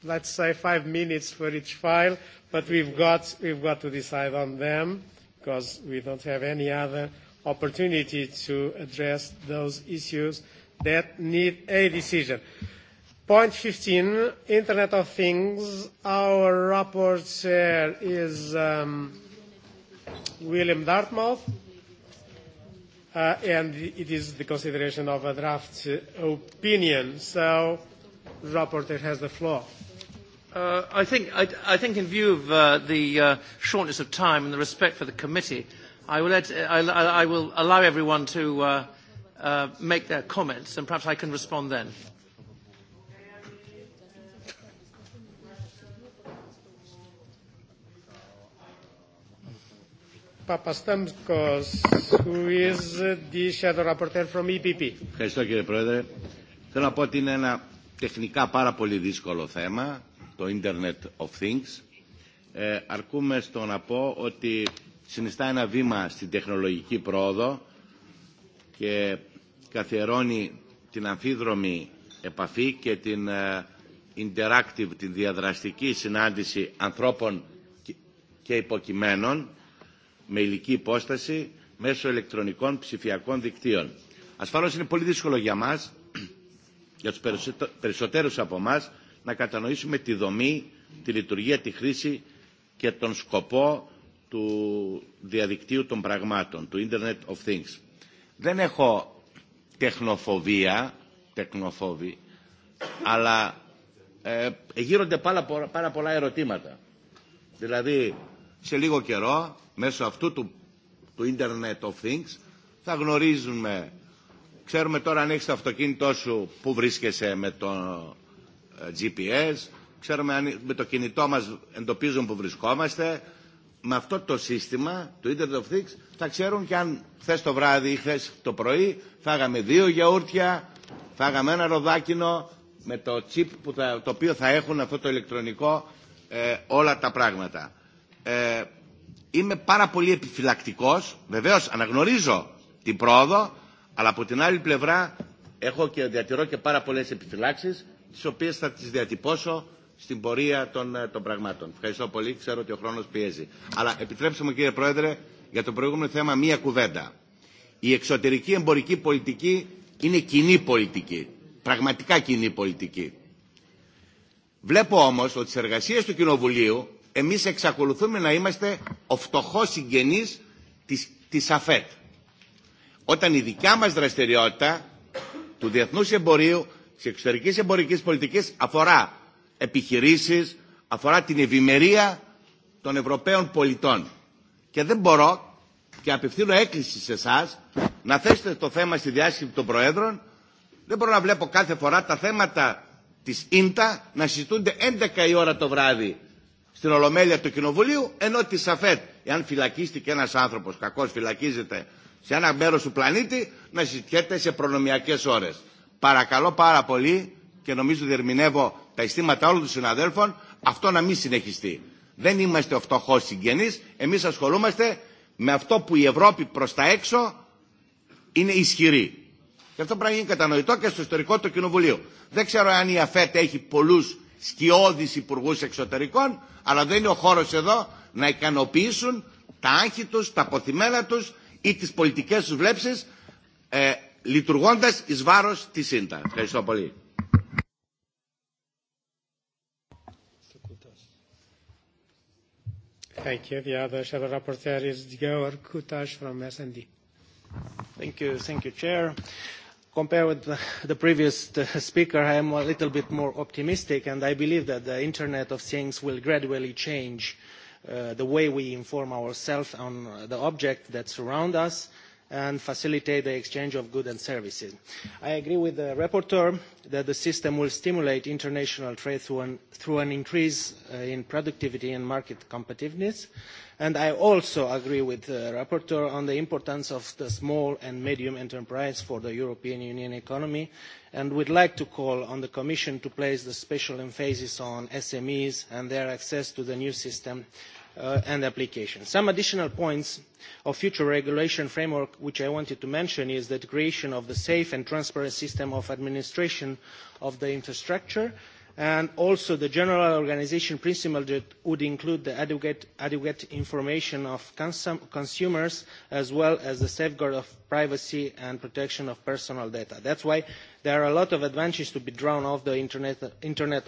let's say five minutes for each file, but we've got, we've got to decide on them because we don't have any other opportunity to address those issues that need a decision. Point 15, Internet of Things. Our rapporteur is um, William Dartmouth, uh, and it is the consideration of a draft opinion. So, rapporteur has the floor. Uh, I, think, I, I think in view of uh, the uh, shortness of time and the respect for the committee, I will, let, I, I will allow everyone to uh, make their comments, and perhaps I can respond then. Παπαστάμκος, who is the shadow rapporteur from EPP. Ευχαριστώ κύριε Πρόεδρε. Θέλω να πω ότι είναι ένα τεχνικά πάρα πολύ δύσκολο θέμα, το Internet of Things. Ε, αρκούμε στο να πω ότι συνιστά ένα βήμα στην τεχνολογική πρόοδο και καθιερώνει την αμφίδρομη επαφή και την interactive, την διαδραστική συνάντηση ανθρώπων και υποκειμένων με ηλική υπόσταση μέσω ηλεκτρονικών ψηφιακών δικτύων. Ασφαλώς είναι πολύ δύσκολο για μας, για τους περισσότερους από εμά, να κατανοήσουμε τη δομή, τη λειτουργία, τη χρήση και τον σκοπό του διαδικτύου των πραγμάτων, του Internet of Things. Δεν έχω τεχνοφοβία, τεχνοφόβη, αλλά ε, γύρονται πάρα, πάρα πολλά ερωτήματα. Δηλαδή, σε λίγο καιρό, μέσω αυτού του, του Internet of Things, θα γνωρίζουμε, ξέρουμε τώρα αν έχεις το αυτοκίνητό σου που βρίσκεσαι με το GPS, ξέρουμε αν με το κινητό μας εντοπίζουν που βρισκόμαστε, με αυτό το σύστημα, το Internet of Things, θα ξέρουν και αν χθε το βράδυ ή χθε το πρωί φάγαμε δύο γιαούρτια, φάγαμε ένα ροδάκινο με το chip που θα, το οποίο θα έχουν αυτό το ηλεκτρονικό ε, όλα τα πράγματα. Ε, είμαι πάρα πολύ επιφυλακτικός, βεβαίως αναγνωρίζω την πρόοδο, αλλά από την άλλη πλευρά έχω και διατηρώ και πάρα πολλές επιφυλάξεις, τις οποίες θα τις διατυπώσω στην πορεία των, των πραγμάτων. Ευχαριστώ πολύ. Ξέρω ότι ο χρόνο πιέζει. Αλλά επιτρέψτε μου κύριε Πρόεδρε για το προηγούμενο θέμα μία κουβέντα. Η εξωτερική εμπορική πολιτική είναι κοινή πολιτική. Πραγματικά κοινή πολιτική. Βλέπω όμω ότι στι εργασίε του Κοινοβουλίου εμεί εξακολουθούμε να είμαστε ο φτωχό συγγενή τη ΑΦΕΤ. Όταν η δικιά μα δραστηριότητα του διεθνού εμπορίου, τη εξωτερική εμπορική πολιτική αφορά επιχειρήσεις, αφορά την ευημερία των Ευρωπαίων πολιτών. Και δεν μπορώ και απευθύνω έκκληση σε εσά να θέσετε το θέμα στη διάσκεψη των Προέδρων. Δεν μπορώ να βλέπω κάθε φορά τα θέματα της ΙΝΤΑ να συζητούνται 11 η ώρα το βράδυ στην Ολομέλεια του Κοινοβουλίου, ενώ τη ΣΑΦΕΤ, εάν φυλακίστηκε ένας άνθρωπος, κακός φυλακίζεται σε ένα μέρος του πλανήτη, να συζητιέται σε προνομιακές ώρες. Παρακαλώ πάρα πολύ και νομίζω διερμηνεύω τα αισθήματα όλων των συναδέλφων αυτό να μην συνεχιστεί. Δεν είμαστε ο φτωχό συγγενή, εμεί ασχολούμαστε με αυτό που η Ευρώπη προ τα έξω είναι ισχυρή. Και αυτό πρέπει να γίνει κατανοητό και στο ιστορικό του Κοινοβουλίου. Δεν ξέρω αν η ΑΦΕΤ έχει πολλού σκιώδει υπουργού εξωτερικών, αλλά δεν είναι ο χώρο εδώ να ικανοποιήσουν τα άγχη του, τα αποθυμένα του ή τι πολιτικέ του βλέψει, ε, λειτουργώντα ει βάρο τη ΣΥΝΤΑ. Ευχαριστώ πολύ. Thank you. The other shadow rapporteur is Georg Kutash from SND. Thank you. Thank you, Chair. Compared with the previous speaker, I am a little bit more optimistic, and I believe that the Internet of Things will gradually change the way we inform ourselves on the objects that surround us, and facilitate the exchange of goods and services. I agree with the rapporteur that the system will stimulate international trade through an, increase in productivity and market competitiveness. And I also agree with the rapporteur on the importance of the small and medium enterprise for the European Union economy and would like to call on the Commission to place special emphasis on SMEs and their access to the new system and application. Some additional points of future regulation framework which I wanted to mention is the creation of the safe and transparent system of administration of the infrastructure and also the general organisation principle that would include the adequate, information of consumers as well as the safeguard of privacy and protection of personal data. That is why there are a lot of advantages to be drawn off the Internet,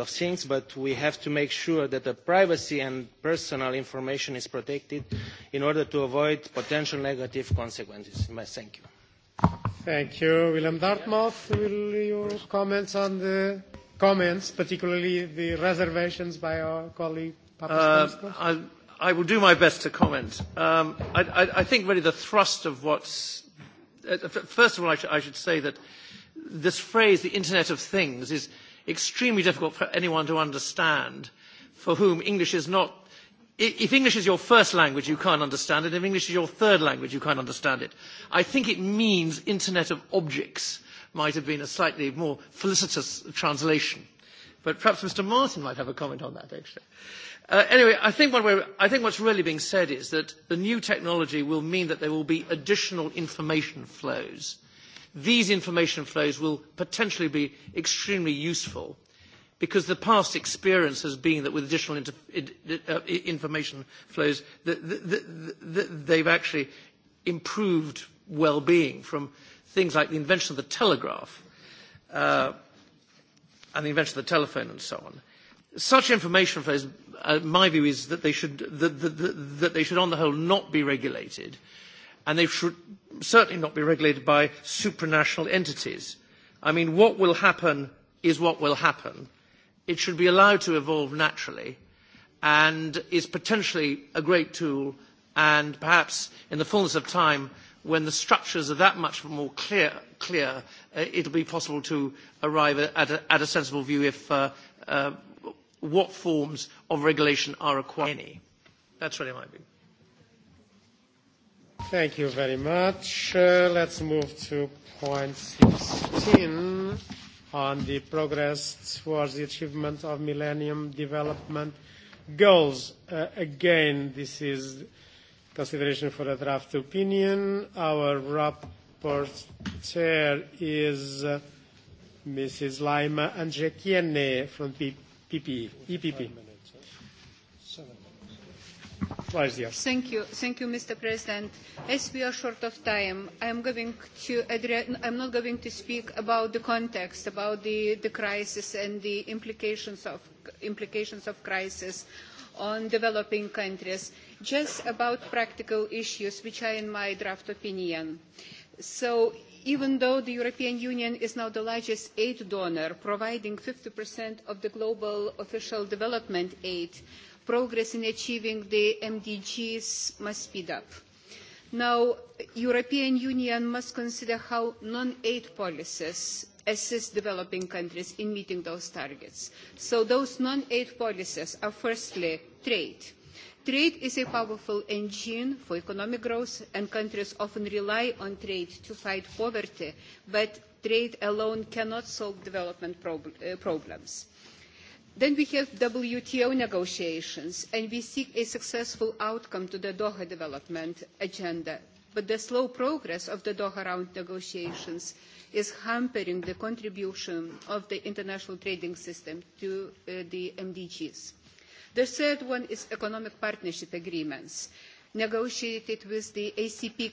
of Things, but we have to make sure that the privacy and personal information is protected in order to avoid potential negative consequences. Thank you. Thank you. Willem Dartmouth, will your comments on the comments, particularly the reservations by our colleague Papastamskos? I will do my best to comment. Um, I, I, I think really the thrust of what's uh first of all, I, sh- I should say that this phrase, the Internet of Things, is extremely difficult for anyone to understand for whom English is not. If English is your first language, you can't understand it. If English is your third language, you can't understand it. I think it means Internet of Objects might have been a slightly more felicitous translation. But perhaps Mr. Martin might have a comment on that, actually. Uh, anyway, I think, what we're, I think what's really being said is that the new technology will mean that there will be additional information flows. These information flows will potentially be extremely useful because the past experience has been that with additional information flows, that they've actually improved well-being from things like the invention of the telegraph uh, and the invention of the telephone and so on. Such information flows, uh, my view is that they should, that, that, that, that they should on the whole not be regulated, and they should certainly not be regulated by supranational entities. I mean, what will happen is what will happen. It should be allowed to evolve naturally, and is potentially a great tool, and perhaps in the fullness of time when the structures are that much more clear, clear uh, it'll be possible to arrive at a, at a sensible view if uh, uh, what forms of regulation are required. Any. That's really my view. Thank you very much. Uh, let's move to point 16 on the progress towards the achievement of Millennium Development Goals. Uh, again, this is consideration for a draft opinion. Our rapporteur is uh, Mrs. Lima Andrekiene from P- EPP. Thank you. Thank you, Mr. President. As we are short of time, I am going to address, I'm not going to speak about the context, about the, the crisis and the implications of, implications of crisis on developing countries, just about practical issues which are in my draft opinion. So even though the European Union is now the largest aid donor, providing 50% of the global official development aid, progress in achieving the MDGs must speed up. Now, the European Union must consider how non-aid policies assist developing countries in meeting those targets. So those non-aid policies are firstly trade. Trade is a powerful engine for economic growth, and countries often rely on trade to fight poverty, but trade alone cannot solve development problems. Then we have WTO negotiations, and we seek a successful outcome to the Doha development agenda. But the slow progress of the Doha round negotiations is hampering the contribution of the international trading system to the MDGs. The third one is economic partnership agreements negotiated with the ACP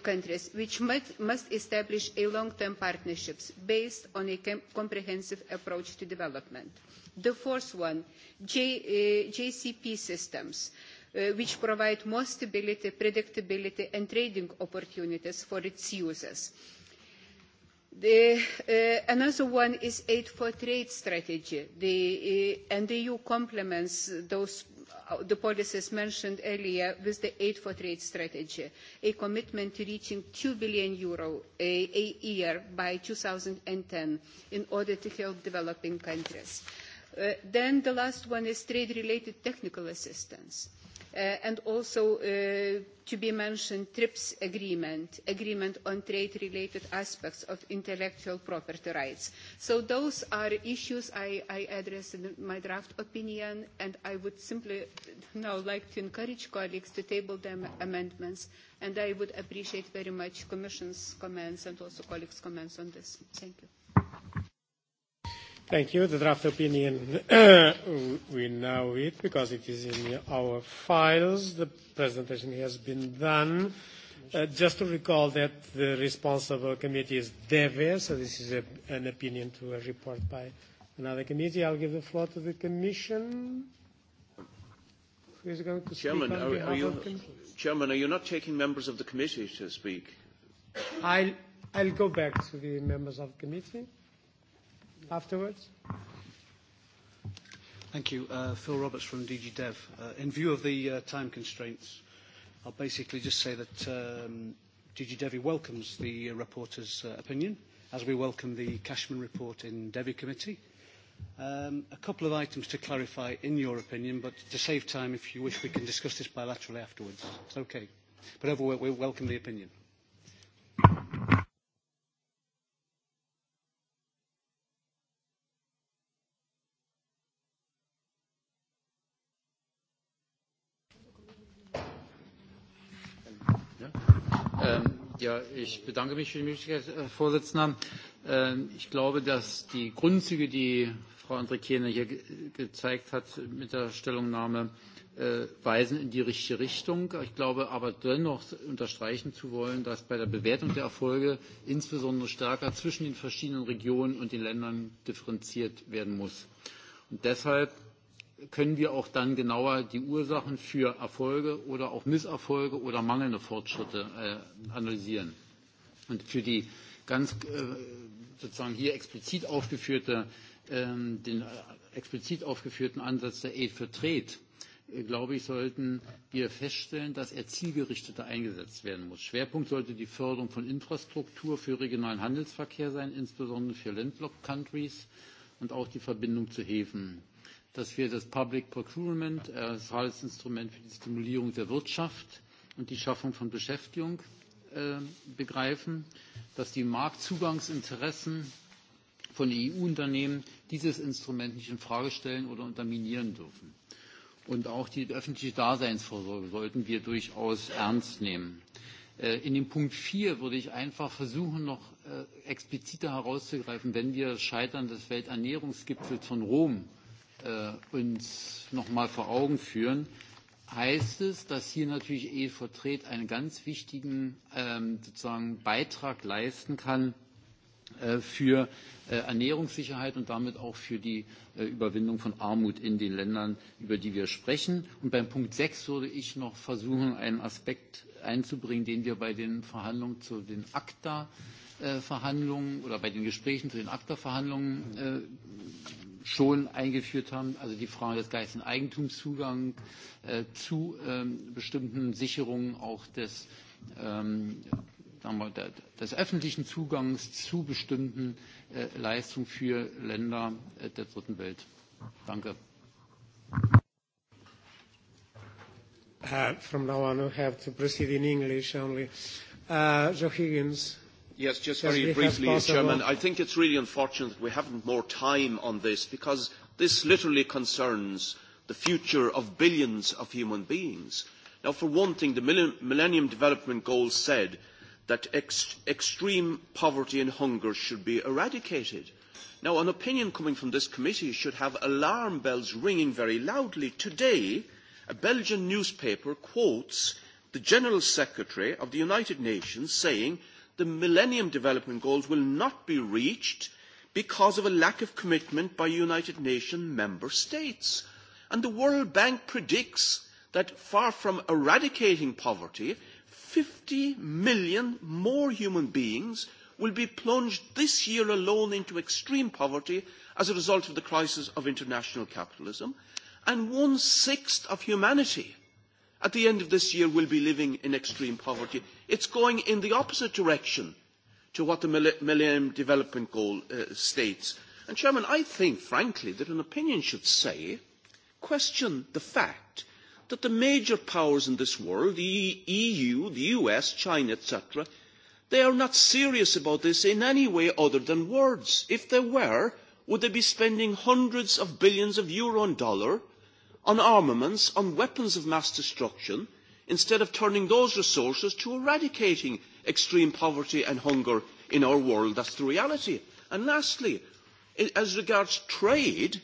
countries, which must establish a long-term partnerships based on a comprehensive approach to development. The fourth one, JCP systems, which provide more stability, predictability, and trading opportunities for its users another one is aid for trade strategy, and the EU complements those the policies mentioned earlier with the aid for trade strategy, a commitment to reaching EUR two billion a, year by ten in order to help developing countries. then the last one is trade-related technical assistance and also to be mentioned TRIPS agreement, agreement on trade-related aspects of intellectual property rights. So those are issues I, I addressed in my draft opinion, and I would simply now like to encourage colleagues to table them amendments, and I would appreciate very much Commission's comments and also colleagues' comments on this. Thank you. Thank you. The draft opinion we now read because it is in our files. The presentation has been done. Just to recall that the responsible committee is DEVE, so this is an opinion to a report by another committee. I'll give the floor to the commission. Who is going to speak on behalf of the commission? Chairman, are you not taking members of the committee to speak? I'll go back to the members of the committee afterwards? Thank you. Phil Roberts from DG Dev. in view of the time constraints, I'll basically just say that DG Devi welcomes the reporter's opinion, as we welcome the Cashman report in Devi Committee. a couple of items to clarify in your opinion, but to save time, if you wish, we can discuss this bilaterally afterwards. It's okay. But overall, we welcome the opinion. ich bedanke mich für die Möglichkeit, Herr Vorsitzender. Ich glaube, dass die Grundzüge, die Frau Andrikiene hier gezeigt hat mit der Stellungnahme, weisen in die richtige Richtung. Ich glaube aber dennoch unterstreichen zu wollen, dass bei der Bewertung der Erfolge insbesondere stärker zwischen den verschiedenen Regionen und den Ländern differenziert werden muss. Und deshalb können wir auch dann genauer die Ursachen für Erfolge oder auch Misserfolge oder mangelnde Fortschritte analysieren. Und für die ganz sozusagen hier explizit aufgeführte, den explizit aufgeführten Ansatz der Aid for Trade, glaube ich, sollten wir feststellen, dass er zielgerichteter eingesetzt werden muss. Schwerpunkt sollte die Förderung von Infrastruktur für regionalen Handelsverkehr sein, insbesondere für Landlocked Countries und auch die Verbindung zu Häfen dass wir das Public Procurement als Handelsinstrument für die Stimulierung der Wirtschaft und die Schaffung von Beschäftigung begreifen, dass die Marktzugangsinteressen von EU-Unternehmen dieses Instrument nicht in Frage stellen oder unterminieren dürfen. Und auch die öffentliche Daseinsvorsorge sollten wir durchaus ernst nehmen. In dem Punkt vier würde ich einfach versuchen, noch expliziter herauszugreifen, wenn wir das Scheitern des Welternährungsgipfels von Rom uns noch mal vor Augen führen, heißt es, dass hier natürlich E-Vertret einen ganz wichtigen sozusagen Beitrag leisten kann für Ernährungssicherheit und damit auch für die Überwindung von Armut in den Ländern, über die wir sprechen. Und beim Punkt sechs würde ich noch versuchen, einen Aspekt einzubringen, den wir bei den Verhandlungen zu den ACTA Verhandlungen oder bei den Gesprächen zu den ACTA Verhandlungen schon eingeführt haben, also die Frage des geistigen Eigentumszugangs zu bestimmten Sicherungen auch des, sagen wir, des öffentlichen Zugangs zu bestimmten Leistungen für Länder der dritten Welt. Danke. from now on, have to proceed in English only. Uh, Joe Higgins Yes, just very briefly, Chairman. I think it's really unfortunate that we haven't more time on this because this literally concerns the future of billions of human beings. Now, for one thing, the Millennium Development Goals said that extreme poverty and hunger should be eradicated. Now, an opinion coming from this committee should have alarm bells ringing very loudly. Today, a Belgian newspaper quotes the General Secretary of the United Nations saying the Millennium Development Goals will not be reached because of a lack of commitment by United Nations member states. And the World Bank predicts that far from eradicating poverty, fifty million more human beings will be plunged this year alone into extreme poverty as a result of the crisis of international capitalism, and one sixth of humanity at the end of this year will be living in extreme poverty. It's going in the opposite direction to what the Millennium Development Goal states. And Chairman, I think, frankly, that an opinion should say, question the fact that the major powers in this world, the EU, the US, China, etc., they are not serious about this in any way other than words. If they were, would they be spending hundreds of billions of euro and dollar on armaments, on weapons of mass destruction, instead of turning those resources to eradicating extreme poverty and hunger in our world. That's the reality. And lastly, as regards trade,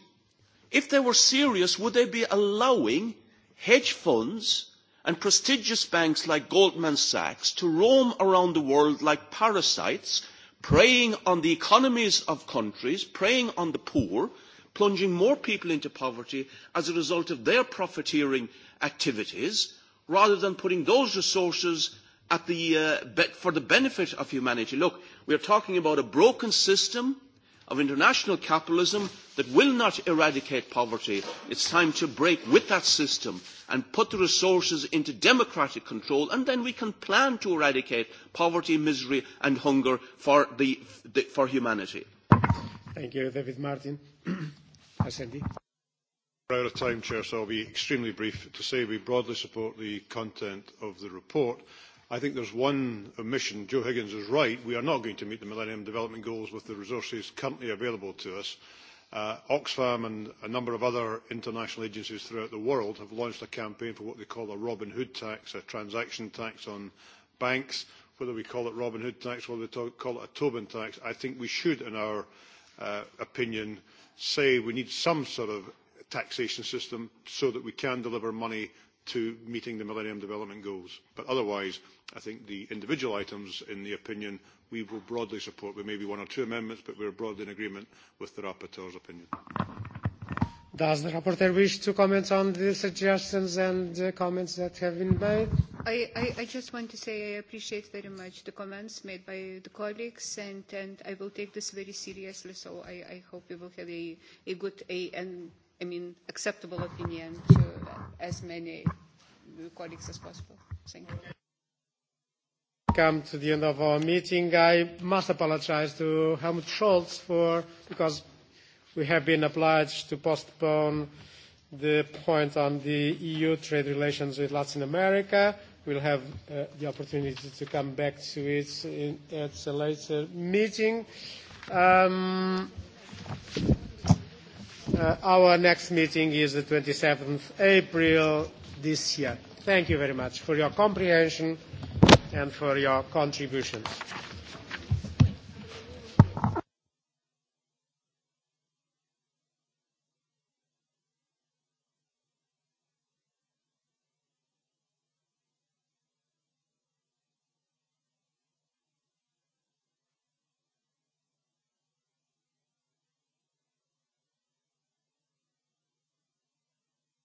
if they were serious, would they be allowing hedge funds and prestigious banks like Goldman Sachs to roam around the world like parasites, preying on the economies of countries, preying on the poor, plunging more people into poverty as a result of their profiteering activities, rather than putting those resources at the, uh, for the benefit of humanity. Look, we are talking about a broken system of international capitalism that will not eradicate poverty. It's time to break with that system and put the resources into democratic control, and then we can plan to eradicate poverty, misery, and hunger for, the, the, for humanity. Thank you, David Martin. We're out of time, Chair, so I'll be extremely brief to say we broadly support the content of the report. I think there's one omission. Joe Higgins is right. We are not going to meet the Millennium Development Goals with the resources currently available to us. Oxfam and a number of other international agencies throughout the world have launched a campaign for what they call a Robin Hood tax, a transaction tax on banks. Whether we call it Robin Hood tax, whether we call it a Tobin tax, I think we should, in our opinion, say we need some sort of taxation system so that we can deliver money to meeting the Millennium Development Goals. But otherwise, I think the individual items in the opinion we will broadly support. There may be one or two amendments, but we are broadly in agreement with the rapporteur's opinion. Does the rapporteur wish to comment on the suggestions and the comments that have been made? I, I, I just want to say I appreciate very much the comments made by the colleagues, and, and I will take this very seriously. So I, I hope we will have a, a good a, and I mean, acceptable opinion to as many colleagues as possible. Thank you. Come to the end of our meeting. I must apologize to Helmut Scholz for because we have been obliged to postpone the point on the EU trade relations with Latin America. We'll have uh, the opportunity to come back to it in, at a later meeting. Um, our next meeting is the 27th April this year. Thank you very much for your comprehension and for your contributions.